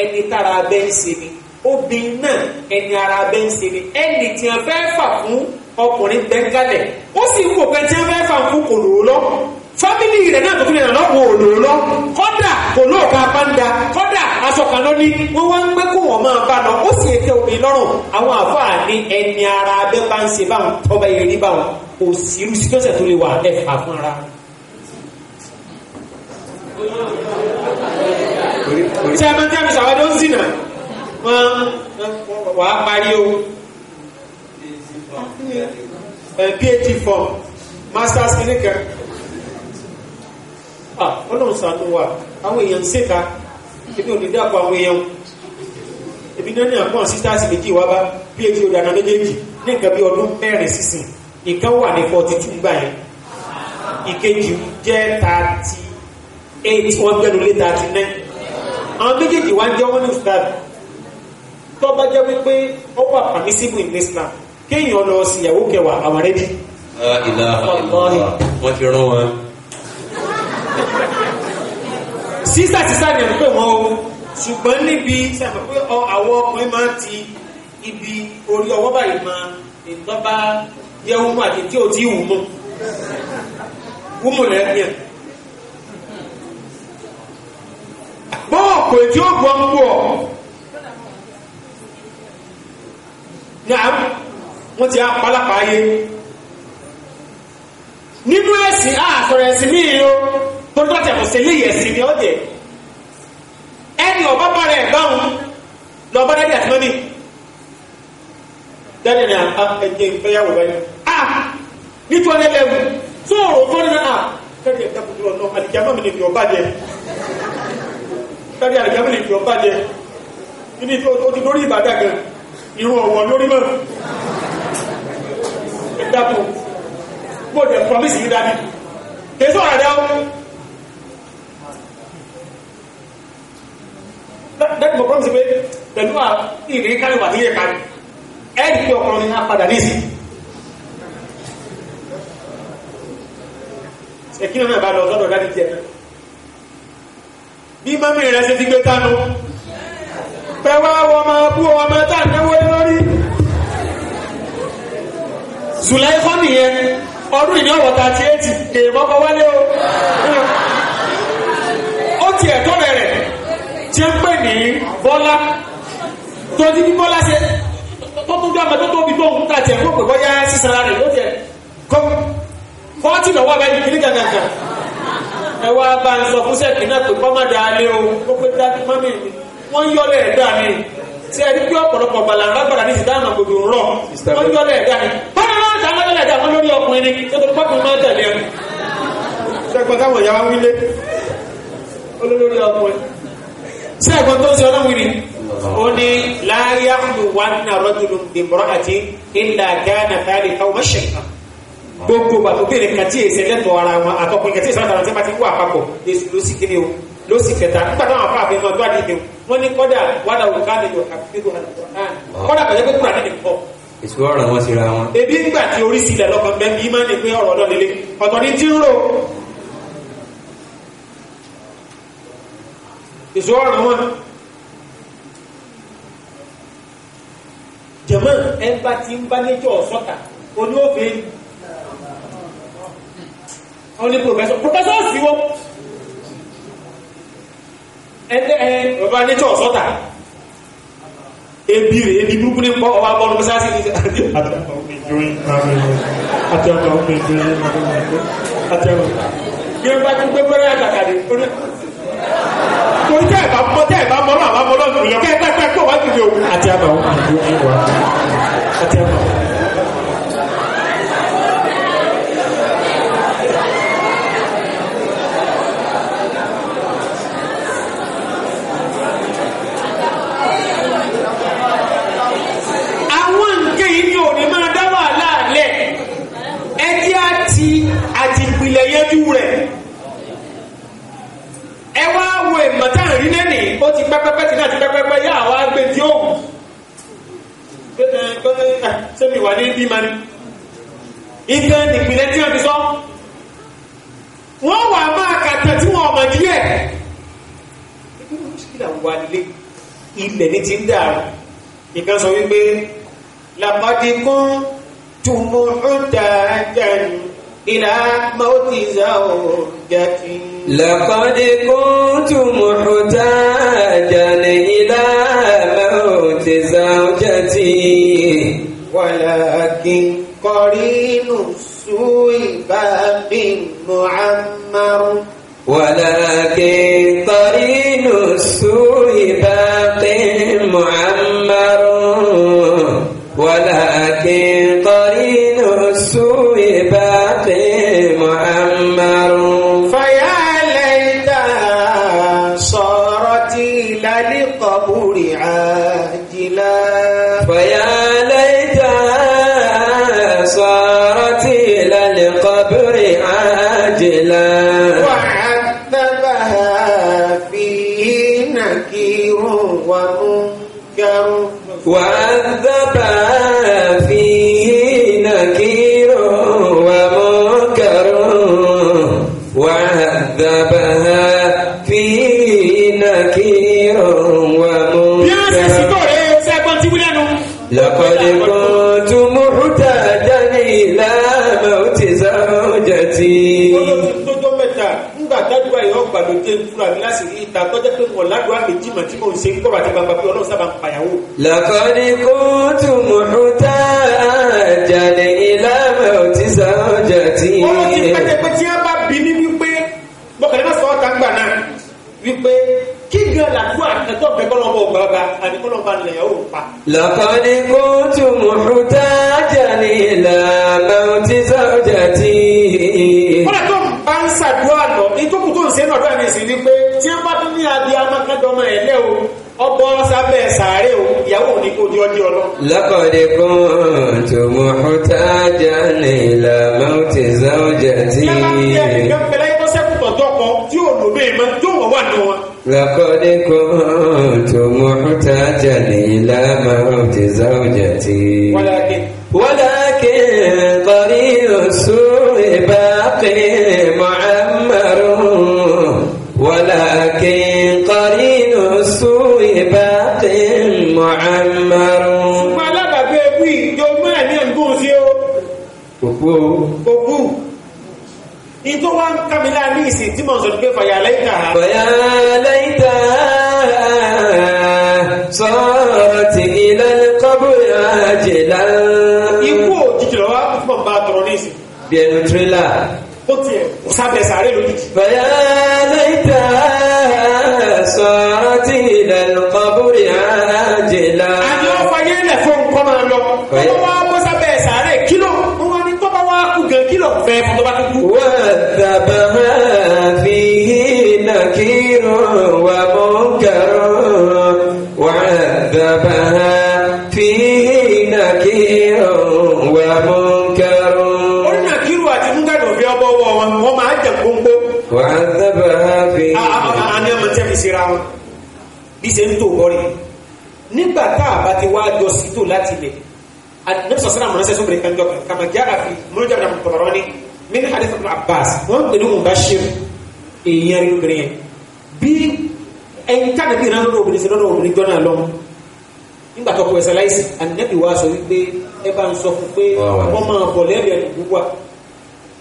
Speaker 2: ẹni tára abẹ́ ń ṣe ni obìnrin náà ẹni ara abẹ́ ń ṣe ni ẹni tí wọ́n fẹ́ fà fún ọkùnrin bẹ́ńgálẹ̀ ó sì ń kò pẹ́ tí wọ́n fẹ́ fà fún kòlòó lọ́wọ́ fámìlì rẹ̀ náà tó kílẹ̀ lọ́wọ́ òlòlọ́ kọ́dà kò lóòka pàǹdà kọ́dà asọ̀kan ló ní wọ́n wá ń pẹ́ kó wọ́n máa bá lọ ó sì ètè omi lọ́rùn àwọn àfáà ní ẹni ara abẹ́ bá ń ṣe báwọn tọ́ba ìrírí báwọn kò sí irú sítọ́sẹ̀ tó lè wà ẹ̀fà fún ara. ṣé ẹ máa ń tẹ́ àmì sàwádìí ó ń sìnà wọ́n wàá parí o phd form masters kìnìkan. Ah, ọlọ́run sàánú wa àwọn èèyàn ń ṣèkà ebi ò ní dàpọ̀ àwọn èèyàn ebi náà ní àpọ̀ sítáàsì méjì wá bá bí etí odò àná méjèèjì ní nǹkan wá jẹ́ wọ́n ní tó bá jẹ́ wípé ó wà lọ sí ìyàwó kẹwàá àwọn
Speaker 1: wọ́n ti
Speaker 2: sísà sísà ni ẹ̀ ń pè wọ́n o ṣùgbọ́n níbi sàmọ̀ pé àwọn ọkùnrin máa ń ti ibi orí ọwọ́ báyìí máa nǹkan bá yẹ wọ́n mú àti tí ò tí wù mọ́ wù mọ́ lẹ́yìn ẹ̀. bọ́ọ̀ kò tí ó gbọ́ ń bọ̀ náà wọ́n ti á palápàá yé nínú ẹ̀sìn àtọ̀rẹ̀sìn míì o tó tó tẹ̀kọ̀ sí ilé ìyẹ̀sìn ni ọ̀jẹ̀ ẹni ọba bá rẹ̀ lọ́hùn lọ́ba dẹ́dẹ́ àti mọ́mí dẹ́dẹ́ ni ẹ̀jẹ̀ ìfẹ́yàwó bẹ́ẹ̀ a nítorí ẹlẹ́wù tó òrò fọ́nà náà dẹ́dẹ́ ìdákùnrin ọ̀nà àlìjámọ́ mi lè fi ọba jẹ dẹ́dẹ́ àlìjámọ́ mi lè fi ọba jẹ ibi tó ti lórí ìbàdàn gan irú ọ̀wọ̀ lórí mọ́ ìdákùn bó dẹ̀ promise yìí dání kèsọ́ ọ̀rọ̀ dẹ́ dẹ́kun bọ̀ promise pé pẹ̀lú à ìrìn kárí wà nílé kárí ẹ̀rí pé ọkùnrin ní apadà ní ìsìn. ẹ̀kí náà bá lọ sọ́dọ̀ dáadé tiẹ̀ náà. yang mọ́mí rẹ̀ ṣe ti gbé tánu pẹ̀wá wọ́n máa bú ọmọ mẹ́ta náwó lórí. Zùlẹ́kọ́ nìyẹn ọdún ìyẹn ọ̀wọ̀ta ti bọ́lá tó ti bí bọ́lá ṣe tó tún gbàgbà tó tóbi tó ń tàjẹ̀ fún òpè bọ́yá sísanra rẹ̀ ló jẹ kọ́ fọ́tì lọ́wọ́ abẹ́ni kìlí gàgàgà ẹ wá bá ń sọ fún sẹ́ẹ̀kì náà pé kọ́má dáa lé o ó pé dájú mọ́mí wọ́n yọ́lẹ̀ ẹ̀dá mi tí ẹni pé ọ̀pọ̀lọpọ̀ gbàlà ń lágbàdà ní ìdáhùn àgbègbè ń rọ̀ wọ́n yọ́lẹ̀ ẹ̀dá mi báwo ló ń ta wọ́n yọ́lẹ̀ wọn lórí ọkùnrin ni tó tó pọ́kùnrin máa ń tẹ̀lé ẹ. ṣẹ́gun táwọn ìyá wa wílé olólórí ọkùnrin sí ẹ̀kọ́ tó ń sọ ọlọ́run ni ó ní láyé àmú wà nà rọ́dùnú dìbọ̀rọ̀ àti ilà gánà káàdì káwọn mọ́ṣẹ̀ gbogbo bàtò bèrè kàtí èsè lẹ́tọ̀ọ́ ara wọn àtọkùnrin kàtí èsè látara tí wọ́n ti wà papọ̀ ló sì kí ni o ló sì kẹta nígbà táwọn afọ àfihàn ọdún àdìgbò wọn ní kọ́dà wàdà òkà lè yọ àfikún kọ́dà kọjá pé kúrò àdìgbò kọ́ ìṣòro ọ̀rọ̀ wọn èso ọ̀rọ̀ wọn jẹ̀mọ́ ẹgbà tí ń sota, nẹ́jọ́ ọ̀sọ́ta oní òfin ọ ní pòfẹ́sọ̀ pòfẹ́sọ̀ síwọ́ ẹgbẹ́ ẹ ọba nẹ́jọ́ ọ̀sọ́ta ebi rẹ̀ ebi burúkú ní pọ́ ọba bọ́ọ̀lù mẹ́sàásì ní àtẹ́kọ̀ọ́
Speaker 3: ìjọyìn
Speaker 4: àtẹ́kọ̀ọ́ ìjọyìn àtẹ́kọ̀ọ́
Speaker 2: gbẹ́gbẹ́ àtàkàdé torí tẹ́ ẹ̀ bá mọ́ tẹ́ ẹ̀ bá mọ́ náà bá náà ìyẹn kẹ́ pẹ́pẹ́ pé wọ́n ti àti àbà wọn àti ẹwà àti àti àtìpìlẹ̀ yẹjú rẹ̀ àwọn èèmọ̀ tá lẹ́nì ó ti pẹ́pẹ́pẹ́ tí náà pẹ́pẹ́pẹ́ yá àwọn agbè tí ó wù sẹ́mi wà ní bímọ ni ìtàn ìpìlẹ̀ tí wọ́n ti sọ wọ́n wà máa kàtà tí wọ́n ọmọ díẹ̀ ilẹ̀ ní ti ń dàrú ìkan sọ wípé làpàdé kún tùmùrùdà jẹun ìlà mọ́tìzà òjàkín
Speaker 1: لقد كنتم محتاجا إلى موت زوجتي ولكن قرين السوء باق معمر ولكن قرين السوء باق لقد كنت محتاجا إلى موت زوجتي
Speaker 2: nígbà tádùá yìí ọgbà ló dé fúra mi lásìrí ìta tọ́jọ́ pé mo ládùá méjì mọ̀ tí mò ń ṣe ń kọ̀rọ̀ àti gbangba pé ọlọ́run sábà ń pàyàwó.
Speaker 1: làkọ́ni kó tún mú un tá àjàlẹ̀ ìlànà òtí sàájà tí. ọlọ́run ti pẹ́tẹ́pẹ́
Speaker 2: tí wọ́n bá bí ní wípé mọ̀kànlélọ́sọ̀ ọ̀tá gbà náà wípé kí gan làdúrà kan tó fẹ́ kọ́lọ́ bọ̀ gbàgbà ni kọ́lọ́ bá lẹ̀ yọ̀ pa. laqad
Speaker 1: kuntum muhtajan ila mawti zawjati. kọ́lá
Speaker 2: tó bá ń ṣàdúrà lọ ìtòkù tó ń ṣe náà dúrà ní ni pé tí wọ́n bá tún ní adé amákàdọ́mọ ẹ̀ lẹ́ o ọbọ̀ sábẹ́ sàárẹ̀ o ìyàwó ní kó di ọjọ́
Speaker 1: lọ. laqad kuntum muhtajan ila mawti zawjati. yàrá bí ẹnì kan
Speaker 2: fẹlẹ́ kọ́sẹ́kù tọ̀tọ̀ kan tí
Speaker 1: لقد كنت محتاجا إلى موت زوجتي ولكن ولكن طريق السوء باقي معمر ولكن قرين السوء باقي معمر Òkú o. Òkú
Speaker 2: in tó wá ń kàmílá ní ìsìn tí mọ̀ sọ̀rọ̀ pé fàyà lẹ́yìnká ha. fàyà lẹ́yìnká
Speaker 1: sọ̀rọ̀ tí ilẹ̀ kọ́bù àjẹlá. ikú òjijì lọ́wọ́ tí mọ̀ bá tọrọ ní ìsìn. bí ẹnu tírélà. ó tiẹ̀ sábẹ̀ sàárè lójijì. fàyà lẹ́yìnká sọ̀rọ̀ tí pẹ́ tó bá kúkú. wàtàbà máa fi hìnà kírun wà mọ́ kẹrọ wàtàbà fi hìnà kírun wà mọ́ kẹrọ. ó nà kírun àti múngàdì òfin
Speaker 2: ti wá jọ sí tò láti lè. النبي صلى الله عليه وسلم صلى الله عليه كما جاء في مرجع من الطبراني من حديث ابن عباس وهم بنو مبشر ìyẹn rí obìnrin yẹn bí ẹni tánàbí ìran lọ́dọ̀ obìnrin sí lọ́dọ̀ obìnrin jọ́nà lọ́mú nígbà tó kọ ẹ̀sẹ̀ láìsí ànẹ́bí wa sọ wípé ẹ bá ń sọ fún pé wọ́n máa bọ̀ lẹ́bẹ̀ẹ́ nìkú wa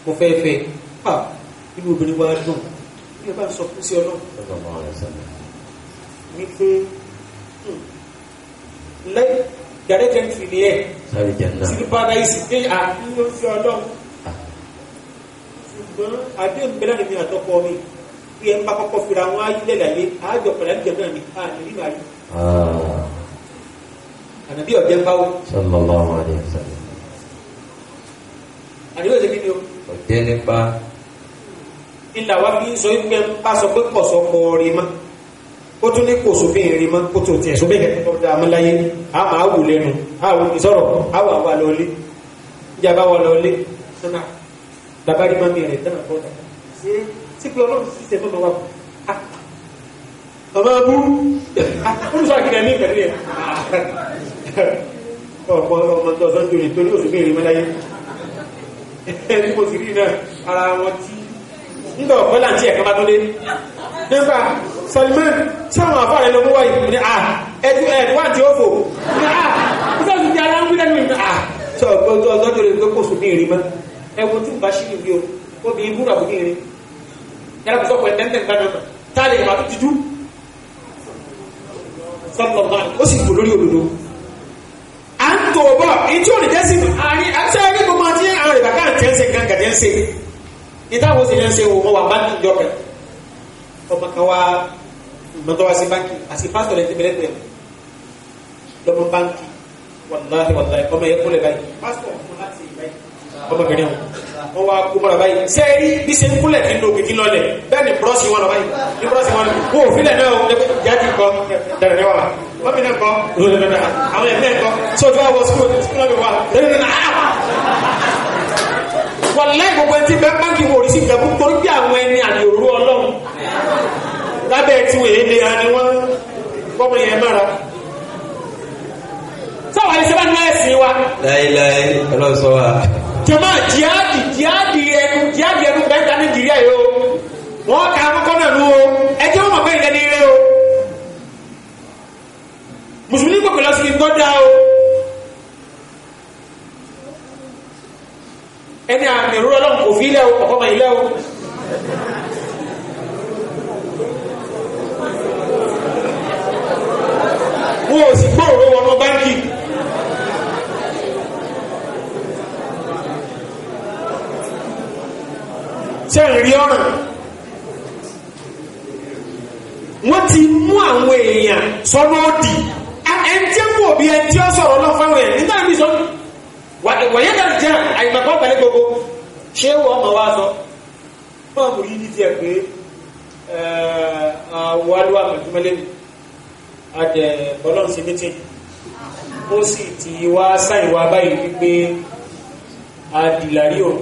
Speaker 2: mo fẹ́ fẹ́ yàrá jẹ́ntì ni ẹ̀ sí paradise dé àkúrò sí ọlọ́run ṣùgbọ́n àdéhùn bẹ́lá ni mi àtọ́kọ mi bí ẹ ń bá kọ́kọ́ fira wọn ayílẹ̀ lálé àájọ pẹ̀lú àdéhùn náà ni a ní nínú ayé. ànàbí ọ̀jẹ̀ ń báwo.
Speaker 1: sallallahu alaihi wasallam.
Speaker 2: àdéhùn ìṣèkí ni o.
Speaker 1: ọ̀jẹ̀ nípa.
Speaker 2: ìlà wa fi ń sọ ìgbẹ́ ń bá sọ pé kọ̀sọ̀ kọ̀ọ̀rì máa ó tún ní kò sóbí ìrìn mọ́ kó tó tiẹ̀ sóbí ìkẹ́kẹ́ tó dáa mọ́láyé a máa wù lẹ́nu a wù ní sọ̀rọ̀ a wà wà lọ́lé ìjà bá wà lọ́lé sọ́nà bàbá rí mọ́mí rẹ̀ dáná bọ́ dáná ṣé tí pé ọlọ́run sì ṣe mọ́mọ́ wa ọmọ ah, abú olùsọ àkìlẹ̀ ní ìkẹ́lẹ́ ah, ọ̀pọ̀ ọmọ tó ọ̀sán jòlè torí òsùn ìrìn mọ́láyé ẹni mo sì rí náà ara wọn tí nígbà ọ̀pọ̀ láǹtí ẹ̀ka bá tó dé nígbà Salman sáwọn àfáà rẹ̀ lọ mú wáyé ní à ẹ̀dù ẹ̀dù wà tí ó fò ní à nígbà tó di ara ń gbé lẹ́nu ní à ah, sọ ọjọ́ ọjọ́ tó lè gbé kóso ní ìrìn mọ́ ẹwọ tí bá ṣì níbi o ó bí ibú ràbù ní ìrìn yàrá kò sọ̀kọ̀ ẹ̀tẹ́ntẹ́ nǹkan náà tá a lè yàrá tó ti dú sọ́kọ̀ọ̀mà ó sì kò lórí òdodo à ń tò bọ̀ ìjọ ní jẹ́sí àárín àti ẹgbẹ́ gbogbo àti àwọn ìbàkà àti ẹ̀ńsẹ̀ nǹkan gàdẹ́ ẹ̀ńsẹ̀ ìtàwọn sì ń ṣe òun wà bá ní ìjọ kan ọmọ lọ́tọ́ wá sí báńkì àti pásítọ̀ lẹ́tí bẹ̀rẹ̀ lọ́mọ báńkì wàláhì wàláhì ọmọ yẹn kúlẹ̀ báyìí
Speaker 4: pásítọ̀ fún láti báyìí ọmọbìnrin
Speaker 2: wọn wá kó mọ́ra báyìí ṣé ẹ rí bí ṣe ń kúlẹ̀ kí n lo kìkì lọlẹ̀ bẹ́ẹ̀ ni búrọ́ọ̀ṣì wọn lọ báyìí ní búrọ́ọ̀ṣì wọn kó òfilẹ̀ náà jáde kọ dẹ̀rẹ̀ wà wọ́n mi náà kọ́ lórí lọ́dọ̀ àwọn ẹ̀mẹ́ kọ́ sójú àwọn sukùl sukùl mi wà lórí nínú àá wàláhì gbogbo ẹtí bẹ́ẹ̀ báńkì wò ó sì gbẹ lábẹ́ tí wọ́n èlé ha ni wọ́n gbọ́mọ yẹn mára sáwọn ẹni sábà náà ẹ̀sìn wa.
Speaker 1: láyéláyé ọlọ́run sọ wa.
Speaker 2: jọ̀mọ́ jihadi jihadi ẹnu jihadi ẹnu bẹ́ẹ̀ ta Nàìjíríà yìí o wọ́n ka akọ́kọ́ náà lu o ẹjẹ́ wọn mọ̀ pé ìdẹ́ni rẹ o mùsùlùmí gbọ̀gbẹ̀ lọ sí ní gbọ́dá o. ẹni àmì ìrora ọlọ́run kò fi ilẹ̀ o ṣe ń rí ọ̀ràn wọ́n ti mú àwọn èèyàn sọ́nà òdì ẹnjẹ́ kú òbí ẹnjẹ́ sọ̀rọ̀ náà fáwọn èèyàn nígbà mí sọ wọ̀nyẹ́ náà jẹ́ àyìnbàkọ́ pẹ̀lú gbogbo ṣé wọ́n mọ̀ wá sọ fún àwọn yìí ti ẹ̀ pé àwọn alúwà mọ̀júmọ́lé àjẹ bọ́lọ́nsì mítìn ó sì ti wá sáìwá báyìí wípé adìlárí òun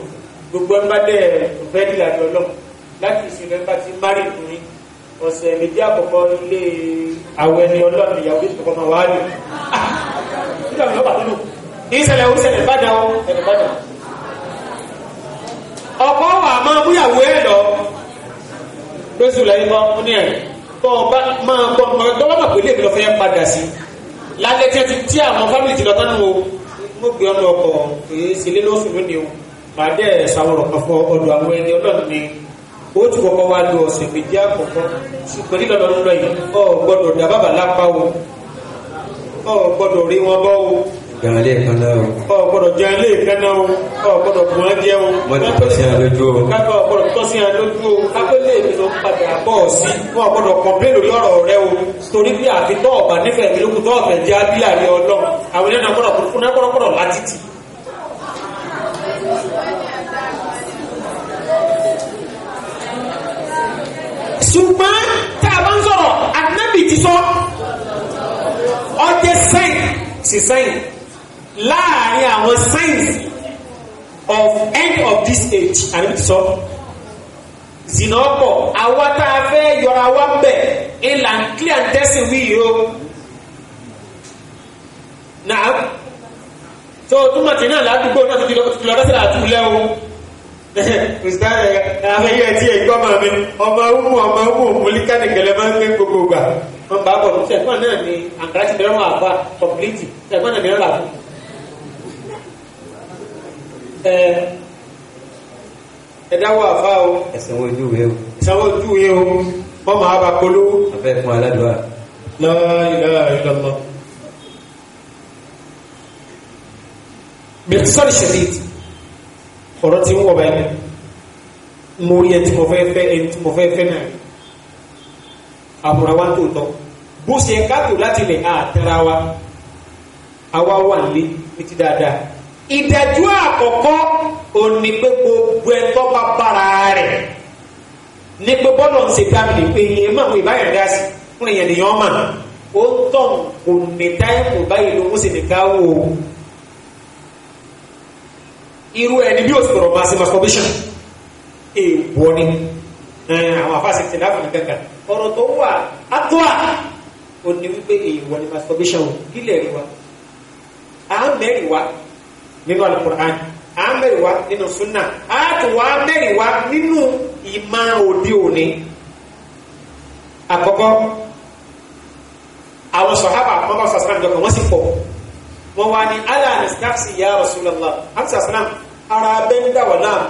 Speaker 2: gbogbo ẹ̀ ń bá dẹ̀ fẹ́ nílẹ̀ àjọ náà láti ìsìn rẹ̀ bá ti márì fún yín ọ̀sẹ̀ méjì àkọ́kọ́ ilé àwọn ẹni ọlọ́run ìyàwó ìṣòkò máa wá lò nígbà mi lọ́pàá nínú ìṣẹ̀lẹ̀ ìṣẹ̀lẹ̀ bàdà ọ ẹ̀rẹ̀ bàdà ọkọ wà máa múyàwó ẹ̀ lọ lóṣù lẹ́yìn mọ́ ó ní ẹ̀ tó o bá máa gbọ́ ọmọ ẹgbẹ́ wọn pè lè lọ fẹ́ padà sí lálẹ́ tí àwọn fámìlì ti lọ tánú o mo gbé ọ̀nà ọkọ̀ èé sílé lóṣù lónìí o máa dẹ́ ṣàwọ̀rọ̀ kan fọ ọdọ̀ àwọn ẹni ọlọ́run ni ó ti kọ́kọ́ wá lo ọ̀sẹ̀ méjì àkọ́kọ́ ṣùgbọ́n nílò lọ́dún lọ yìí ọ gbọ́dọ̀ dá bàbà lápá o ọ gbọ́dọ̀ rí wọn bọ́ o.
Speaker 1: jàǹlẹ̀ kan náà o.
Speaker 2: ọ gbọ́dọ̀ jàǹlẹ̀ kan náà o ọ gbọ́dọ̀ bù wọ́n jẹ́ o. wọ́n ti tọ́ sí alójú o. kápẹ́ ọ gbọ́dọ̀ tọ́ sí alójú o kápẹ́lẹ́ mi ló padà bọ̀ sí wọn gbọ́dọ̀ kọ̀m̀plé ṣùgbọ́n tá a bá ń sọ̀rọ̀ ànábì ti sọ
Speaker 4: ọjẹ́ sign
Speaker 2: sí sign láàrin àwọn signs of end of this age ànábì ti sọ zina ọ̀pọ̀ àwa tá a fẹ́ yọra wa bẹ̀ ìlà ń clear and test wíyì o náà tó túmọ̀ tí náà ládùúgbò náà ti lọ rẹ́sẹ̀ àtúlẹ̀ o mùsùlùmí àfẹ́yẹ tí ẹ̀ gbọ́ máa mi ọmọ ọmọ ọmọ ọmọ òmùlíkà nìkẹlẹ máa ń ni àǹkárá ti bẹ̀rẹ̀ wọn àfa kọ̀pìlìtì ẹ̀fọ́n náà ni wọn là fún. ẹ ẹ dáwọ́ àfa o.
Speaker 1: ẹ̀sánwó ojú wẹ̀ o.
Speaker 2: ẹ̀sánwó ojú wẹ̀ o wọ́n máa bá abẹ́ fún aládùá. láyé láyé lọ́mọ. bẹ̀rẹ̀ sọ́ọ̀rì ṣẹ̀dí ọ̀rọ̀ tí ń wọ̀ báyìí mo rí ẹ tí mo fẹ́ fẹ́ ẹni tí mo fẹ́ fẹ́ náà àbúrò wa tó tọ́ bó ṣe ká tó láti lè àtẹ́ra wa àwa wà nílé ní ti dáadáa ìdájú àkọ́kọ́ òní
Speaker 3: pé gbogbo
Speaker 2: ẹ̀tọ́ bá bára rẹ̀ ní pé bọ́dọ̀ ń ṣe tábìlì pé ìyẹn máa ń ìbáyọ̀ dá sí fún ìyẹn nìyẹn ọmọ ó tọ̀ kò ní kò báyìí ló ń ṣe nìkan wò ó irú ẹni bí òsì gbọ̀rọ̀ máa ṣe masturbation èèwọ̀ ni àwọn afáàṣẹ ti láàfin ní kankan ọ̀rọ̀ tó wà átọ́à ò ní wípé èèwọ̀ ni masturbation ò kílẹ̀ rí wa à ń mẹ́rin wa nínú alukur'an à ń mẹ́rin wa nínú sunna à tún wà mẹ́rin wa nínú ìmọ̀ òde òní àkọ́kọ́ àwọn sọ̀hábà mọ́bà sàṣẹ́ àjọkọ̀ wọ́n sì pọ̀ wọ́n wá ní ala nastafsi ya Rasulullah amsa salam ara abẹ́ ń dà wọ́n náà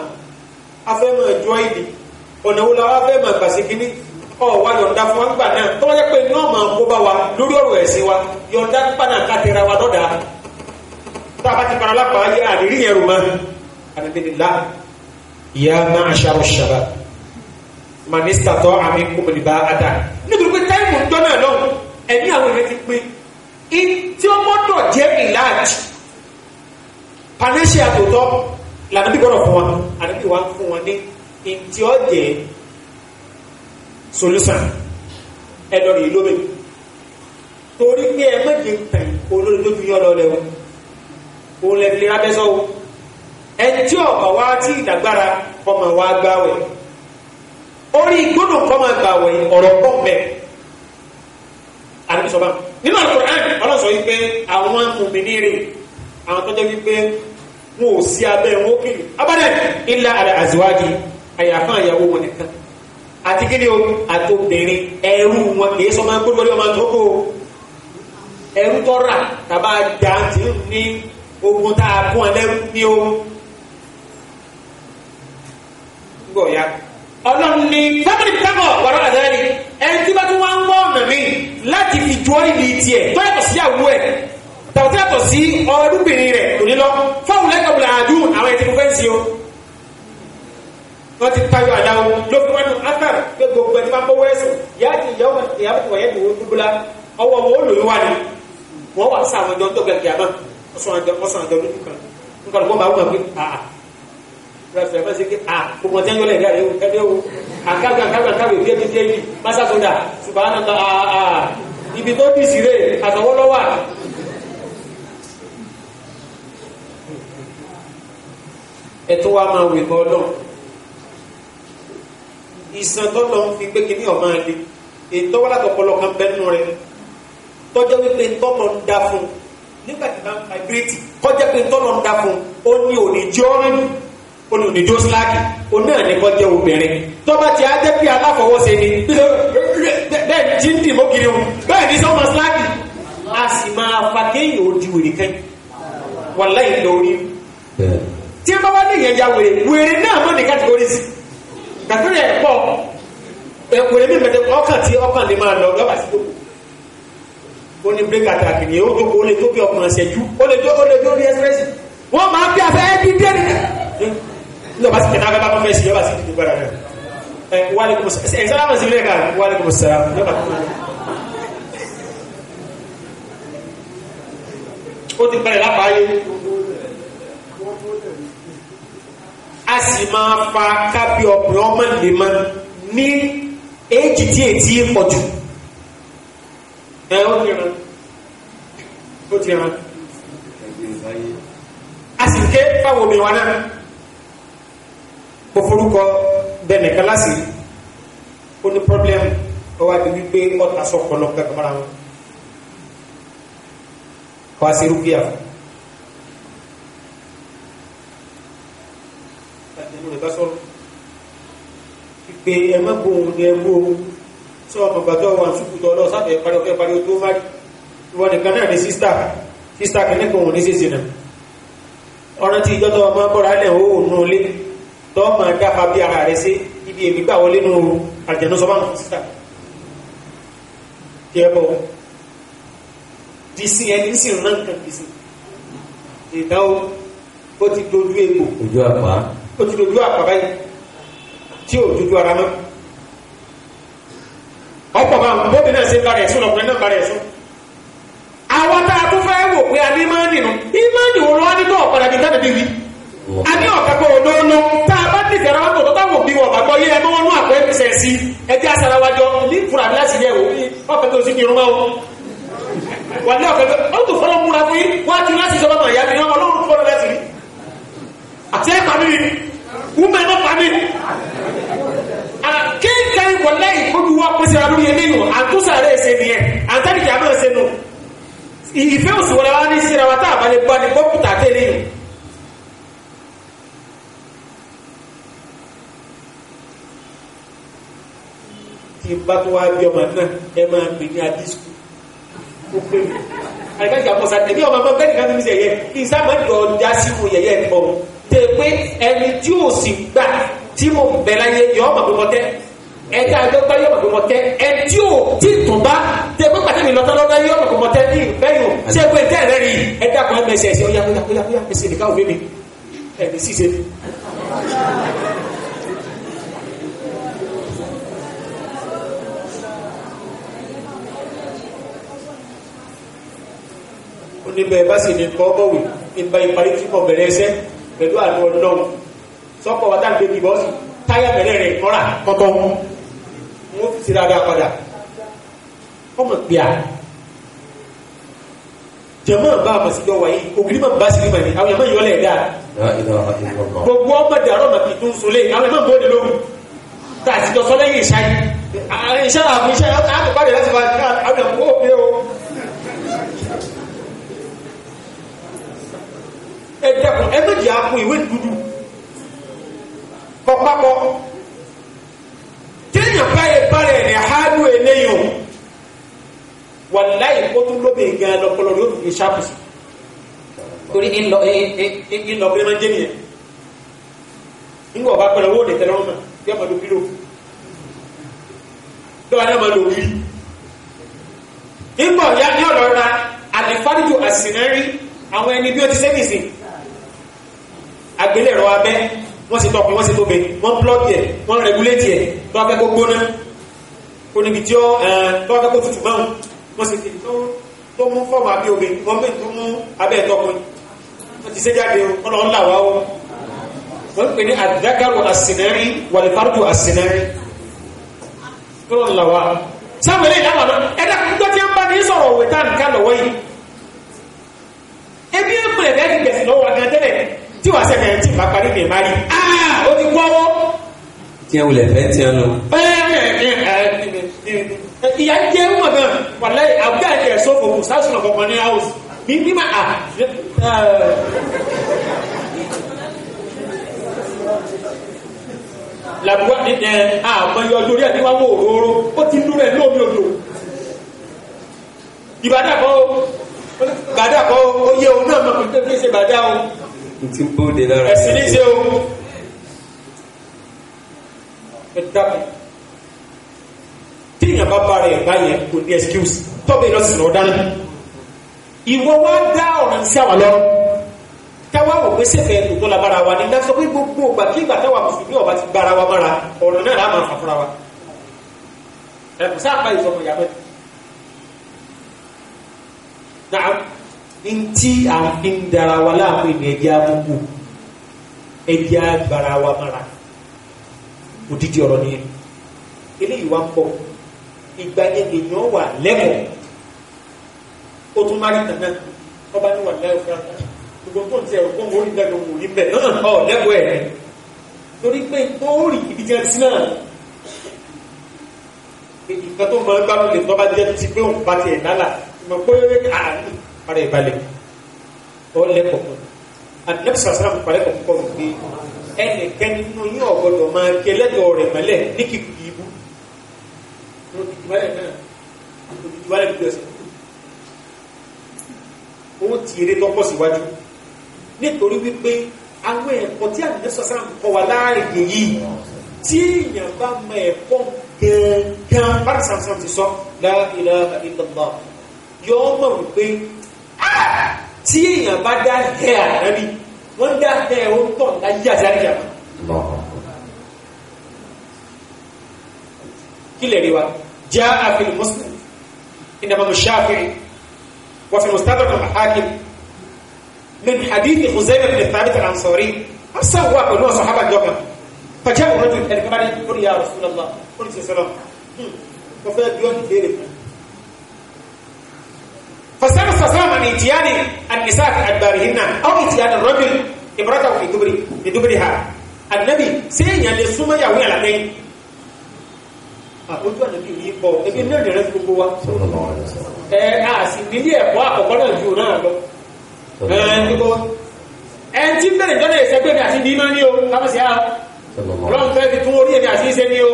Speaker 2: afẹ́ mọ̀ ẹjọ́ ìdí ọ̀nà wo la wá fẹ́ mọ̀ gbàsí kínní ọ̀ wá yọ̀ǹda fún wọn gbà náà tó wáyé pé náà máa kó bá wa lórí ọ̀rọ̀ ẹ̀sìn wa yọ̀ǹda ń pàdà kátẹ́ra wa lọ́dà tá a bá ti para lápá ayé àdérí yẹn rò mọ́ àdébìnilá ya ma'ashara shabab man istata'a minkum al ba'ata nítorí pé táìmù jọ náà lọ́wọ́ ẹ̀mí àwọn ìrètí pé tí ó gbọ́dọ̀ jẹ́ ìlàjì panacea tó tọ́ lànà bí gbọ́dọ̀ fún wa àdàbí wa fún wa ní tí ó jẹ́ solution ẹ̀dọ̀ rẹ̀ lóbe torí pé ẹ méje tàn olórí lójú yọ lọ lẹ́wọ̀ òun lẹ́ni lera bẹ́sọ̀ o ẹ tí ọ̀bà wa tí ìdàgbára ọmọ wa gbáwẹ̀ orí gbọ́dọ̀ kọ́ máa gbàwẹ̀ ọ̀rọ̀ pọ̀ mẹ́rin àdébísọ̀bá nínú Al-Qur'an ọlọ́sọ̀ wípé àwọn òmìnirí àwọn tó jẹ́ wípé wọn ò sí abẹ́ wọn ó kiri abadẹ́ illa ala azwaji àyàfán àyàwó wọn nìkan àti kí ni o àti obìnrin ẹrú wọn kì í sọ máa ń gbódúwọlé ọmọ tó kó ẹrú tó rà tàbá jàǹtì ní ogun tá a kún ẹlẹ́rú ní o gbọ̀ ya ọlọ́run ni fẹ́mìlì tẹ́kọ̀ wọ́n rà dáadé ẹni tí bá tún wá ń gbọ́ ọ̀nà mi láti fi ju ọ́nìdì tiẹ̀ tó yàtọ̀ sí àwọ̀ ẹ̀ tàbí tó yàtọ̀ sí ọ̀rẹ́dúgbìnrin rẹ̀ kò ní lọ fáwọn lẹ́kọ̀ọ́bùlà àdúrà àwọn ètò fẹ́ǹsì o wọ́n ti tayọ àdáwọ̀ ló fi wọ́n átà pé gbogbo ẹni máa bọ́wọ́ ẹ̀sìn yá ti ìyá ọmọ ìyá bọ̀ wọ̀nyẹ́ ìwé dúbúlá ọwọ́ ọmọ olùyìn wà ní wọ́n wà sáwọn ọjọ́ tó gbẹ̀gbẹ̀ àmọ́ ọ̀sán àjọ ọ̀sán àjọ lójú kan nǹkan ló bá wù wọn pé àà fẹfẹ fẹsẹ kí a kòkò tẹ́ ń yọlẹ̀ rẹ̀ ẹ̀rẹ́ o àkàgbà àkàgbà àkàgbà ìdí ẹni díẹ̀ yìí pásásọdà ṣùgbọ́n àà ibi tó bí sí rẹ̀ àtọwọ́lọ́wà. ẹ tó wá máa wèé bọ́ lọ ìsàn tọ́lọ ń fi pé kí ní ọmọ ẹni ètò wọ́n látọ̀pọ̀lọ kan bẹ́nu rẹ̀ tọ́jọ́ wípé tọ́lọ ń dá fún nígbà tí bá ń fa ìbírètì kọjá pé tọ́lọ ń dá fún ó ní òní jọ́ọ́rìn olùní jó síláàkì o náà ní kọ́ obìnrin tó bá ti á pé aláfọwọ́sẹ ni bẹ́ẹ̀ tí ń dìbò kiri o bẹ́ẹ̀ ní sọ́mọ síláàkì a sì máa fa kéèyàn ó di wèrè kan wàláhì ìlọ orí tí bá wá níyẹn ya wèrè wèrè náà mọ́ ní kátìgórì sí kàtúrì ẹ̀ pọ̀ wèrè mi mẹ́tẹ́ ọkàn tí ọkàn lè máa lọ lọ́wọ́ àti ó ní bírékà tàbí ni ó gbogbo ó lè tó bí ọkùnrin ṣẹ́jú ó lè tó ó lè tó rí ẹ́sírẹ́sì wọ́n máa bí afẹ́ ẹ́ bí dé nìyẹn ló bá sì tẹ̀lé abẹ́ bá tó fẹ́ sí yọba sí ìdí gbára náà ẹ wálé kò sọ ẹ sálámà sí ilé kan wálé kò sọ yọba tó ó ti pẹ̀lẹ̀ lápáyé a sì máa fa kábí ọkùnrin ọmọ lè mọ ní èjì tí ètí pọ̀jù ẹ ó ti rán ó ti rán a sì ké fáwọn obìnrin wa náà ó forúkọ bẹnìkan láti ó ní problem ọwọ́ àti wípé ọ̀tà sọ̀kọ̀ lọ́pẹ́ kọ́mọ́ra wọn wá sí rúkìá fún. ìlú rẹ̀ bá sọ̀rọ̀ pípé ẹmọ́ gbòòrùn ní ẹgbó sọ ọmọ gbàtọ́ wọn ṣùkùtọ̀ lọ sáfẹ́ parí ọ̀fẹ́ parí tó fárí wọn nìkan náà ní sísítà sísítà kẹ́lẹ́kọ̀ọ́ ní sísì náà ọ̀rọ̀ tí ìjọ́tọ̀ ọmọ bọ́ra lẹ̀ ó nù lé tọ́ máa dáfa bí ara rẹ̀ sí ibi èmi gbà wọlé nù àjẹ̀nú sọ báwọn síta tí ẹ bọ̀ disi ẹni sì rán nǹkan disi ìdáwó ó ti dojú egbò ojú àpá ó ti dojú àpá báyìí tí ò dojú ara mọ́ ọ̀pọ̀ máa ń bóbi náà ṣe ń bára ẹ̀sùn lọ́kùnrin náà bára ẹ̀sùn
Speaker 3: àwọn tá a tún fẹ́ wò
Speaker 2: pé a ní máa nìyàn ìmáàdì wo lọ́wọ́ nítorí ọ̀pọ̀lọpọ̀ tàbí wí a ní ọ̀kẹ́kọ̀ olóòlò tá a bá nìfẹ̀ẹ́ ara wọn tó tọ́tà wò bí wọn bàgbọ́ yé ẹgbẹ́ wọn nú àpò ẹ̀mísẹ̀ sí ẹgbẹ́ asarawájọ ní fúra bí láti yẹ wò ọ̀kẹ́ tó sì kírun mọ́ wà ní ọ̀kẹ́ tó tó fọlọ́ múra fún yín wá ti láti sọ́dọ̀ mọ̀ ìyá mi náà ọlọ́run fọlọ́ láti rí àti ẹ̀ pàmì mi wúmẹ̀ náà pàmì kéńkà ìwọlẹ́ ìkọlù wa pèsè ara lórí ẹni nù àtúnṣàrẹ́ ẹsẹ̀ nìyẹn àtàlìkì àmọ́ ẹsẹ̀ nù ìfẹ́ òṣùwọ̀n wa ní síra wa tá àbálẹ̀ gbọ́ ni kọ́mpútà tẹ́lẹ̀ nù ìbá tó wá bí ọmọ náà ẹ máa pè ní àdísùkú ó pè mí àìkájà mọ̀sá tẹ̀bí ọmọ ọmọ bẹ́ẹ̀ nìkan tó fi ṣe yẹ kí sábàdì ọjà sí mo yẹ̀yẹ́ ẹ̀kọ́ mu tẹ̀ pé ẹni tí ò sì gbà tí mo bẹ̀ láyé yọ ọmọ pé mo tẹ́ ẹ tí a gbé gbá yọ ọmọ pé mo tẹ́ ẹ tí ò tí tún bá tẹ̀ pé pàtẹ́ mi lọ́tọ́ lọ́dọ́ yọ ọmọ pé mo tẹ́ ní ìbẹ́yìn ṣé pé tẹ́ rẹ̀ rí ẹ dákun ẹ mẹsẹ̀ ẹ̀sẹ̀ ọ̀yà ọ̀yà ọ̀yà ẹ̀sẹ̀ nìkan òfin mi ẹ̀ níbẹ̀ bá sì ní kọ́kọ́wé ìgbà ìparí tí kò bẹ̀rẹ̀ ẹsẹ̀ pẹ̀lú àdó ọlọ́run sọ́kọ̀ wátá gbé bí bọ́ọ̀sì táyà bẹ̀rẹ̀ rẹ̀ kọ́ra kọ́kọ́ wọn fi ti dáadáa padà ọmọ pìà jẹ̀mọ́ bá a màsíjọ wáyé ògiri máa bá sílé màní àwọn yàmọ́ ìyọ́lẹ̀ ẹ̀dá gbogbo ọmọ dàrọ́ màkì tó ń solé àwọn yàmọ́ bóde lóhùn tá a sì jọ sọ lẹ́yìn ìṣáyé ìṣáyé àwọn ìṣáyé ẹ dẹkùn ẹ méjì á kun ìwé dúdú kọpákọ téèyàn báyìí bára ẹ̀ ní àhánú eléyìí o wàláyé kó tún lóbi gan lọpọlọ yóò fi ṣáàpù sí torí ńlọ ńlọ bí wọn jẹ nìyẹn nígbà ọba pẹ̀lú owó nìkan lọ́wọ́ náà bí ọmọdé bí lò lọ́wọ́ náà máa lò wí. nígbà ọ̀yá ní ọ̀rọ̀ ra àlìfáàdìjọ àsìnárí àwọn ẹni bí ó ti sẹ́kìsì agbélẹ̀rọ abẹ́ wọ́n sì tọkùn wọ́n sì tóbe wọ́n plọ́ọ̀kì ẹ̀ wọ́n rẹ̀gúlétì ẹ̀ tó abẹ́ kó gbóná kó níbi tí ó tó abẹ́ kó tutù báwọn wọ́n sì fi tó mú fọ́ọ̀mù abẹ́ obe wọ́n mú tó mú abẹ́ tọkùn wọ́n ti séjáde wọn lọ ń là wáwọ́ wọ́n ń pè ní àdágàrò àsìnẹ́rí wàlífàrúdù àsìnẹ́rí tó lọ ń là wá sáwọn eléyìí láwọn ẹ̀dá kúkọ́ tí wọ́n bá ní sọ̀rọ̀ òwe tá nǹkan lọ́wọ́ yìí ebi ẹ̀kúnlẹ̀ bẹ́ẹ̀ ti gbẹ̀sìn tí wàá sẹ́kẹ̀ẹ́ tí bá parí mi máa rí aa ah, ó ti gbọ́wọ́.
Speaker 1: tiẹ̀ wulẹ̀ fẹ́ tiẹ̀ lọ.
Speaker 2: ìyá jẹ́ wọn gan wàlẹ́ àbúrò àti ẹ̀sọ́ fòkù sásùn ọ̀kọ̀ kan ní house mi ní ma
Speaker 4: a. làbúwá ní
Speaker 2: ẹ àmọye ah, ọdún orí ẹni wá wò òróró ó ti dúró ẹ lómi odò ìbàdàn
Speaker 4: kọ́
Speaker 2: ó yẹ òun náà mọ̀ pé ṣe bàdàn o
Speaker 1: ti ń bóde lára ẹ̀sìn ní ṣe o ẹ dábàá tí èèyàn
Speaker 2: bá bá rẹ̀ báyẹn kò ní excuse tọ́bí iná sì sọ̀rọ̀ dáná ìwọ wá dá ọ̀ràn sí àwa lọ́rùn táwa wò pé sẹ́fẹ̀ tòótọ́ la bára wa ní lásán pé gbogbo ìgbà kí ìgbà táwa mùsùlùmí ọba ti bára wa mára ọ̀ràn náà láàmà fà fúnra wa ẹ̀kùn sáà pa ìsọmọ ìyàmẹ́ ntí àfi ń dara wa láàmú ìní ẹ̀jẹ̀ àbúkù ẹ̀jẹ̀ àgbàrá wa mara òdìdí ọ̀rọ̀ nìyẹn eléyìí wá ń bọ̀ ìgbà yẹn èèyàn wà lẹ́mọ̀ ó tún má rí nàná ọba ní wà láyọ̀ fún wa gbogbo tó ń tẹ ọ̀pọ̀ mọ́ orí ìdájọ́ wò ní bẹ́ẹ̀ lọ́nà ọ̀ lẹ́kọ̀ọ́ ẹ̀ torí pé ó rí ibi jẹ́ sí náà nǹkan tó máa ń gbádùn lè tọ́ bá jẹ́ ti pé òun bá tiẹ̀ lálà ìmọ̀ pé àárín ara ìbalẹ̀ ó lẹ́kọ̀ọ́ àdínẹ́bí sàrásàrà fún parẹ́kọ̀ púpọ̀ rò pé ẹnìkẹ́ni nínú yín ọ̀gbọ́dọ̀ máa ké lẹ́dọ̀ọ́ rẹ̀ mọ́lẹ̀ ní kìkì ibú ó ti eré tọ́pọ̀ síwájú nítorí wípé àwọn ẹ̀kọ́ tí àdínẹ́ sàrásàrà ń kọ́ wa láàrin yìí tí èèyàn bá mọ ẹ̀kọ́ gẹ̀ẹ́gẹ́ bá sàrásàrà ti sọ la ilaha illallah yọ ọmọ wípé tí èèyàn bá dá hẹ́ ànábì wọ́n dá hẹ́ ó ń tọ̀ láyé àti àríyàmọ́. kí lè rí wa jaa fi muslim inda mamu shafi'i wa fi mustadrak al-hakim min hadith khuzaimah bin thabit al-ansari afsa wa pẹ̀lú sahaba jokan fa jaa rajul al-kabari qul ya rasulullah qul sallallahu alaihi
Speaker 3: wasallam ko fe
Speaker 2: biyo ni dere فسر الصلاة من اتيان النساء في أدبارهن أو اتيان الرجل امرأته في دبر في دبرها النبي سين يلي سوما يا وين على àbójú ànábì yìí bọ̀ ebi náà nìrẹ́ fi gbogbo wa ẹ a sì nílé ẹ̀kọ́ àkọ́kọ́ náà ju náà lọ ẹ ti bẹ̀rẹ̀ jọ́nà ìṣẹ́gbẹ́ mi àti bímọ ní o kámẹ́sì á ọlọ́run fẹ́ fi tún orí èmi àti iṣẹ́ ní o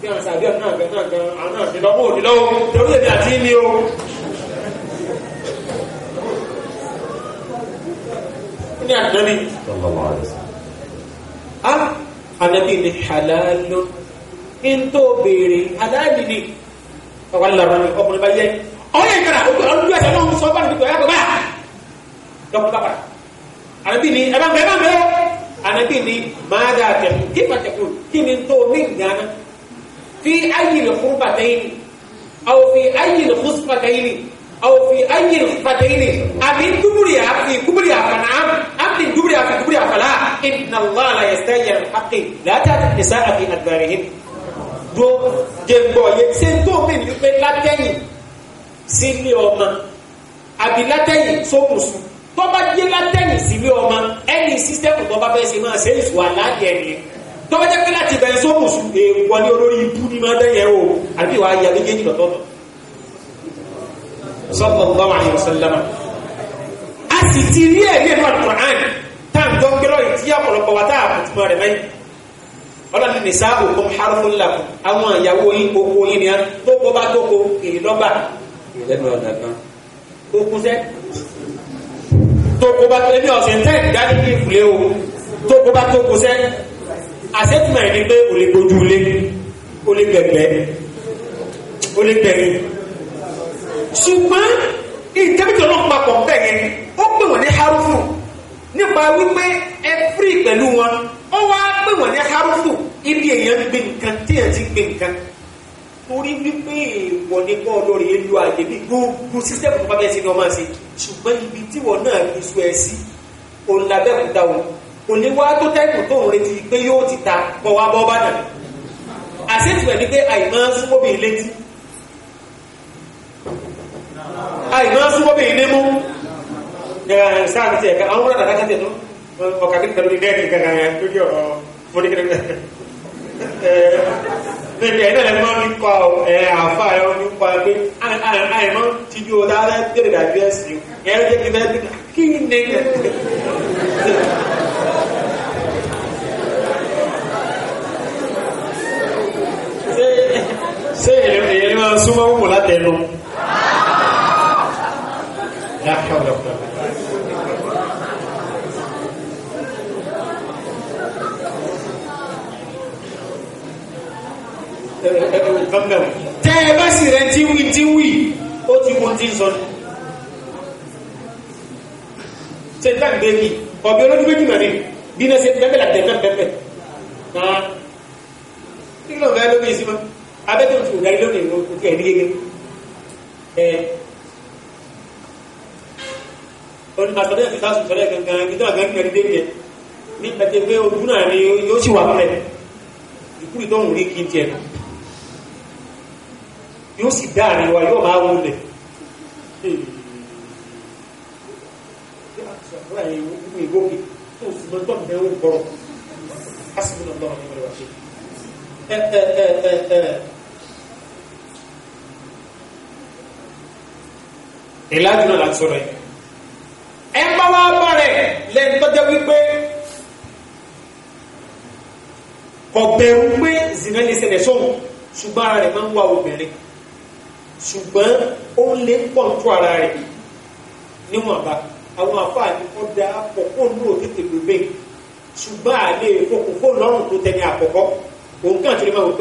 Speaker 2: bí àwọn sàbíọ̀ náà gbẹ náà gbẹ àwọn náà ti lọ́wọ́ òdì lọ́wọ́ torí èmi àti ní o ní ànábì a ànábì ní halálù ń tó béèrè halálì ni ọwọ́ lọ́rọ́ ni ọkùnrin bá Kau ọwọ́ yẹn kára ó gbọ́dọ̀ lójú ẹsẹ̀ náà sọ bá níbi tó yá bàbá dọ́kun bàbá ànábì ní ẹ bá ń bẹ ẹ bá ń bẹ ànábì ní máa dà tẹ̀kù kí máa tẹ̀kù kí fi ayé lè kúrú ini. àwọn fi ayé lè kúrú ini. أو في أي الفتين أمين دبريا في كبريا فنعم أم من دبريا في كبريا فلا إن الله لا يستحي الحق لا تأتي النساء في أدبارهن do jẹgbọ yẹ ṣe ń tó mi ní pé látẹ̀yìn sílé ọmọ
Speaker 3: àbí látẹ̀yìn
Speaker 2: sókùnsù tó bá jẹ látẹ̀yìn sílé ọmọ ẹni sísẹmù tó bá fẹ́ ṣe máa ṣe ìṣù aláàdì ẹni tó bá jẹ pé láti bẹ sókùnsù èèwọ̀ ní olórí ibú ní máa dẹyẹ o àbí wàá yà méjèèjì lọ́tọ̀ọ̀tọ̀ sallallahu alayhi wa sallam a sì ti rí ẹ̀ nínú Al-Qur'an tá n gbọ́n gbẹ́rọ̀ ìtí ọ̀pọ̀lọpọ̀ wa tá a kò túmọ̀ rẹ̀ mẹ́yìn ọlọ́ni nìsá òkun harfun lakum àwọn ìyàwó yín oko yín ni a tó kó bá tó ko èyí lọ́gbà ìlẹ́nu ọ̀dà kan ó kún sẹ́ tó bá tó ẹni ọ̀sẹ̀ tẹ́ ìdájí ní ìfúlé o tó bá tó sẹ́ àṣẹ́tùmọ̀ ẹ̀ ní pé olè gbójú ilé olè gbẹ̀gbẹ̀ olè gbẹ̀rin ṣùgbọ́n ìtẹ́bìtì ọlọ́run papọ̀ ń bẹ̀ yẹn ni ó pè wọ́n ní harufu nípa wípé ẹ fírì pẹ̀lú wọn ó wá pè wọ́n ní harufu ibi èèyàn gbé nǹkan téèyàn ti gbé nǹkan torí wípé ìwọ̀n ní kọ́ lórí ìlú àyè ní gbogbo sísẹ́mù tó bá bẹ́ẹ̀ sí ni wọ́n máa ṣe ṣùgbọ́n ibi tí wọ́n náà fi sọ ẹ sí òun làbẹ́kúta òun kò ní wá tó tẹ́kù tó ń retí pé yóò ti ta kọ́ wá bọ́ bá dà àṣetìmọ̀ ni pé àìmọ́ súnmọ́bì létí àìmọ́ súnmọ́ bẹ́ẹ̀ ilé mú sáà ti ẹ̀ka àwọn ọ̀rọ̀ àdájá tẹ̀tún ọ̀kà kí nìkan lórí dẹ́ẹ̀kì gangan yẹn lórí ọ̀rọ̀ fúnikẹ́rẹ́ níbi ẹ̀dẹ́ lẹ́nu máa ń kọ́ ẹ̀ àfa ẹ̀ ọ́ nípa pé àìmọ́ ti bí o dáadáa tẹ̀lé dàbí ẹ̀sìn ẹ̀ ẹ́ jẹ́ kí bẹ́ẹ̀ kí ni ṣé èyí máa súnmọ́ wò látẹnu. لا حول ولا قوة tẹ́ ẹ bá sì rẹ tí wí tí wí ó ti kún tí ń sọ ní ṣe tá gbé ní ọ̀bẹ̀ olójú méjì mọ̀ ní bí náà ṣe pẹ́pẹ́ láti ẹ̀kọ́ pẹ́pẹ́ náà nígbà ọ̀gá ló bí ìsinmi abẹ́tẹ̀ òṣù ìdárí lónìí ó kẹ́ ẹ̀ ní gẹ́gẹ́ pẹ̀lú àtọ́dẹ́ ìfìta sùsọ́lẹ̀ gangan nígbà gangan kẹrin débi yẹn ní pẹ̀tẹ pé ojú náà ni yóò sì wà pẹ̀ ìkúrì tó ń rí kí n tiẹ̀ yóò sì dá àárín wa yóò máa wọ lẹ̀ ẹ ẹ ẹ ẹ ẹ ìlàjù náà láti sọ̀rọ̀ yìí ẹ ń bá wá bá rẹ̀ lẹ́nu tó jẹ́ wípé ọ̀bẹ̀rù pé zina lè ṣẹlẹ̀ sóhun ṣùgbọ́n ara rẹ̀ máa ń wá obìnrin ṣùgbọ́n ó lè pọ̀ ń tó ara rẹ̀ níwọ̀nba àwọn àfáàní kọ́ da pọ̀ kó ní òtítì lóbe ṣùgbọ́n àlè ìfokùn kó lọ́rùn tó tẹni àkọ́kọ́ òun kàn tó lè máa wò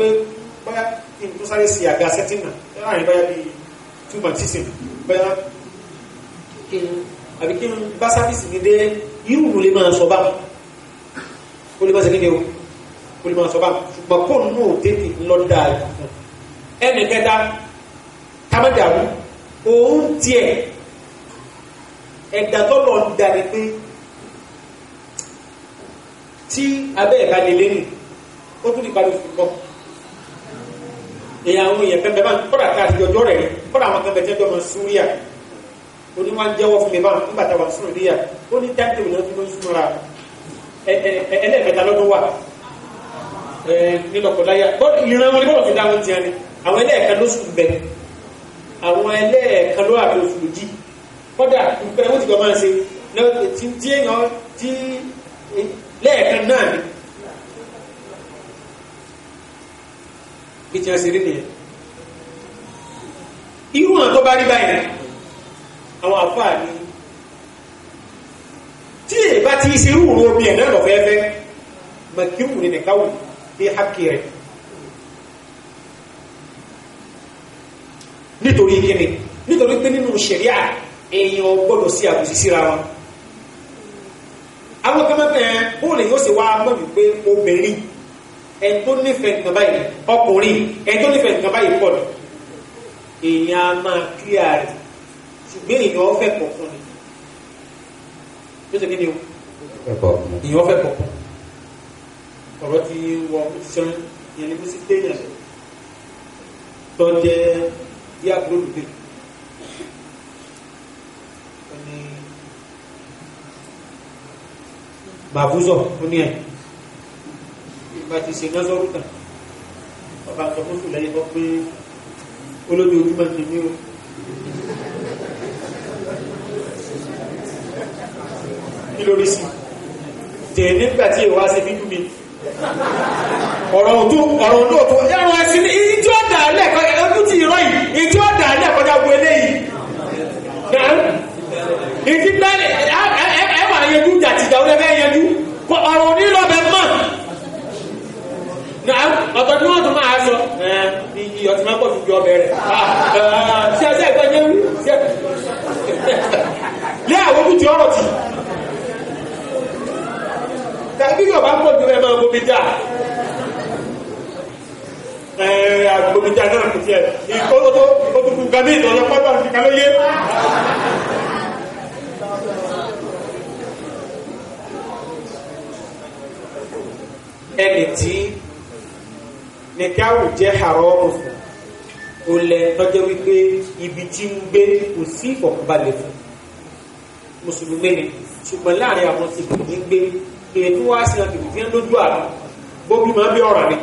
Speaker 2: báyà kí n tó sáré sí àga sẹ́tìnà láàrin báyà bíi túmọ̀ sísìn báyà àbí kí n bá sáfíìsì mi dé yíwù ló lè máa sọ bá mi ó lè máa ṣe kéde o ó lè máa sọ bá mi ṣùgbọ́n kó nù ó tètè lọ dáa ẹnì kẹta támẹ́dàrú òun tiẹ̀ ẹ̀dà tó lọ da ni pé tí abẹ́ ẹ̀ka nílé nì ó tún lè parí òfin kọ́ èyí àwọn èèyàn kan bẹ́ẹ̀ bá ń kọ́ra káàkiri ọjọ́ rẹ̀ kọ́ra àwọn kan tẹ́jọ́ mọ́ súríà oní wọn jẹ́wọ́ fún mi báwọn nígbà táwọn sùn rí yà ó ní táìpì náà fi ló ń súnmọ́ra ẹlẹ́ẹ̀kẹta lọ́dún wà nílọ̀kọ̀láyà ìran wọn ni bọ́ọ̀lù fi dá wọn tiẹ̀ ni àwọn ẹlẹ́ẹ̀kan ló sùn bẹ̀ àwọn ẹlẹ́ẹ̀kan ló àbẹ̀ oṣù méjì kọ́dà ìpẹ́ wọ́n ti gbọ́ máa ṣe tí èèyàn tí lẹ́ẹ̀kan náà ni bí ti ẹ̀ ṣe rí nìyẹn irú àwọn tó bá rí báyìí àwọn àfáà ni tí ìbá ti ṣe rúurú omi ẹ̀ náà lọ́fẹ́ẹ́fẹ́ màkíwù ni nìkan wù ní hákì rẹ̀ nítorí kíni nítorí pé nínú ṣẹ̀ríà èèyàn gbọ́dọ̀ sí àbòsí síra wọn àwọn kan mẹ́fẹ́ bóòlù yóò ṣe wá mọ̀ wípé obìnrin ẹni tó nífẹ̀ẹ́ nǹkan báyìí ọkùnrin ẹni tó nífẹ̀ẹ́ nǹkan báyìí pọ̀ ni èèyàn máa kíyà rẹ̀ ṣùgbọ́n èèyàn ọ̀fẹ́ pọ̀ fún ni yóò ṣe kí ni o
Speaker 1: èèyàn
Speaker 2: ọ̀fẹ́ pọ̀ fún ọ̀rọ̀ ti wọ sẹ́yìn yẹn ni mo sì téèyàn tó jẹ́ bí àbúrò lùdẹ́ ẹni bàbúzọ̀ ó ní ẹ̀ ìgbà tí ṣe náà sọ́rùtà ọba àtọ́kùnfù lẹ́yìn bọ́ pé olójoojúmọ́ ti ní o. kí lórí sí tẹ̀ nígbà tí èwà ṣe bí dúmi ọ̀rọ̀ ọdún ọ̀rọ̀ ọdún ọ̀tún ẹ̀rọ ẹ̀sìn ní ìjọ dàálẹ̀ ètò wá sí ọkẹ̀ fífẹ́ lójú àná bóbi máa bí ọ̀rọ̀ ni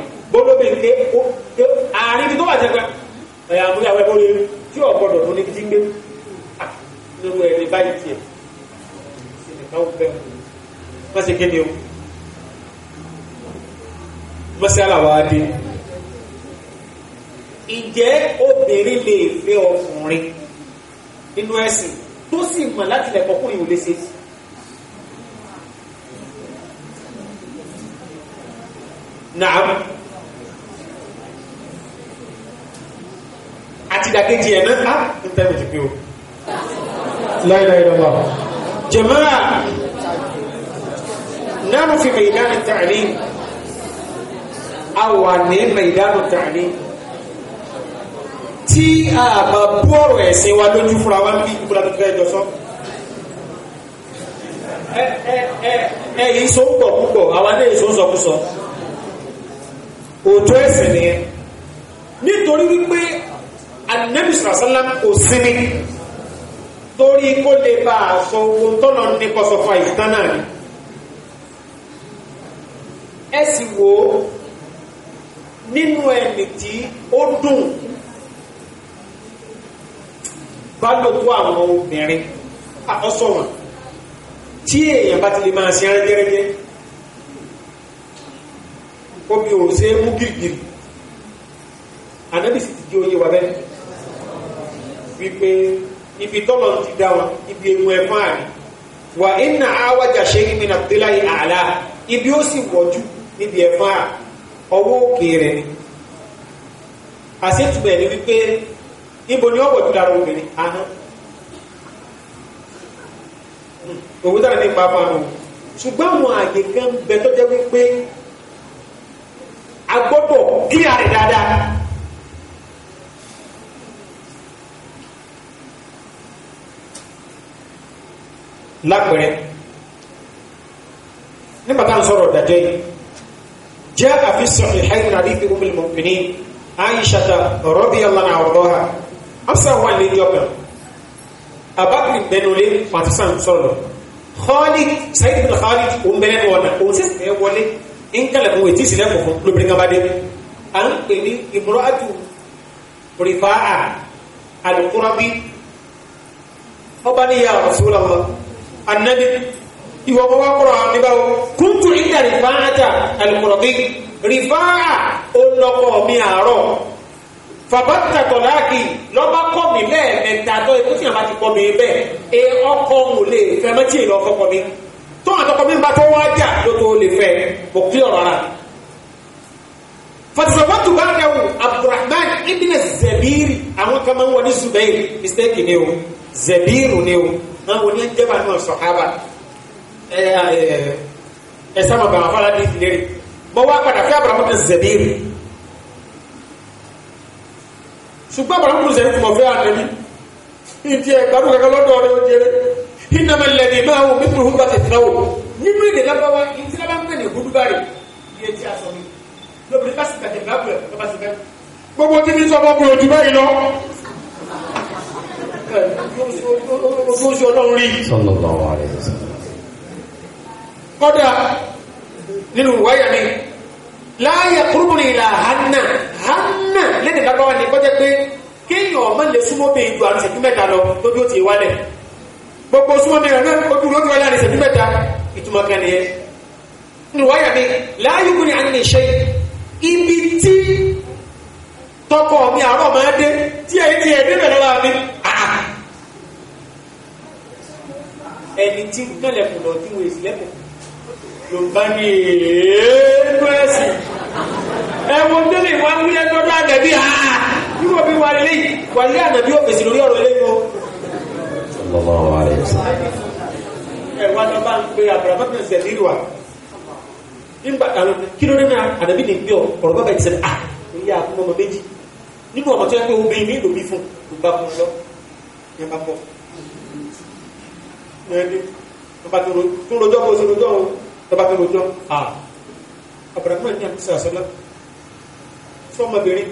Speaker 2: pa fanu ṣùgbọ́n àwọn àyè kan bẹ tó jẹ́ wípé a gbọ́dọ̀ kílíà rẹ̀ dáadáa. lápẹ̀rẹ̀ nígbà tá à ń sọ̀rọ̀ dàjẹ́ yìí jẹ́ àfisàn ìhẹ́yìn àrí ìfẹ́ omi mọ̀kìnní àyíṣàtà rọ́bì ọ̀lànà àwọ̀dọ́ha ọ̀sán wà ní ìyọ̀kan àbákùnrin bẹnulé pàtísàn sọ̀rọ̀ Khalid Said bin Khalid òun bẹ̀rẹ̀ ní ọ̀nà òun sì fẹ́ wọlé ńkẹlẹ̀ òun ètí ìsìlẹ̀ kọ̀ọ̀kan lóbìnrin kan bá dé à ń pè ní ìmúrọ́àjù rìfáà alùkúrọ́bí ọba ní ya Rasulullah annabi ìwọ ọmọ wa kọ́ra ní báwo kúntù ìdá rìfáà ta alùkúrọ́bí rìfáà ó lọ́kọ̀ mi àárọ̀ fàbátà tọ̀láàkì lọ́ba kọ́ mi lẹ́ẹ̀mẹ́ta tó ẹ tó sì àbá ti kọ́ mi bẹ́ẹ̀ ẹ ọkọ mo lè fẹ́ mẹ́tì ìlọ ọkọ mi tó àwọn ọkọ mi bá tó wá jà ló tó lè fẹ́ kò kí ọ̀rọ̀ ara. fàtìsọ̀wọ́tò bá dẹ̀wò abdulrahman ibn zebiri àwọn kan máa ń wọ ní zubair mistake ni o zebiru ni o máa ń wọ ní jẹ́bà náà sọ̀hábà ẹ ẹ ẹ sábà bàbá fọlá ní ìdílé rẹ bọ́ wá padà fẹ́ ṣùgbọ́n bàbá mùsẹ̀ ń kọ̀ fẹ́ ànẹ́bí ìdí ẹ̀ gbàgbọ́ kankan lọ́dọ̀ rẹ̀ ó jẹrẹ ìnàmẹ́ lẹ́ni máa wò mí kúrò bàtẹ̀ tìlawò nínú èdè lábáwá ìdí lábá ń pè ní gbúdúbà rẹ̀ ní etí aṣọ mi lóbi bá sì gbàjẹ̀ gbàgbọ́ ẹ̀ lọ́ba sì bẹ́ẹ̀. gbogbo tí ní sọ ọmọkùnrin ojú báyìí lọ. ojú oṣù ọlọ́run rí. kọ́dà nínú wáyà mi láàyè kúrúbùnì ìlà hanna
Speaker 4: hanna lédè
Speaker 2: lábáwá ni kọjá pé kéèyàn ọmọ lè súnmọ́ bẹ́ẹ̀ ju àrùn ìṣẹ́jú mẹ́ta lọ lójú ó ti wálẹ̀ gbogbo súnmọ́ bẹ́ẹ̀ náà ó dúró ti wálẹ̀ àrùn ìṣẹ́jú mẹ́ta ìtumọ̀ kan nìyẹn. nínú wáyà mi láàyè kúrúbùnì àní ṣe ibi tí tọkọ mi àárọ̀ máa dé tí ẹ̀yìn ti ẹ̀ débẹ̀ lọ́la mi ẹni tí kẹlẹ̀kùn lọ tí wọ́n èsì lẹ́kùn ló bá ní èèyàn ẹ̀sìn
Speaker 4: ẹ̀wọ̀n délé wa ń wílẹ̀ lọ́dọ̀ àdẹ̀bí ha yíwọ́
Speaker 2: bí wà lélẹ́yìn wà lé àdẹ̀bí òfèsì lórí ọ̀rọ̀ lẹ́yìn o. ẹ̀wọ̀n náà bá ń pe àbúrò bàbá ìṣẹ̀ nílùú wa nígbà kí ló dé náà àdẹ̀bí ní gbé ọ̀rọ̀ bàbá ìṣẹ̀ à ilé àkúmọ̀ ọmọ méjì nínú ọmọ tó yẹ pé obìnrin mi ló bí fún gbogbo àkúmọ̀ lọ yẹn bá bọ̀ ọba tó rojọ́ bó ṣe rojọ́ ọba tó rojọ́ àbúrò náà ní àkúṣe àṣọlá fọmọbìnrin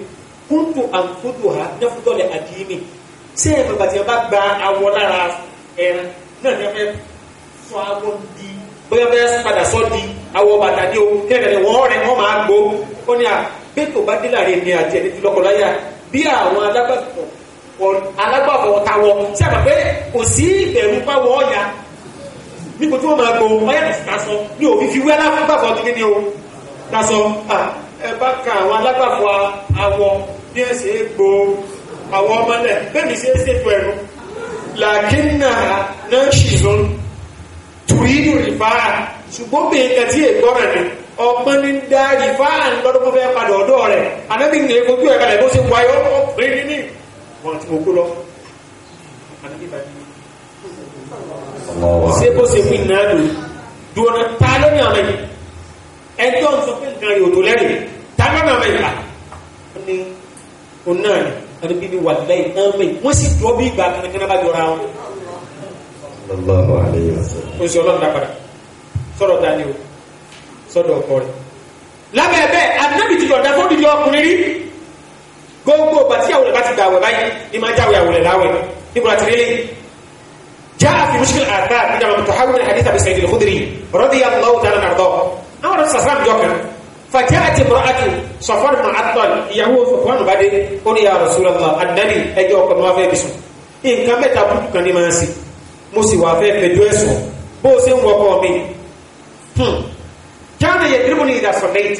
Speaker 2: kúndù àǹkúndù ha nẹ́fúdọ́lẹ̀ àdìmí ṣé ìgbàgbà tí a bá gba awọ lára ẹran náà ní a fẹ́
Speaker 4: sọ awọ di
Speaker 2: bóyá bẹ́ẹ̀ padà sọ di awọ bàtà dé o kẹ́kẹ́rẹ́ wọ́n rẹ̀ wọ́n máa gbó ó ní à bẹ́tò bá dé láàrin èmi àti ẹni tí lọ́kọláya bí àwọn alágbàfọ̀ tawọ sí àgbà pé kò sí ìbẹ̀rù páwọ̀ ọ̀yà nígbà tí wọ́n máa gbó ọ̀yà tẹ̀sí tasọ ní òfin fi wẹ́ alágbàfọ̀ tó kéde o tasọ ẹ bá kan àwọn alágbàfọ awọ bí ẹ ṣe é gbo àwọn ọmọlẹ bẹ́ẹ̀ni ṣe é ṣètò ẹnu làákínà náà ṣìṣún tùrínù rìfáà ṣùgbọ́n bí ẹ̀ka tí ègbọ́ràn ni ọgbọ́n ní dá rìfáà lọ́dún tó fẹ́ padà ọ̀dọ́ rẹ̀ ànábì ní ekojú ẹ̀ka rẹ̀ bó ṣe wáyé ọkùnrin ní wọn ti mọ̀gbó lọ.
Speaker 3: ṣé bó ṣe pín
Speaker 2: náà lò dúró náà ta ló ní àmì ẹjọ́ ń sọ pé nǹkan yòó tó lẹ́rìí tàbí náà mẹ́yìn à ó ní òun náà ni ẹni bíbí wà lẹ́yìn náà mẹ́yìn wọ́n sì dúró bí ìgbà kankan bá jọra wọn. o sì ọlọ́run dápadà sọ̀rọ̀ ta ni o sọ̀dọ̀ ọkọ rẹ̀ lábẹ́ ẹ̀ bẹ́ẹ̀ anábì ti yọ̀ǹda fún dídí ọkùnrin rí gbogbo ìgbà tí àwòrán bá ti dàwẹ̀ báyìí ni máa jáwé àwòrán láwẹ̀ níbo la ti rí lẹ́yìn. جاء في مشكل الآثار عندما متحول من حديث أبي سعيد الخدري رضي الله تعالى عنه أمر الرسول صلى الله عليه وسلم fàjáàtì mọ́ràtù sọ̀fọ́n ma atọ́n ìyàwó fọ́nù bá dé ó ní ya Rasulullah àdáni ẹjọ́ ọkọ̀ ní wọ́n fẹ́ bìsùn nǹkan mẹ́ta kúkú kan ní máa ń sì mo sì wà fẹ́ fẹ́ dúẹ́ sùn mi kíáàna yẹ kírìmù ní ìdásọ̀lẹ́tì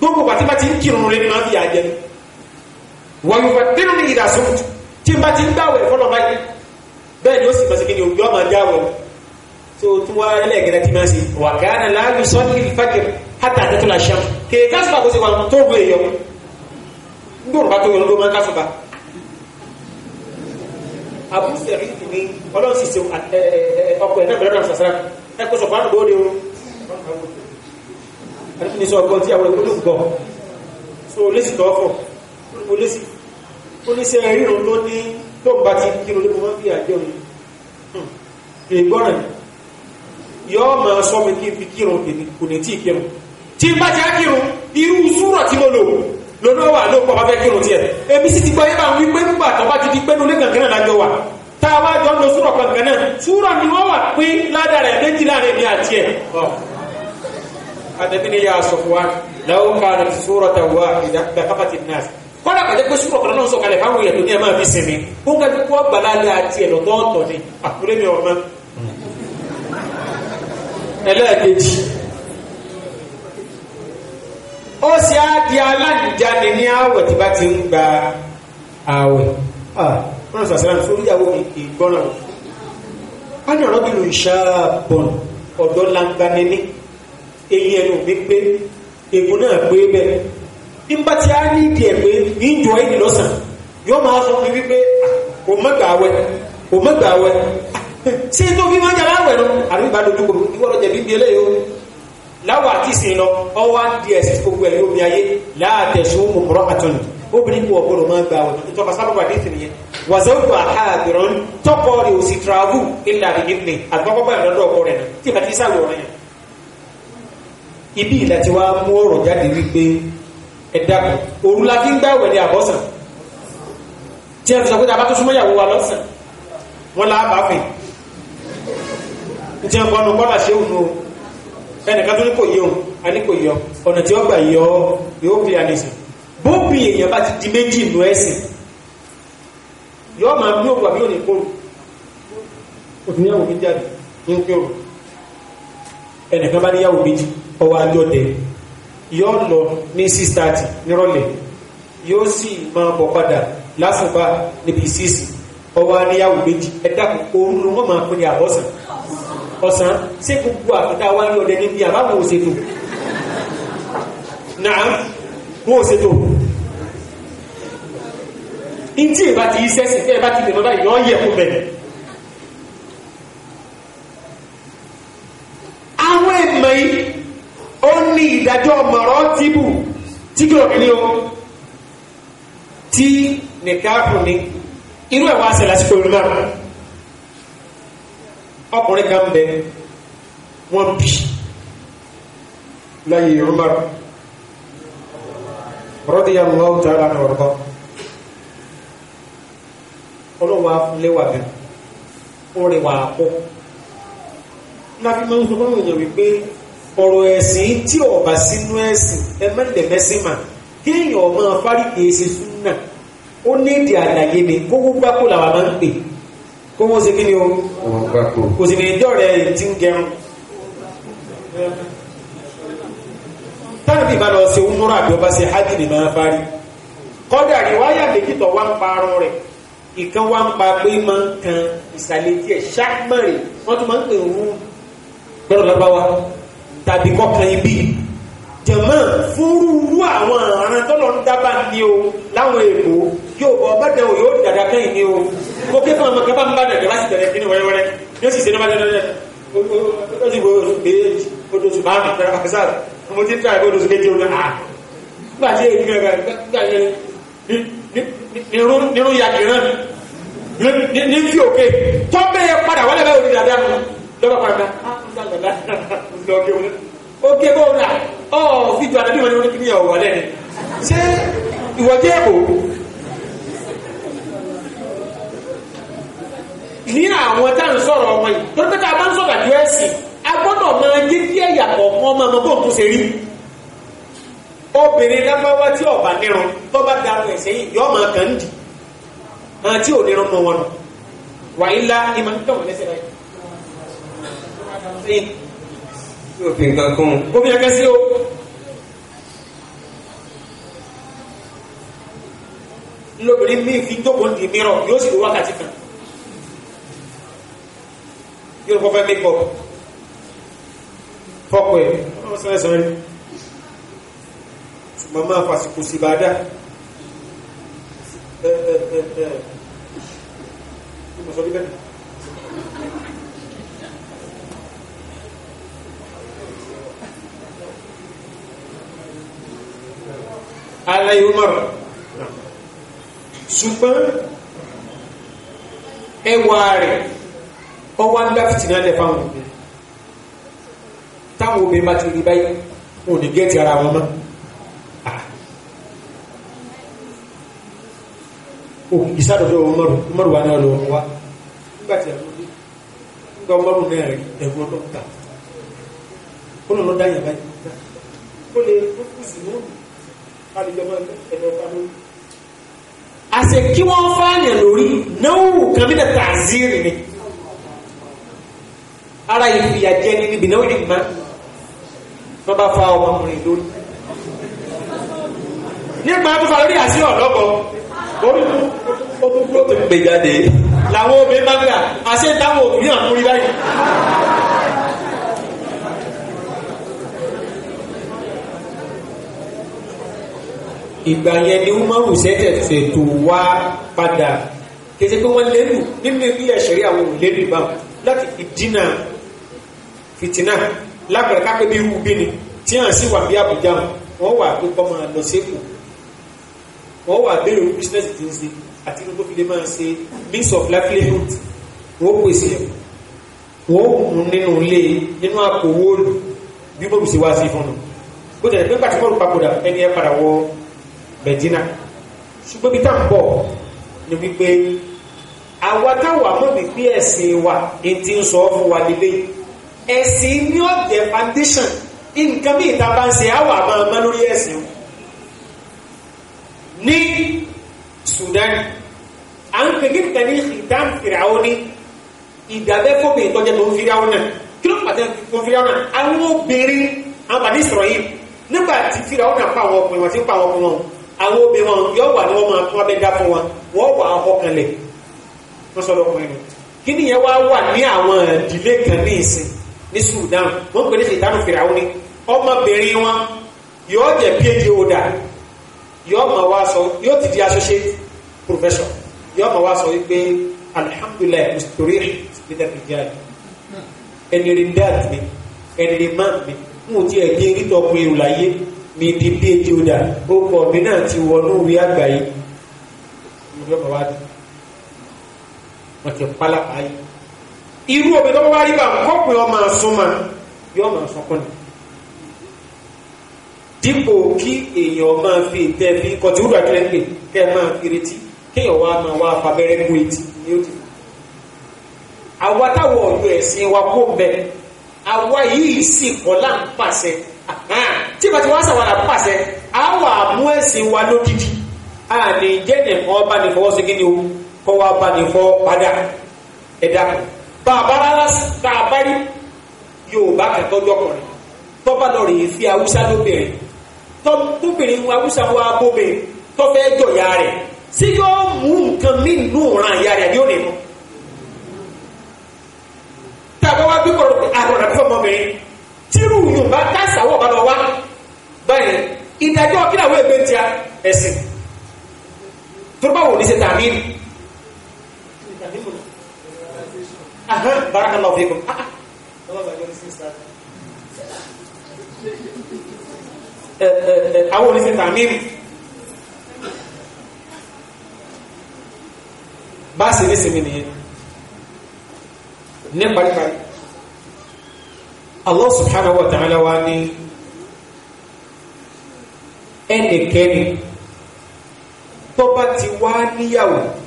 Speaker 2: gbogbo bàtí bá ti ń kírun rẹ ní máa ń fi àjẹ wọ́n yóò fẹ́ kírìmù ní ìdásọ̀lẹ́tì tí bá ti ń gbàwẹ̀ fọ́nà báyìí bẹ́ẹ̀ ni ó sì pàṣẹ kí ni òjò máa jáwẹ̀ tó tún wá ẹlẹ́gẹ̀rẹ́ tí hátà àtẹ́tún náà ṣẹ́m kèé káṣùbà kó sí wa tó gbé èyọ gbòòrò bá tó yọ ló máa káṣùbà àbúṣe rí ìní ọlọ́run sì ṣe ọkọ̀ ẹ̀ náà bẹ̀rẹ̀ náà sàṣàrà ẹ kó sọ̀fà àdúgbò ni o àdúgbò ni sọ ọgbọ́n tí àwọn ìwúlò gbọ́ so olóṣì tọ́ fọ̀ olóṣì oníṣẹ́ ríro tó ní tó ń bá ti kírun ní mo máa ń fi àjọ mi hmm. kì í gbọ́ràn yọ́ máa sọ mi kí n fi kírun kò ní tí ì kírun tí n bá ti ákìrún irú súrọ̀ tí mo lò lọ́nà wà ló pọ̀ fẹ́ kírun tiẹ̀ èmi sì ti gbọ́ yẹ́ bá wí pé nígbà tó bá ti di pẹ́nu lé kankan náà lájọ wà tá a wá jọ ń lo súrọ̀ kankan náà súrọ̀ ni wọ́n wà pé ládàá rẹ̀ méjì láàrin mi àti ẹ̀ adẹ́bí ni yà á sọ fún wa làwọn kan àti súrọ̀ tà wá ìdàkàfàtì náà kọ́dà kàdé pé súrọ̀ kan náà sọ kalẹ̀ fáwọn èèyàn tó ní ẹ̀ máa fi sinmi kó ń kájú kó gbàlá lé àti ẹ̀ lọ́tọ̀ọ̀tọ̀ ni àkúrẹ́ mi ọ̀mọ́ ẹlẹ́ẹ̀kejì ó sì á di aláǹjáde ní àwẹ̀ tí bá ti ń gba àwẹ̀ ọ̀nà sàṣẹ́lá fún oríyàwó ìgbọ́nà wọn ni ọ̀rọ̀ bí lu ìṣàbọ̀n ọ̀dọ́ langani ní eyín ẹnu mi pé ègbò náà pé bẹ́ẹ̀ nígbà tí a ní ìdí ẹ̀ pé ní ìjọ ẹ̀yìn lọ́sàn yóò máa sọ fún mi wípé ah, kò mọ́gbà àwẹ̀ kò mọ́gbà àwẹ̀ ṣé tó fi máa jà láwẹ̀ lọ àbí ìbá dojú kò ìwọ́rọ̀ jẹ̀bi bí eléyìí láwọ̀ àti ìsìn lọ ọwọ́ àti ẹ̀sìn gbogbo ẹ̀yìn omi ayé láàtẹ̀sùn mọ̀kọ́rọ́ àtọ́nù obìnrin kò ọ̀gbọ́dọ̀ máa gba àwọn ìjọba sábàbà déètì nìyẹn wàzọ́gbò àhàbìrán tọ́kọ rẹ̀ ò sì travel ilà àdìgbìnrin àgbọ́gbọ́gbà ìrọ̀lọ́dọ̀ ọkọ rẹ̀ náà tí ìbàtí sáwọ̀ rẹ̀ yẹn. ibi ìlà tí wàá mú ọ̀rọ̀ jáde wípé ẹ̀dá kan òru la fi ń gbá ìwẹ̀ ní àbọ̀sán tí a ti sọ pé a bá tó súnmọ́ ìyàwó wa lọ́sàn wọn là á bá fẹ̀ ẹnìkan tó ní kò yé o a ní kò yé o ọ̀nà tí wọ́n gbà yọ ọ yóò clear nìsín bó bí èèyàn bá ti di méjì nù ẹ̀sìn yóò máa bí òkú àbí òní kóòrò òtúnyàwó mi jáde ní kóòrò ẹnìkan bá níyàwó méjì ọwọ́ adé ọ̀dẹ yóò lọ ní six thirty nírọ̀lẹ́ yóò sì máa bọ̀ padà lásùnbà níbi six ọwọ́ aníyàwó méjì ẹ̀dá kò oorun ló wọ́n máa pín ní àbọ̀sán ọ̀sán ṣé gbogbo àkútà wá ní ọdẹ níbi àbáwọn òṣètò náà wọn òṣètò ntí ìbá ti iṣẹ́ sí tẹ́ ẹ bá ti lè mọ́ báyìí yọ́ yẹ fún bẹ̀rẹ̀ àwọn èèmọ̀ yìí ó ní ìdájọ́ mọ̀rọ́ tìbù tí kí òkè ní o tí nìkan kù ní irú ẹ̀ wá ṣẹlẹ̀ sí pẹ̀lú náà ọkùnrin kan bẹ wọ́n bí láyé Umar radiyallahu ta'ala ní ọ̀rọ̀ ọlọ́wà léwà bẹ̀rẹ̀ orin wà pọ̀ láti máa ń sọ fún èèyàn wípé ọ̀rọ̀ ẹ̀sìn tí ọ̀bà sínú ẹ̀sìn ẹ̀mẹ́lẹ̀mẹ́sìmà kéèyàn máa fárí kìí ṣe súnà ó ní èdè àlàyé ni gbogbo gbáko làwọn máa ń pè é kó mọ́ sí kí ni o kò sì ní ìjọ rẹ̀ tí ń gẹrun tánàbí ìbálọ̀ ṣe ń múra àbí ọba ṣe hajj ní máa bá rí kọ́dà rí wáyà méjìtọ̀ wá ń parun rẹ̀ ìkan wá ń pa pé máa ń kan ìsàlẹ̀ díẹ̀ ṣáàmọ̀rì wọ́n tún máa ń pè ń rún gbọ́dọ̀ lọ́gbàwá tàbí kọ́kan ibi jẹ̀mọ́ fúrúurú àwọn àrùn tọ́lọ́ ń dábàá ní o láwọn èèbò Yo, kí o bọ̀ ọba dẹ̀ o yóò dàda kẹ́yìn ní o kó kí kàn máa kẹ́ bá ń bá dàda láti tẹ̀lé kí ni wẹ́rẹ́wẹ́rẹ́ yóò sì ṣe ní bàtà dàda o sì gbòòrò èyí odò sùn báàmì pẹ̀lú àkàṣà mo ti tẹ̀ àgbẹ̀ odò sùn kéjì olóòrùn àá ah. nígbà tí èyí gbẹ̀gbẹ̀ gbẹ̀gbẹ̀ nírú yàgìrán ní fi òkè tó bẹ́ẹ̀ padà wọlé bẹ́ẹ̀ òdì dàda nù lọ́ba padà ókè ah, bó ra ọ̀ fi jọ àdàbí wọn ni wọn kì í yà wọlé ṣé ìwọ́jẹ́ èkó ní àwọn tá ń sọ̀rọ̀ ọmọ yìí tó pẹ́ta bá ń sọ̀rọ̀ àjọ ẹ̀sìn a gbọ́dọ̀ máa jẹ́ kí ẹ̀yà kọ̀ọ̀kan ọmọ ọmọ bóun tó ṣe rí obìnrin lápáwá tí ọ̀bà nírun tó bá da ọmọ ẹ̀sẹ̀ yìí yọ́ máa kàn ń dì àwọn tí ò nírun mọ wọn wà í la ni máa ń tọ̀ lẹ́sẹ̀ rẹ̀.
Speaker 1: òfin kan kún un.
Speaker 2: obìnrin kan sí o. lóbìnrin míì fi jókòó di mìíràn yóò sì wákàtí kan kí ló fọ́fẹ́ make up fọ́pọ̀ ẹ̀ wọ́n sẹ́rẹ̀ sẹ́rẹ̀ ṣùgbọ́n máa fàsìkò sí bá dá Alayi Umar ṣùgbọ́n ẹwà rẹ̀ ọwọ́ ńlá fìtínà lẹ̀ fáwọn obìnrin táwọn obìnrin bá ti rí báyìí wọn ò ní gẹ́ẹ̀tì ara wọn mọ́ ìsádọ̀dọ̀ ọmọrù
Speaker 3: ọmọrù wà náà lọ wá nígbàtí
Speaker 2: àmúrí nígbà ọmọrù náà rí ẹ̀gbọ́n dọ́kítà ó lọ lọ́dá yàrá ìgbà ó lè kókù sí mú alìjọba ẹ̀dọ̀ ọba lórí. àṣẹ kí wọ́n fáàyàn lórí náà kàmínà tàzírì ni ara ìfìyàjẹ ni níbi náà ìgbà wọn bá fa ọmọkùnrin lórí nípa abúfa lórí àṣì ọlọgọ orúkú tó gbé jáde làwọn obìnrin máa ń gbà àṣẹ táwọn òbí náà múrí báyìí. ìgbà yẹn ni umaru ṣẹ̀ṣẹ̀ tó wá padà kí ẹ ṣe pé wọn lérò nínú ilé ẹsẹrí àwọn òun lérò ìbámu láti fi dínà fìtínà lápẹ̀rẹ̀ kápẹ́ bí irú bíni tí hàn sí wà bí Àbújá wọn wà pé kọ́ máa lọ sẹ́kù wọn wà bẹ́ẹ̀ irú business tí ń ṣe àti irú tó fi lè máa ṣe means of livelihood wọn ó pèsè ẹ̀ wọn ó mú nínú ilé nínú àpò owó bí bọ́ọ̀lù ṣe wá sí fún un kó jẹ́ pé pàtí bọ́ọ̀lù papòdà ẹni ẹ padà wọ Bẹ̀dínà ṣùgbọ́n bí táà ń bọ̀ ni wípé àwa táwa mọ̀ wípé ẹ̀sìn wa ètí ń sọ fún wa lélẹ́yìí ẹ̀sìn ní ọ̀jẹ̀ foundation nǹkan bí ìta bá ń ṣe àwọ̀ àmọ́ ọmọ lórí ẹ̀sìn ní Sudan à ń pè kíkà ní ìdán fìràwọ́ ní ìdàbẹ́fọ́bì ìtọ́jẹ́ tó ń fìràwọ́ náà kí ló pàtẹ́ tó ń fìràwọ́ náà àwọn obìnrin àwọn bàbá ìsọ̀rọ̀ yìí nígbà tí fìràwọ́ náà pa àwọn ọkùnrin wọn ti pa àwọn ọkùnrin wọn àwọn obìnrin wọn yóò wà ní wọn máa tún abẹ́ fún wọn wọ́n wà á ọkàn lẹ̀ wọ́n sọ lọ́kùnrin kí nìyẹn wá wà ní àwọn ìdílé kan ní ìsìn ní Sudan wọ́n pè ní ṣètànù fìràwọ́ ni ọmọbìnrin wọn yóò jẹ́ phd oda yóò mọ̀ wá sọ yóò ti di associate professor yóò mọ̀ wá sọ wípé alhamdulilayi mustori peter nijay ẹni rí dad mi ẹni rí man mi n ò tí ẹ̀ di eré tọkùnrin ìwòlá yé mi di phd oda ó kọ̀ mi náà ti wọnú ìwé àgbáyé yóò mọ̀ wá wọ́n ti pálápàá yìí irú omi tó bá rí bá kọ́pẹ́ ọmọ súnmọ́ yóò máa sọkún ni dípò kí èèyàn máa fi tẹ́ fi kọtí wúdà kílẹ̀ pé kẹ́ ẹ máa fi retí kéèyàn wá máa wá abẹ́rẹ́ mú etí ní òtù àwa táwọn ọ̀dọ́ ẹ̀sìn wa kó bẹ àwa yìí sì kọ́ là ń pàṣẹ tí bàtí wọ́n sàwọn là ń pàṣẹ àwa àmú ẹ̀sìn wa lódìdí àní jẹ́ nìkan bá nìkan kí ni o kọ́ wa bá nìkan padà ẹ̀dá kan bàbá rárá tá a bá rí yorùbá kẹtọ́ dọ́kùnrin tọ́ba lọ rèé fi haúsá lóbìnrin tóbìnrin mu haúsá wa bóbìnrin tọ́fẹ́ jọ̀yà rẹ̀ sí yóò mú nǹkan mí nù ràn ìyá rẹ̀ ní òní mu tàbá wa bí kọ̀ọ̀rọ̀ pé àrọ̀rọ̀ fún ọmọbìnrin tírù yorùbá káṣáwọ̀ bá lọ wá báyìí ìdájọ́ kí làwọn ègbè ẹ̀sìn tó ní ṣe tàmí tàmí mọ̀ Aha, barakallahu fikum. Ah,
Speaker 4: ah.
Speaker 3: eh.
Speaker 2: eh, eh oníṣẹ́ tàmírì. Bá sì ní sinmi nìyẹn. Ní paripari. Allah subhanahu wa ta'ala wa ní ẹnìkẹ́ni tó bá ti wá níyàwó.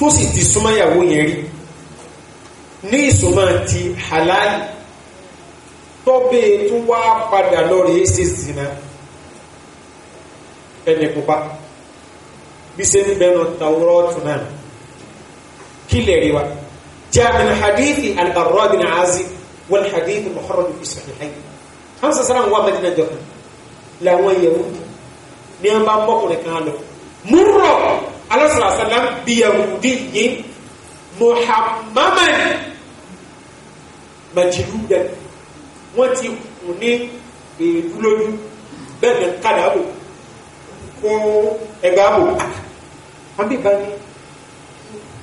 Speaker 2: tó sì ti súnmọ́ ìyàwó yẹn rí ní ìsúnmọ́ ti halal tọ́bẹ̀ tó wá padà lọ́rẹ̀ ẹ̀ṣẹ̀ zina ẹni pupa bí ṣe ń bẹnu tàwúrọ̀ tún náà kí lè rí wa jẹ́ min hadithi al-barra bin azi wal hadithi muharram bin israhil hamsa sara wa madina jọ kan làwọn yẹwò ní an bá mọkùnrin kan lọ múrọ̀ alasala salam bi yahudi yin muhammadan majiludan wọn ti kù ní ìdúlójú bẹ́ẹ̀ ni kádà bò fún ẹgbà bò wọn bí ba ni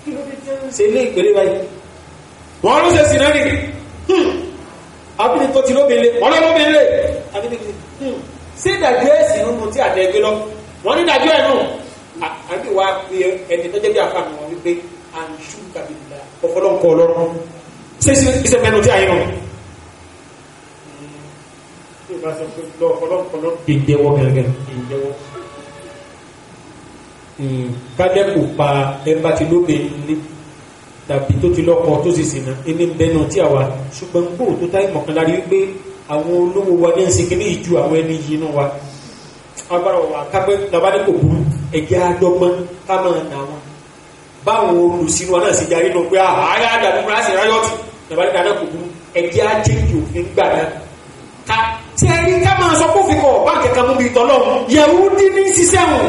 Speaker 4: kí ló dé jẹ
Speaker 3: ṣe ilé
Speaker 2: ìpèrè báyìí wọn ló ṣe sí náà nìyí abíni hmm. tó ti lóbìnrin wọn lọ lóbìnrin abíni tó ti ṣé ìdájọ́ ẹ̀sìn nínú tí àdẹ́gbé wọn ní ìdájọ́ ẹ̀ náà àbí wàá pe ẹni tọ́jẹ́ bí àfa àwọn wípé à ń ṣú tàbí ìlà ọ̀fọ́lọ́ nǹkan ọlọ́rọ̀ ṣé ṣe mẹ́nu tí a yẹn wọn. ìjẹ́wọ́ gẹ́gẹ́ kájẹ́kù hmm, pa ẹnba ti lóbe ní tàbí tó ti lọ́kọ tó sì sìnà ẹni bẹnu tí a wà ṣùgbọ́n gbò tó táyì mọ̀kànlá rí wípé àwọn olówó wa ní ẹ̀sìn ní ìju àwọn ẹni yìí náà wa agbára wà kápẹ́ tàbá kò burú ẹ̀jẹ̀ àdọ́gbọ́n ká máa nà wọn báwọn olùsínú wọn náà ṣe jarí nù pé àárẹ̀ àdàbùkún láti ráyọ̀tì nàbàdìkà náà kò burú ẹ̀jẹ̀ àjẹjì òfin gbà náà ká tí ẹni ká máa sọ kó fi kọ̀ bá kẹ̀kẹ́ mú mi tọ́lọ́ yẹ̀wù dín ní ṣiṣẹ́ wọn.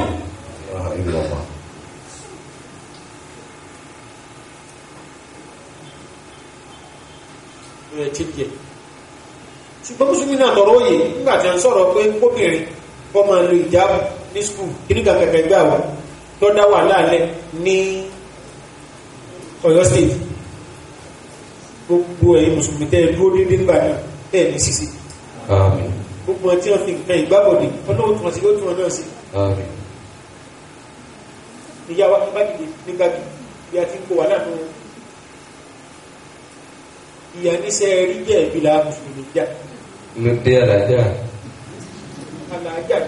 Speaker 2: ṣùgbọ́n mùsùlùmí náà tọrọ òye nígbà tí wọ́n sọ̀rọ̀ pé kóbìnrin kọ́ máa lo ìjáàbù ní skul kíní kan kẹ̀kẹ́ gbà wọ́n tó dá wà láàlẹ́ ní Ọ̀yọ́ state gbogbo ẹ̀yin mùsùlùmí tẹ́ ẹ dúró déédéé nígbà náà ẹ̀ ní sísí gbogbo ọtí wọn fi nǹkan ìgbàbọ̀dé ọlọ́wọ́ tí wọ́n ti lóòtú wọn náà sí ìyá wa ní bágìdì ní bágìdì bí a ti ń kó wà láàánú ìyá níṣẹ́ rí jẹ́ ìbílà mùsùlùmí jà
Speaker 1: ló dé àlàájá
Speaker 2: àlàájá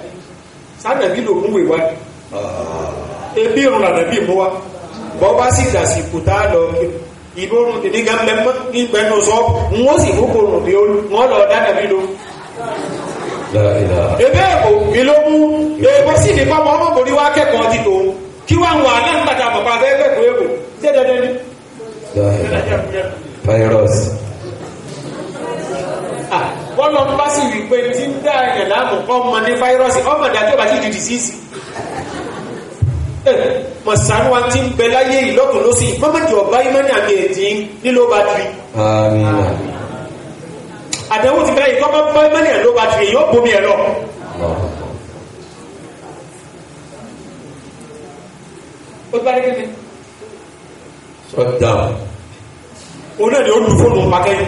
Speaker 2: sànàbí ló mú ìwà ebi ìrùn lànàbí mú wa bọ́ bá sì dàsìkò tá a lọ ìbòrùn tèmi gan mẹ́mọ́ ní gbẹ́nu sọ wọ́n sì mú kòrùn bí ó wọ́n lọ dánàbí ló. ebe ẹ̀kọ́ mi ló mú èèbó sì ní pápá ọmọbìnrin wa kẹ́kọ̀ọ́ ti tòun kí wàá wà náà ń bàbá fẹ́ẹ́ bẹ́ẹ̀ kú èèbó. ọmọ ní fáírọ́ọ̀sì ọmọ ìdájọ́ bá ti di dìsíìsì mọ̀ sànú wa ti ń bẹ láyé ìlọ́kùn ló sì mọ́mọ́dé ọ̀bá ìmọ̀ni àmì ẹ̀dí nílò bá ti. àdéhùn ti bẹ́ẹ̀ ìkọ́mọ́ bá ìmọ̀ni àmì ló bá ti yóò bomi ẹ̀ lọ. ó bá dé kéde. sọ́dà. òun náà ni ó lu fóònù pàkẹ́yìn.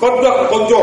Speaker 2: kọ́jọ́ kọ́jọ́.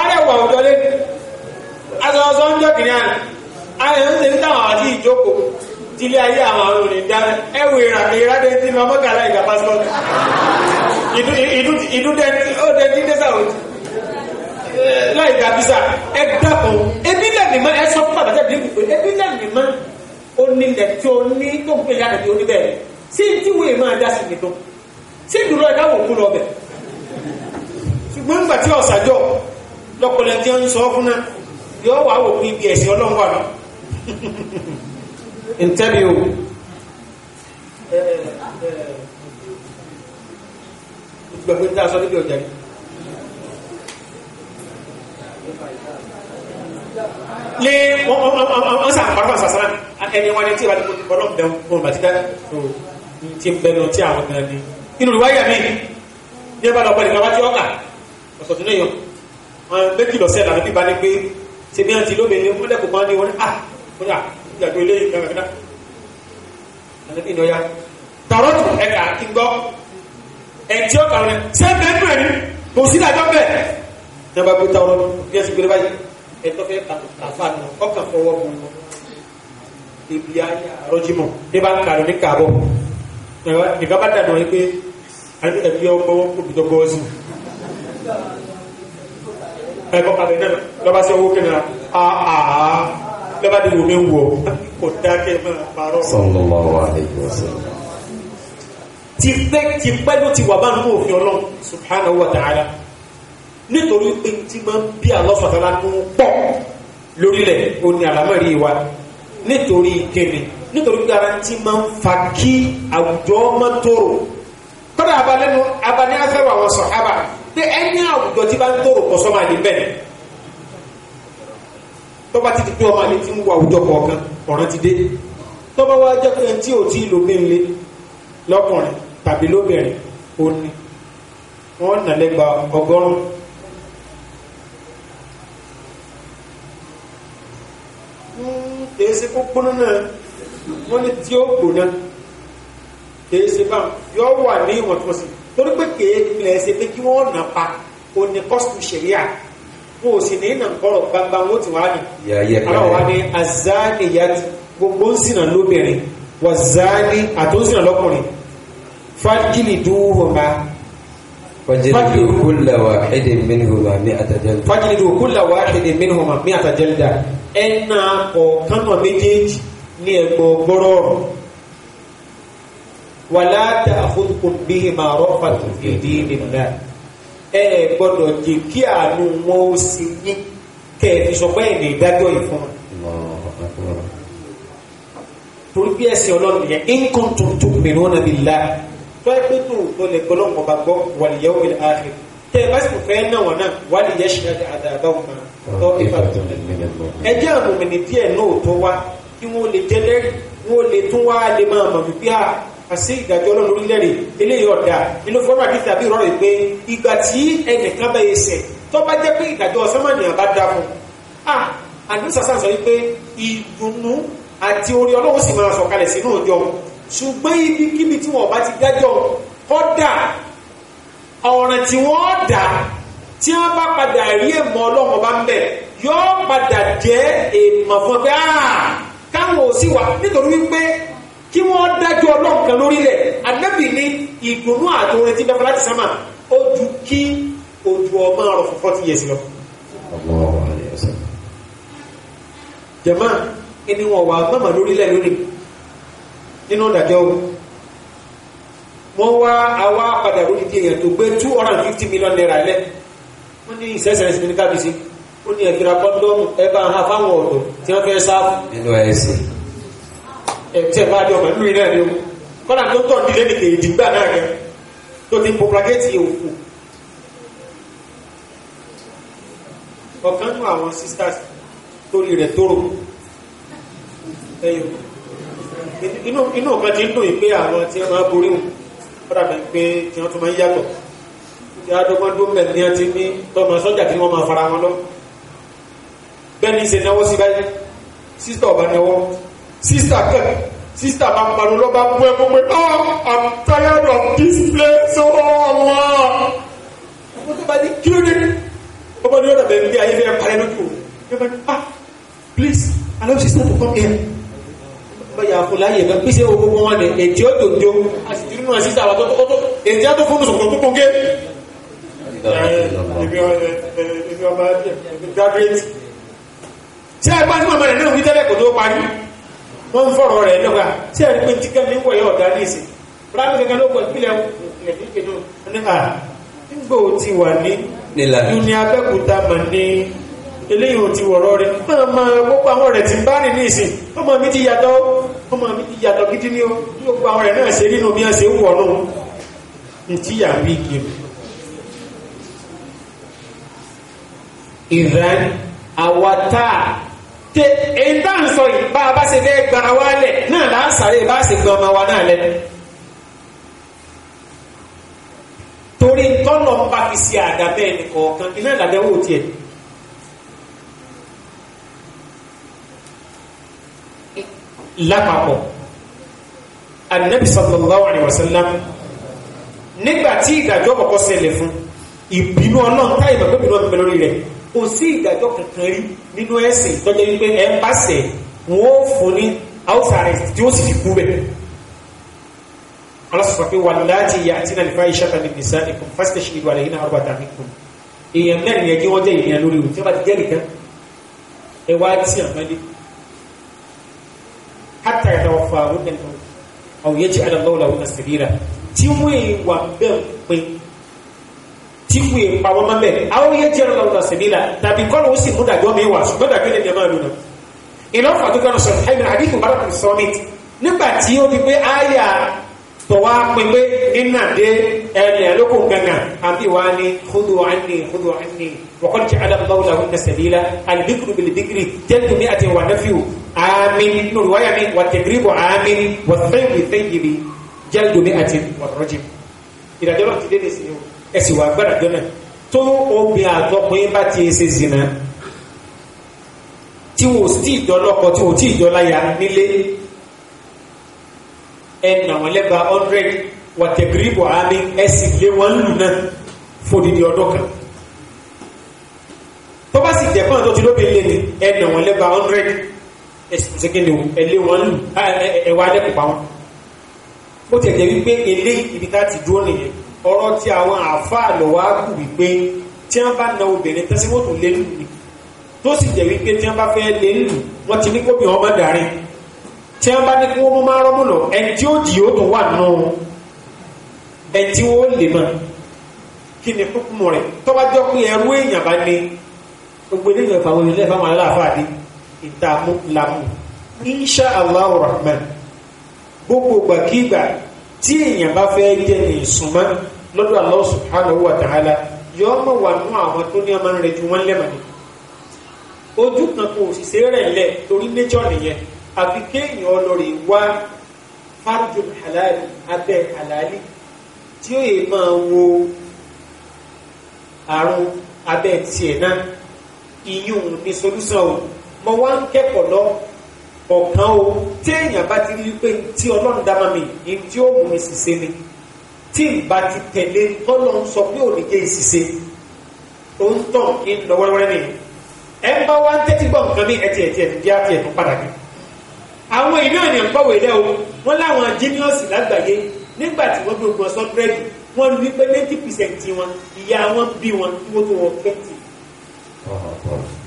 Speaker 2: arẹwà ọjọ́ lé asọsọ ń jọkìnní àná ayọ̀ ń ṣe ń táwọn àti ìjókòó tilé ayé àwọn àrùn ní dáná ẹwù ìrànlẹ ìrádẹ tí ma mọ gàlá ìgbà pásítọọtì ìdú ìdú ìdú dẹni ó dẹni dẹsà ẹ dàpọ̀ ebi náà si ṣùgbọ́n nígbà tí ọ̀sàjọ́ lọ́pọ̀lẹ̀ tí ó ń sọ fún náà yóò wà wò pé ibi ẹ̀sìn ọlọ́run wà náà ntẹ́bi o
Speaker 4: gbẹ̀gbẹ̀ tí a sọ níbi ọjà yìí lé wọ́n
Speaker 2: sàn pàápàá sàsàrà ẹni wọn ni tí ìwà nípa ọlọ́run bẹ̀rù wọn bàtí ká tí bẹnu tí àwọn gan ni inú ìwáyà mi ní ẹ bá lọ pẹ̀lú ìgbà wá ọkà ọ̀sọ̀tún náà yọ wọn méjì lọ́sẹ̀ làwọn bíbá ní pé ṣe ah! bí wọn ti lóbìnrin wọn lẹ́kọ̀ọ́ máa ní wọn ní à wọn ní à ìyàgbé ilé ìgbàgbọ́dá àlẹ́ bí ìnáyà tààrọ́ tó ẹ̀ka kí gbọ́ ẹ̀ntì ọ̀kà rẹ̀ ṣé bẹ́ẹ̀ bẹ́ẹ̀ ni kò sí ìdájọ́ bẹ́ẹ̀ ní a bá gbé tààrọ́ bí ẹ̀sìn gbére báyìí ẹ̀tọ́ fẹ́ kàfà nù ọkàn fọwọ́ mu ibi ayé àrọ́jìmọ̀ ní bá ń kàrọ̀
Speaker 4: ní ẹ̀kọ́ kalẹ̀ náà lọ́ba
Speaker 2: sí owó kìnnà subhanahu wa ta'ala nítorí pé tí máa ń bí àlọ́fàtàlá nù pọ̀ lórílẹ̀ òní àlámọ̀rí garanti máa ń fa kí àwùjọ mọ́tòrò kọ́dà abalẹ́nu abalẹ́ pé ẹni àwùjọ tí bá ń tòrò pọ̀ sọ́mà ní bẹ́ẹ̀ tó bá ti di pé ọmọ mi ti ń wo àwùjọ kọ̀ọ̀kan ọ̀ràn ti dé tó bá wá jẹ́ pé ẹni tí ò tí ì lómi ńlé lọ́kùnrin tàbí lóbìnrin ó ní wọ́n nà lẹ́gba ọgọ́rùn-ún kìí ṣe kó gbóná náà wọ́n ní tí ó gbóná kìí ṣe báwọn yóò wà ní ìwọ̀ntúnwọ̀nsì torí pé kèé tilẹ̀ ṣe pé kí wọ́n nà pa òní kọ́sùtù ṣẹ̀ríà wọn ò sì ní nà kọ́rọ̀ gbangba wọn ti wá ní. aláwọ̀ wá ní azáni yàtí gbogbo ń sìnà lóbìnrin wà záni àtó ń sìnà lọ́kùnrin
Speaker 1: fájìlì dúhùmá. fájìlì dúhùlà wà ẹ̀dẹ̀ mẹ́nìhùmá ní àtàjẹ́lìdà. fájìlì dúhùlà wà ẹ̀dẹ̀ mẹ́nìhùmá ní àtàjẹ́lìdà ẹ̀nà kọ̀ọ̀kan náà
Speaker 2: méjèèjì ní ẹ̀gbọ́n gbọ́rọ̀ ọ̀rọ̀ wàlá ta'khudhukum bihima ra'fatun fi dinillah ẹ gbọ́dọ̀ jẹ́ kí àánú wọn ó sì yín kẹ́ ẹ fi sọ pé ẹ̀ ní ìdájọ́ yìí fún wọn. torí bí ẹsẹ̀ ọlọ́run yẹn in kuntum
Speaker 4: tu'minuna billah
Speaker 2: tó ẹ pé tó tó lè gbọ́ lọ́wọ́ bá gbọ́ wal yawmil akhir tẹ ẹ bá sì fẹ́ náà wọn náà wà lè yẹ àdàbà wọn náà tọ́ ìfà tó lè ẹ jẹ́ àmọ̀mìnì díẹ̀ náà tó wá kí wọ́n lè jẹ́ lẹ́rìí wọ́n lè tún wá lè máa mọ̀ ah, àṣẹ ìdájọ́ náà lórílẹ̀-èdè eléyìí ọ̀dà nínú fọ́nà àdìsí àbí ìrọ̀rẹ̀ pé ìgbà tí ẹnìkan bá yẹ sẹ̀ tó bá jẹ́ pé ìdájọ́ sẹ́mọ̀nìyàn bá dá fún a àdìsí àṣà sọ wípé ìdùnnú àti orí ọlọ́wọ́ sì máa sọ̀kalẹ̀ sínú ọjọ́ ṣùgbọ́n ibikíbi tí wọ́n bá ti dájọ́ kọ́dà ọ̀ràn tí wọ́n dà tí wọ́n bá padà rí èmọ̀ ọlọ́run bá ń bẹ̀ yóò padà jẹ́ èmọ̀ fún ẹ pé káwọn ò sí wa nítorí wípé kí wọ́n dájọ́ ọlọ́ọ̀kan lórí rẹ̀ anábì ní ìdùnnú àti orin tí bẹ́fẹ́ láti sámà ó ju kí ojú ọmọ ọ̀rọ̀ fún forty years lọ. jẹ̀mọ́ ẹni wọn wà mọ́mọ́ lórílẹ̀ lónìí nínú ìdájọ́ wọ́n wá àwa padà lórí di èèyàn tó gbé two hundred and fifty million naira lẹ̀ wọ́n ní ìṣẹ́sẹ̀ ìsinmi kábíyèsí ó ní ẹ̀kíra kọ́ńdọ́mù ẹ̀ bá ń ha fáwọn ọ̀dọ́ tí wọ́n fẹ́ sáfù.
Speaker 1: nínú ẹ̀sìn
Speaker 2: ẹ̀tẹ́ bá dé ọmọ ìlú iná ni o kọ́nà tó tọ̀ nílé nìkè ìdìgbà náà rẹ tó ti propagate òkú. ọ̀kan nù àwọn sisters torí rẹ̀ tóró ẹ̀yọ̀ inú inú ọ̀kan ti ń dùn pé àwọn tí wọ́n borí wọn kọ́nà mi pé tí wọ́n tún máa ń yàtọ̀ tí adọ́gbọ́n dún mẹ́rin ni wọ́n ti ní tọ́mọ sọ́jà kí wọ́n máa fara wọn lọ bẹ́ẹ̀ ni náwó sí báyìí sísítọ̀ ọ̀bá náwó sísà kẹ́ sísà bá pariwo lọ́ba bú ẹ gbogbo ah i'm tired of this place oh Allah. àwọn tó bá ní kí ló dé ọba ní ọ̀dà bẹ̀rẹ̀ bí ayé fẹ́ parẹ́ lójú o ọba ní ah please allow sísà to come here. ọba yà fún láyé ẹ̀ka pèsè owó gbogbo wọn ní ètí ọ̀tò tó àti tìrìnà sísà àwọn tó tó ètí àtò fóònù sọ̀tọ̀ tó kún ké. ibi ọba graduate. ṣé ẹgbẹ́ tí mo mọ̀ rẹ̀ nínú fi tẹ́lẹ̀ kò tó parí. wọ́n ń fọ̀rọ̀ rẹ̀ tí a ẹ̀rí pé tíkẹ́ mi ń yọ ọ̀dà ní ìsìn kankan ló pọ̀ ìpínlẹ̀ ti wà ní ní abẹ́kúta mà ní eléyìí ti wọ̀rọ̀ rẹ̀ ma àwọn ti bá ọmọ mi ti yàtọ̀ ọmọ mi ti yàtọ̀ gidi àwọn náà ṣe nínú te èyí bá ń sọ yìí bá a bá ṣe fẹ́ gbara wa lẹ̀ náà là á sáré bá a ṣe gbọ́n ọmọ wa náà lẹ̀. torí tọ́lọ̀ ń bá fi ṣe àdàbẹ́ ẹnì kọ̀ọ̀kan iná ìdàbẹ́ wò tiẹ̀. lápapọ̀ anabi sallallahu alayhi wa sallam nígbà tí ìdájọ́ kọ̀kọ́ ṣẹlẹ̀ fún ìbínú ọlọ́run táyìmọ̀ pé ìbínú ọ̀pẹ lórí rẹ̀ kò sí ìdájọ́ kankan rí nínú ẹ̀sìn tọ́jọ́ wípé ẹ ń pàṣẹ wọn ó fún ní house arrest tí ó sì fi kú bẹ́ẹ̀ ọlọ́sọ̀fà pé wallati ya'tina al-fahishata min nisa'ikum fastashhidu alayhinna arba'atan minkum èèyàn mẹ́rin yẹn kí wọ́n jẹ́ èèyàn lórí òun tí wọ́n bá ti jẹ́ nìkan ẹ wá sí àmọ́lé hatta yatawaffahunna al-mawt aw yaj'ala Allahu lahunna sabila tí wọ́n èèwà bẹ́ẹ̀ pin tí kò yẹ pa wọn mọ́bẹ̀ àwọn yẹ jẹ́ ọ̀la ọ̀la sẹ̀mí la tàbí kọ́ ló ń sì mú dàjọ́ mi wà ṣùgbọ́n dàjọ́ lè dẹ̀ máa lò náà. ìlà ọ̀fà tó kẹ́nu sọ̀rọ̀ ẹ̀mí àdìgún bá kò sọ mi nígbà tí ó di pé àyà tọ̀ wá pin pé nínà dé ẹ̀rìn àlókò gangan àbí wa ni khudu anni khudu anni wọ́kọ́n ti alábàbáwò làwọn ní sẹ̀míla alìbíkúrú bìlìbíkiri jẹ́nu mi àti wà nẹ́fíù àmín nínú wáyà mi wà tẹ̀gíríbù àmín wà fẹ́yìí fẹ́yìí mi jẹ́nu mi àti wà rọ́jì ìdájọ́ náà ti dé ní sinimá ẹ̀sìn wà gbàdà jọ́nà tó obìnrin àtọkùnrin bá ti ṣe zina tí wò sí tí ìjọ lọ́kọ tí wò tí ìjọ láya nílé ẹnà wọn lẹ́ba hundred wàtẹ̀gìrìbọ̀ àmì ẹ̀sìn lé wọn lù náà fòdìdí ọdún kan tó bá sì jẹ́ fún àtọ́jú lóbi lé ní ẹnà wọn lẹ́ba hundred ẹ̀sìn ṣẹ́gẹ́ni ẹ̀lé wọn lù ẹ̀wà lẹ́kùpá wọn ó tẹ̀ wípé eléyìí ibi tá ti dúró nìyẹn ọ̀rọ̀ ti àwọn àáfàá lọ́wọ́ kù wípé tí wọ́n bá na obìnrin tẹ́sí wọ́n tún lé lù ní tó sì jẹ́ wípé tí wọ́n bá fẹ́ lé lù wọ́n ti ní kóbi ọmọ dàrin tí wọ́n bá ní kí wọ́n máa rọ́mù lọ ẹni tí ó jì ó tún wà nù ẹni tí wọ́n lè mọ̀ kí ni kúkúmù rẹ̀ tó bá jọ pé ẹrú èèyàn bá ní gbogbo ilé ìjọba àwọn ilé ìfowópamọ́ aláàfáà ní ìtààmú làmú insha allah rahman gbogbo gbàkígbà tí èèyàn bá fẹ́ jẹ́ ìsúnmọ́ lọ́dọ̀ Allah subhanahu wa ta'ala yọ ọmọ wà nú àwọn tó ní ọmọ rẹ̀ ju wọ́n lẹ́mọ̀ ni ojú kan kò sì ṣe rẹ̀ lẹ̀ torí nature nìyẹn àfi kéèyàn ọlọ́rẹ̀ wá farjum halali abẹ́ halali tí ó yẹ máa wo àrùn abẹ́ tiẹ̀ náà ìyún ní solúsàn o mo wá ń kẹ́kọ̀ọ́ lọ ọ̀kan o téèyàn bá ti rí i pé tí ọlọ́run dá mọ́ mi ní tí ó mú mi sì ṣe tí ìbá ti tẹ̀lé tọ́lọ́ ń sọ pé òní ké ìsìse ó ń tàn kí ń lọ wẹ́rẹ́wẹ́rẹ́ ni ẹ ń bá wá ń tẹ́tí gbọ́ nǹkan bí ẹtì ẹtì ẹtì díá tiẹ̀ tó pàtàkì. àwọn ìlú ènìyàn kọ̀wé lẹ́ o wọ́n láwọn jíníọ̀sì lágbàáyé nígbà tí wọ́n gbogbo ọsán búrẹ́dì wọ́n ní pé ninety percent wọn ìyá wọn bí wọn kí wọ́n tó wọ twenty.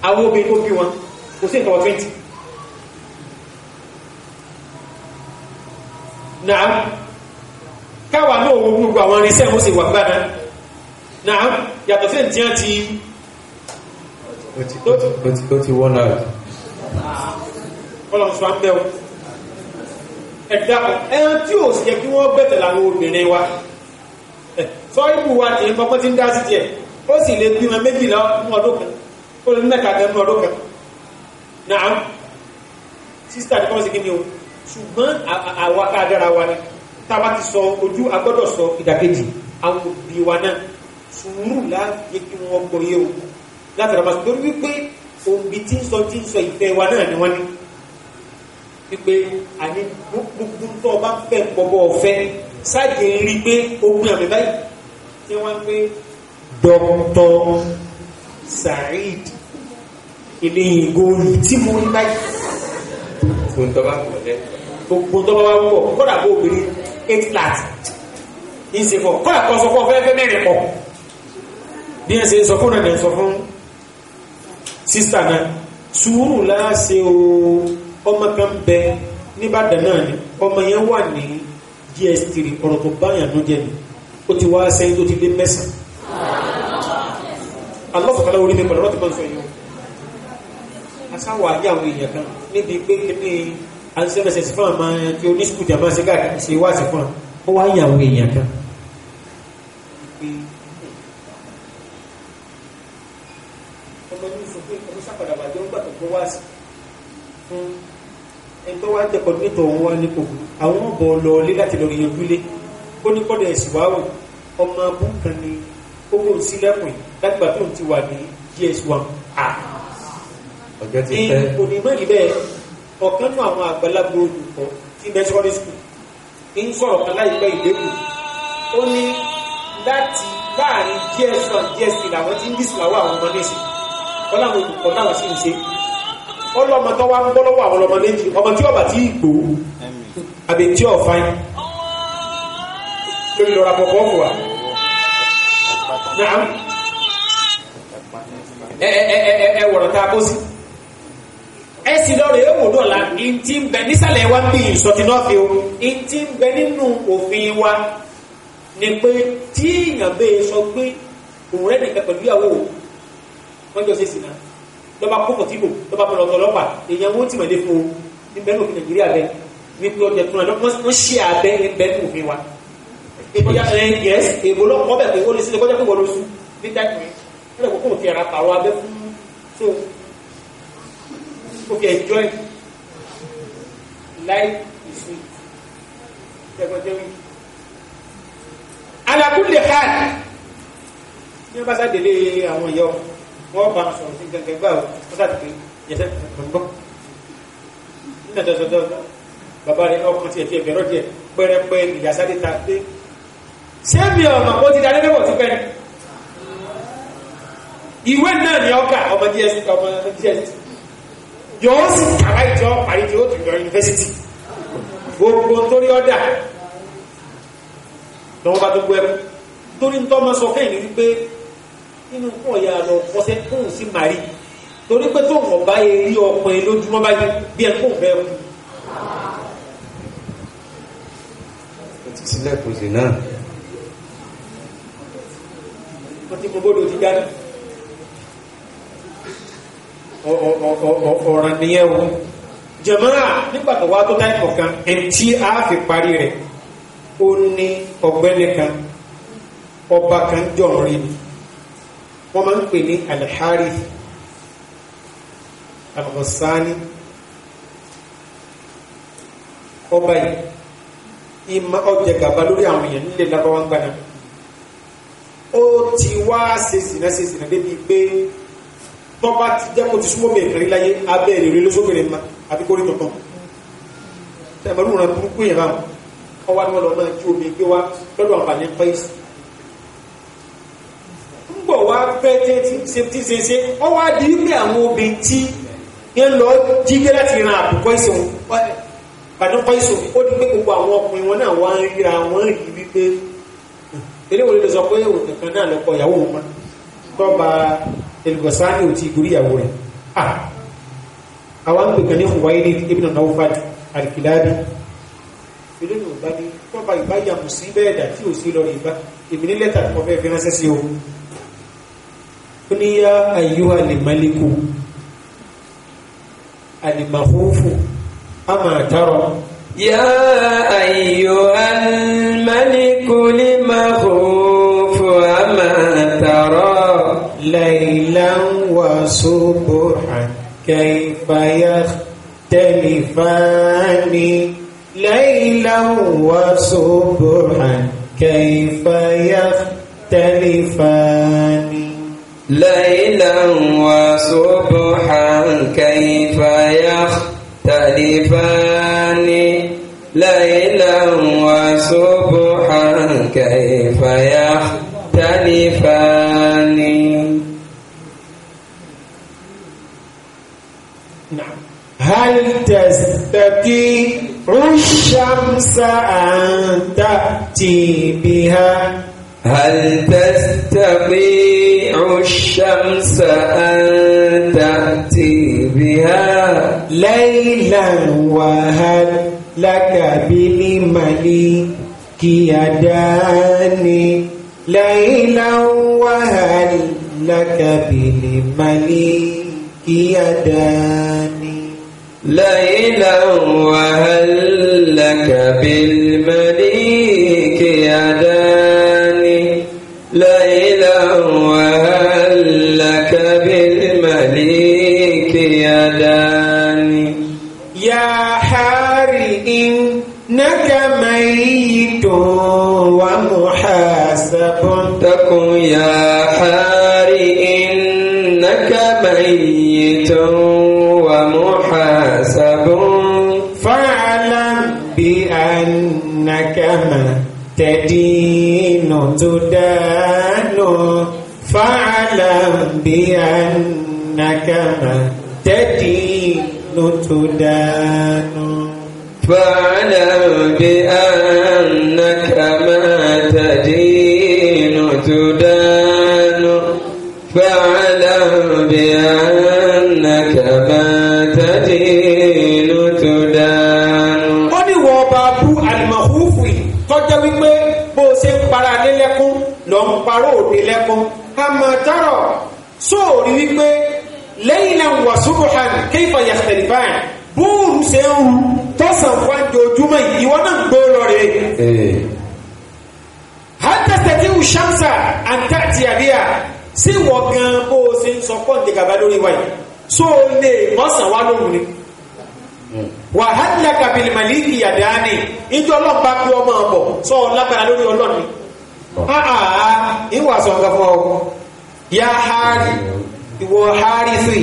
Speaker 2: àwọn obìnrin tó bí wọn kò twenty. nàá káwa náà wo gbogbo àwọn irinṣẹ́ mo sì wà gbára náà yàtọ̀ sí ìtìyàn ti.
Speaker 1: ó ti wọ́n náà.
Speaker 2: ọlọ́run sọ à ń bẹ́ o ẹ̀dá ẹran tí ò sì yẹ kí wọ́n bẹ̀tẹ̀ làwọn obìnrin wa sọ́ọ́yìnbù wa ti ń kọ́kọ́ ti ń dá sí tiẹ̀ ó sì lè bímọ méjìlá ní ọdún kan ó lè mẹ́ta gan ní ọdún kan náà sísítà ní kọ́mọ́sí kí ni o ṣùgbọ́n àwa ká wa ni tába ti sọ ojú agbọ́dọ̀ sọ ìdàkejì àwọn òbí wa náà sùúrù láàyè kí wọ́n gbọ́ yé o látara máa torí wípé òbí tí ń sọ tí ń sọ ìfẹ́ wa náà ni wọ́n ní wípé àní gbogbo tó o bá fẹ́ pọ̀bọ̀ ọ̀fẹ́ sáàjì ń rí pé ogun àmì báyìí tí wọ́n ń pè
Speaker 1: dọ́kítọ́
Speaker 2: Saheed ilé tí mo ń báyìí gbogbo tó bá wà pọ̀ kódà bó obìnrin eight flat ìsìn fọ kọ́ ẹ̀kọ́ sọ fún ọ fẹ́ẹ́ fẹ́ mẹ́rin pọ̀ bí ẹ ṣe sọ fún ọ̀nà sọ fún sísà náà sùúrù láàṣẹ o ọmọ kan bẹ nìbàdàn náà ni ọmọ yẹn wà ní gs3 ọ̀rọ̀ tó báyàn ló jẹ́ ni ó ti wá sẹ́yìn tó ti dé
Speaker 4: mẹ́sàn-án alọ́fọ̀kọ́lá orí
Speaker 2: mi pẹ̀lú ọ̀rọ̀ tó bá ń sọ yìí o aṣáwọ̀ ayé àwọn èèyàn kan níbi pé kí à ń sẹ́mẹsẹ̀ sí fún àmà kí oníṣùkùtì àmà ṣe káàkiri ṣe wá sí fún à ó wá yà àwọn èèyàn kan ọmọ ní sọ pé ọmọ sápadà bàjẹ́ ó gbà tó kó wá sí fún ẹgbẹ́ wa jẹ́ kọ́dúnétọ̀ òun wá nípò àwọn ọ̀bọ̀ lọ lé láti lọ yẹn gbélé ó ní kọ́dà ẹ̀sìn wá wò ọmọ abú kan ni ó wò sílẹ̀kùn lágbà tó ń ti wà ní gs1 ọjọ́ ti fẹ́ ọ̀kan nínú àwọn àgbàlagbà olùkọ́ tí bẹ́ẹ̀ sọ́rí skul ń sọ̀rọ̀ kan láìpẹ́ ìdẹ́kù ó ní láti láàrin ds one ds three làwọn tí ń dísì làwọn àwọn ọmọ nísì wọn làwọn olùkọ́ náà sì ń ṣe ọlọ́mọ tó wá ń bọ́ lọ́wọ́ àwọn ọmọ méjì ọmọ tí ọba tí gbò ó àbí tí ọ̀fà yìí lórí lọ́ra bọ̀bọ̀ ọ̀bọ̀ wa. ẹ ẹ ẹ ẹ wọ̀rọ̀ tá a kó sí ẹ sì lọ rèé wò lọ́la ní ti ń bẹ nísàlẹ̀ wa ń bí ìsọtinọ́fẹ́ o ní ti ń bẹ nínú òfin wa ni pé tí èèyàn bẹ́ẹ̀ sọ pé òun rẹ̀ nìkan pẹ̀lú ìyàwó wọn jọ ṣe sìnà lọ́ba kókò tí bò lọ́ba pẹ̀lú ọ̀tọ̀ ọlọ́pàá èèyàn wọ́n ti mọ̀lẹ́ fún o ní bẹ́ẹ̀ lófin nàìjíríà bẹ́ẹ̀ ní pé ọjà tó náà wọ́n ṣe abẹ́ ní bẹ́ẹ̀ ní òfin wa. ìbọ̀jà ẹ̀ yẹs èbó lọ́kọ́ bẹ̀ pé ó lè ṣe é kọjá pé wọ́n lọ sùn ní dákìrín ó fi enjoy life is sweet tẹgbọntẹ wí. alakunle hàn ní wọn bá sá délé àwọn ìyá wọn bá wọn sọ̀rọ̀ sí gẹ́gẹ́ gbà wọn sá délé yẹsẹ gbọngbọ nínú ẹdọdọdọ bàbá rẹ ọkàn tiẹ̀ tiẹ̀ bẹ̀rẹ̀ díẹ̀ pẹrẹpẹ ìyàsáde ta dé ṣé mi ọmọ ó ti dalẹ lẹwọ ti pẹrẹ ìwé náà ni ọkà ọmọ dsc ọmọ dsc yóò sì kàwá ìjọ parí tí ó ti lọ yunifásitì gbogbo torí ọ̀dà lọ́wọ́ bá tó gbọ́ ẹ̀kú torí ń tọ́mọ sọ kẹ́yìn wípé nínú kún ọ̀yà lọ ọ̀sẹ̀ kóhùn sí màrí torí pé tó wọ̀n bá rí ọkùnrin lójúmọ́ báyìí bí ẹ kóhùn bẹ́ẹ̀ kú.
Speaker 1: ó ti sílẹ̀ kò sí náà.
Speaker 2: wọ́n ti mú bọ́dọ̀ ti dáná ọ̀ràn nìyẹn o jẹ̀mọ́ra nígbà tó wá tó táìpù kan ẹ̀ntì á fi parí rẹ̀ ó ní ọ̀gbẹ́ni kan ọba kan jọ̀rọ̀ rí ni wọ́n máa ń pè ní alihari alhassani ọba yìí ìmọ̀ ọjẹ gàba lórí àwọn èèyàn nílẹ̀ lábáwá ń gbaná ó ti wá ṣe sìnà ṣe débi pé tó bá ti jẹ́ kó ti súnmọ́ mi ìkàrí láyé abẹ́ ìrèrè lóṣòkèrè ma àti kórè tọ̀tọ̀ tẹ̀mọ̀lú rẹ̀ burúkú yẹn báwọn ọwá ní ọlọ́ náà tí omi gbé wá lọ́dọ̀ àǹfààní pẹ́ẹ́sì ń bọ̀ wá fẹ́ tí ṣe ṣe ọwá di wípé àwọn obìnrin tí ń lọ jígé láti ran àbùkọ́ ìṣòwò pàdé pẹ́ẹ́sì ó di pé gbogbo àwọn ọkùnrin wọn náà wá ń ríra wọn rí wípé eléwòlé pé òun náà lọ́pọ̀ ìyàwó wọn tọ́ba ẹlùgbọ̀sáni ò ti gorí ìyàwó rẹ̀ àwọn gbẹ̀gbẹ̀ ní Khuwaylid ibn Nawfal al-Kilabi ìlúnà bá ní tọ́ba ìbáyàmù sí bẹ́ẹ̀ dà tí ò sí lọ ìbá èmi ní lẹ́tà kọ́ fẹ́ẹ́ fi ránṣẹ́ sí o ó ní yá ayyuha
Speaker 1: al-maliku al-makhufu ama tara yá ayyuha al-maliku al-makhufu ama ليلا وصبحا كيف يختلفان ليلا وصبحا كيف يختلفان ليلا وصبحا كيف يختلفان ليلا وصبحا كيف يختلفان هل تستطيع الشمس أن تأتي بها هل تستطيع الشمس أن تأتي بها ليلا
Speaker 2: وهل لك بالملك كيداني
Speaker 1: ليلا وهل لك بالملك كيداني ليلا وهل لك بالمليك يداني ليلا وهل لك بالمليك يداني يا حاري إنك ميت ومحاسب تكن يا حاري إنك ميت ما تدين
Speaker 2: تدان فاعلم
Speaker 1: بأنك ما تدين تدان فاعلم بأنك
Speaker 2: jẹ́ wípé bó o ṣe ń para lé lẹ́kún lọ ń parọ́ òde lẹ́kún àmọ́ tọrọ sóòrí wípé lẹ́yìn náà wà subuhan kayfa yastalifan bóòrù ṣe ń ru tọ́sán wá jojúmọ́ yìí ìwọ náà ń gbó lọ rè é. hátẹ́sẹ̀ tí àti àríyá sí wọ̀ gan bó o ṣe ń sọ pọ́ǹdé gàba lórí wáyé sóò lè mọ́sàn wá lóhùn ni wàhálàkà bíi màlíkì yàdáni ìjọ ọlọ́run bá kú ọmọ ọ̀bọ̀ sọ ọ lágbára lórí ọlọ́run ah, ah, ìwà sọ nǹkan fún ọ yá hárì ìwọ
Speaker 1: hárì sí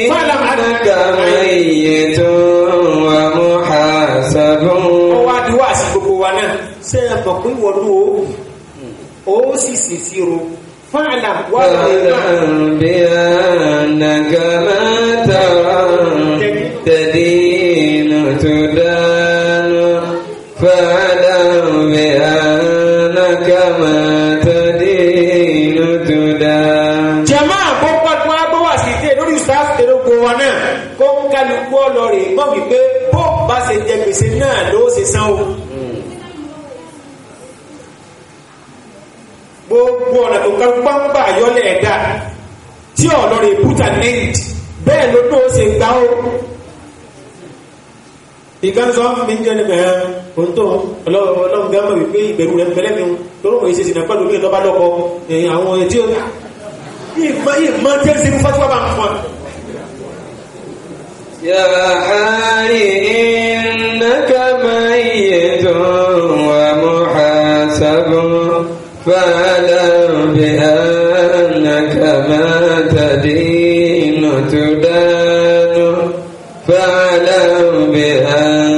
Speaker 1: ìfọ́nàmọ́dà iye tó wà mú àṣàbọ̀. ó wá di wá sí gbogbo wa náà ṣé ẹ mọ̀ pé
Speaker 2: ó sì sì sí ro fọ́nà wà lórí náà. gbèsè náà ló ṣe san o. gbogbo ọ̀nà tó kan gbangba yọlẹ̀ ẹ̀dá tí ọ̀lọ́rẹ̀ pútà nẹ́ẹ̀d bẹ́ẹ̀ ló ló ṣe gbá o. ìkànsọ́ mi jẹ́ nípa ẹ̀ ohun tó ọlọ́run gánmọ̀ wípé ìbẹ̀rù rẹ̀ pẹ̀lẹ́ mi tó lóun èsì ìsìn pẹ̀lú mi lọ́ba lọ́kọ àwọn etí ó ìmọ̀ ìmọ̀ tí ó ṣe fún fatuwa bá ń fún
Speaker 1: yàrá rí i. فاعلم بأنك ما تدين تدان فاعلم بأنك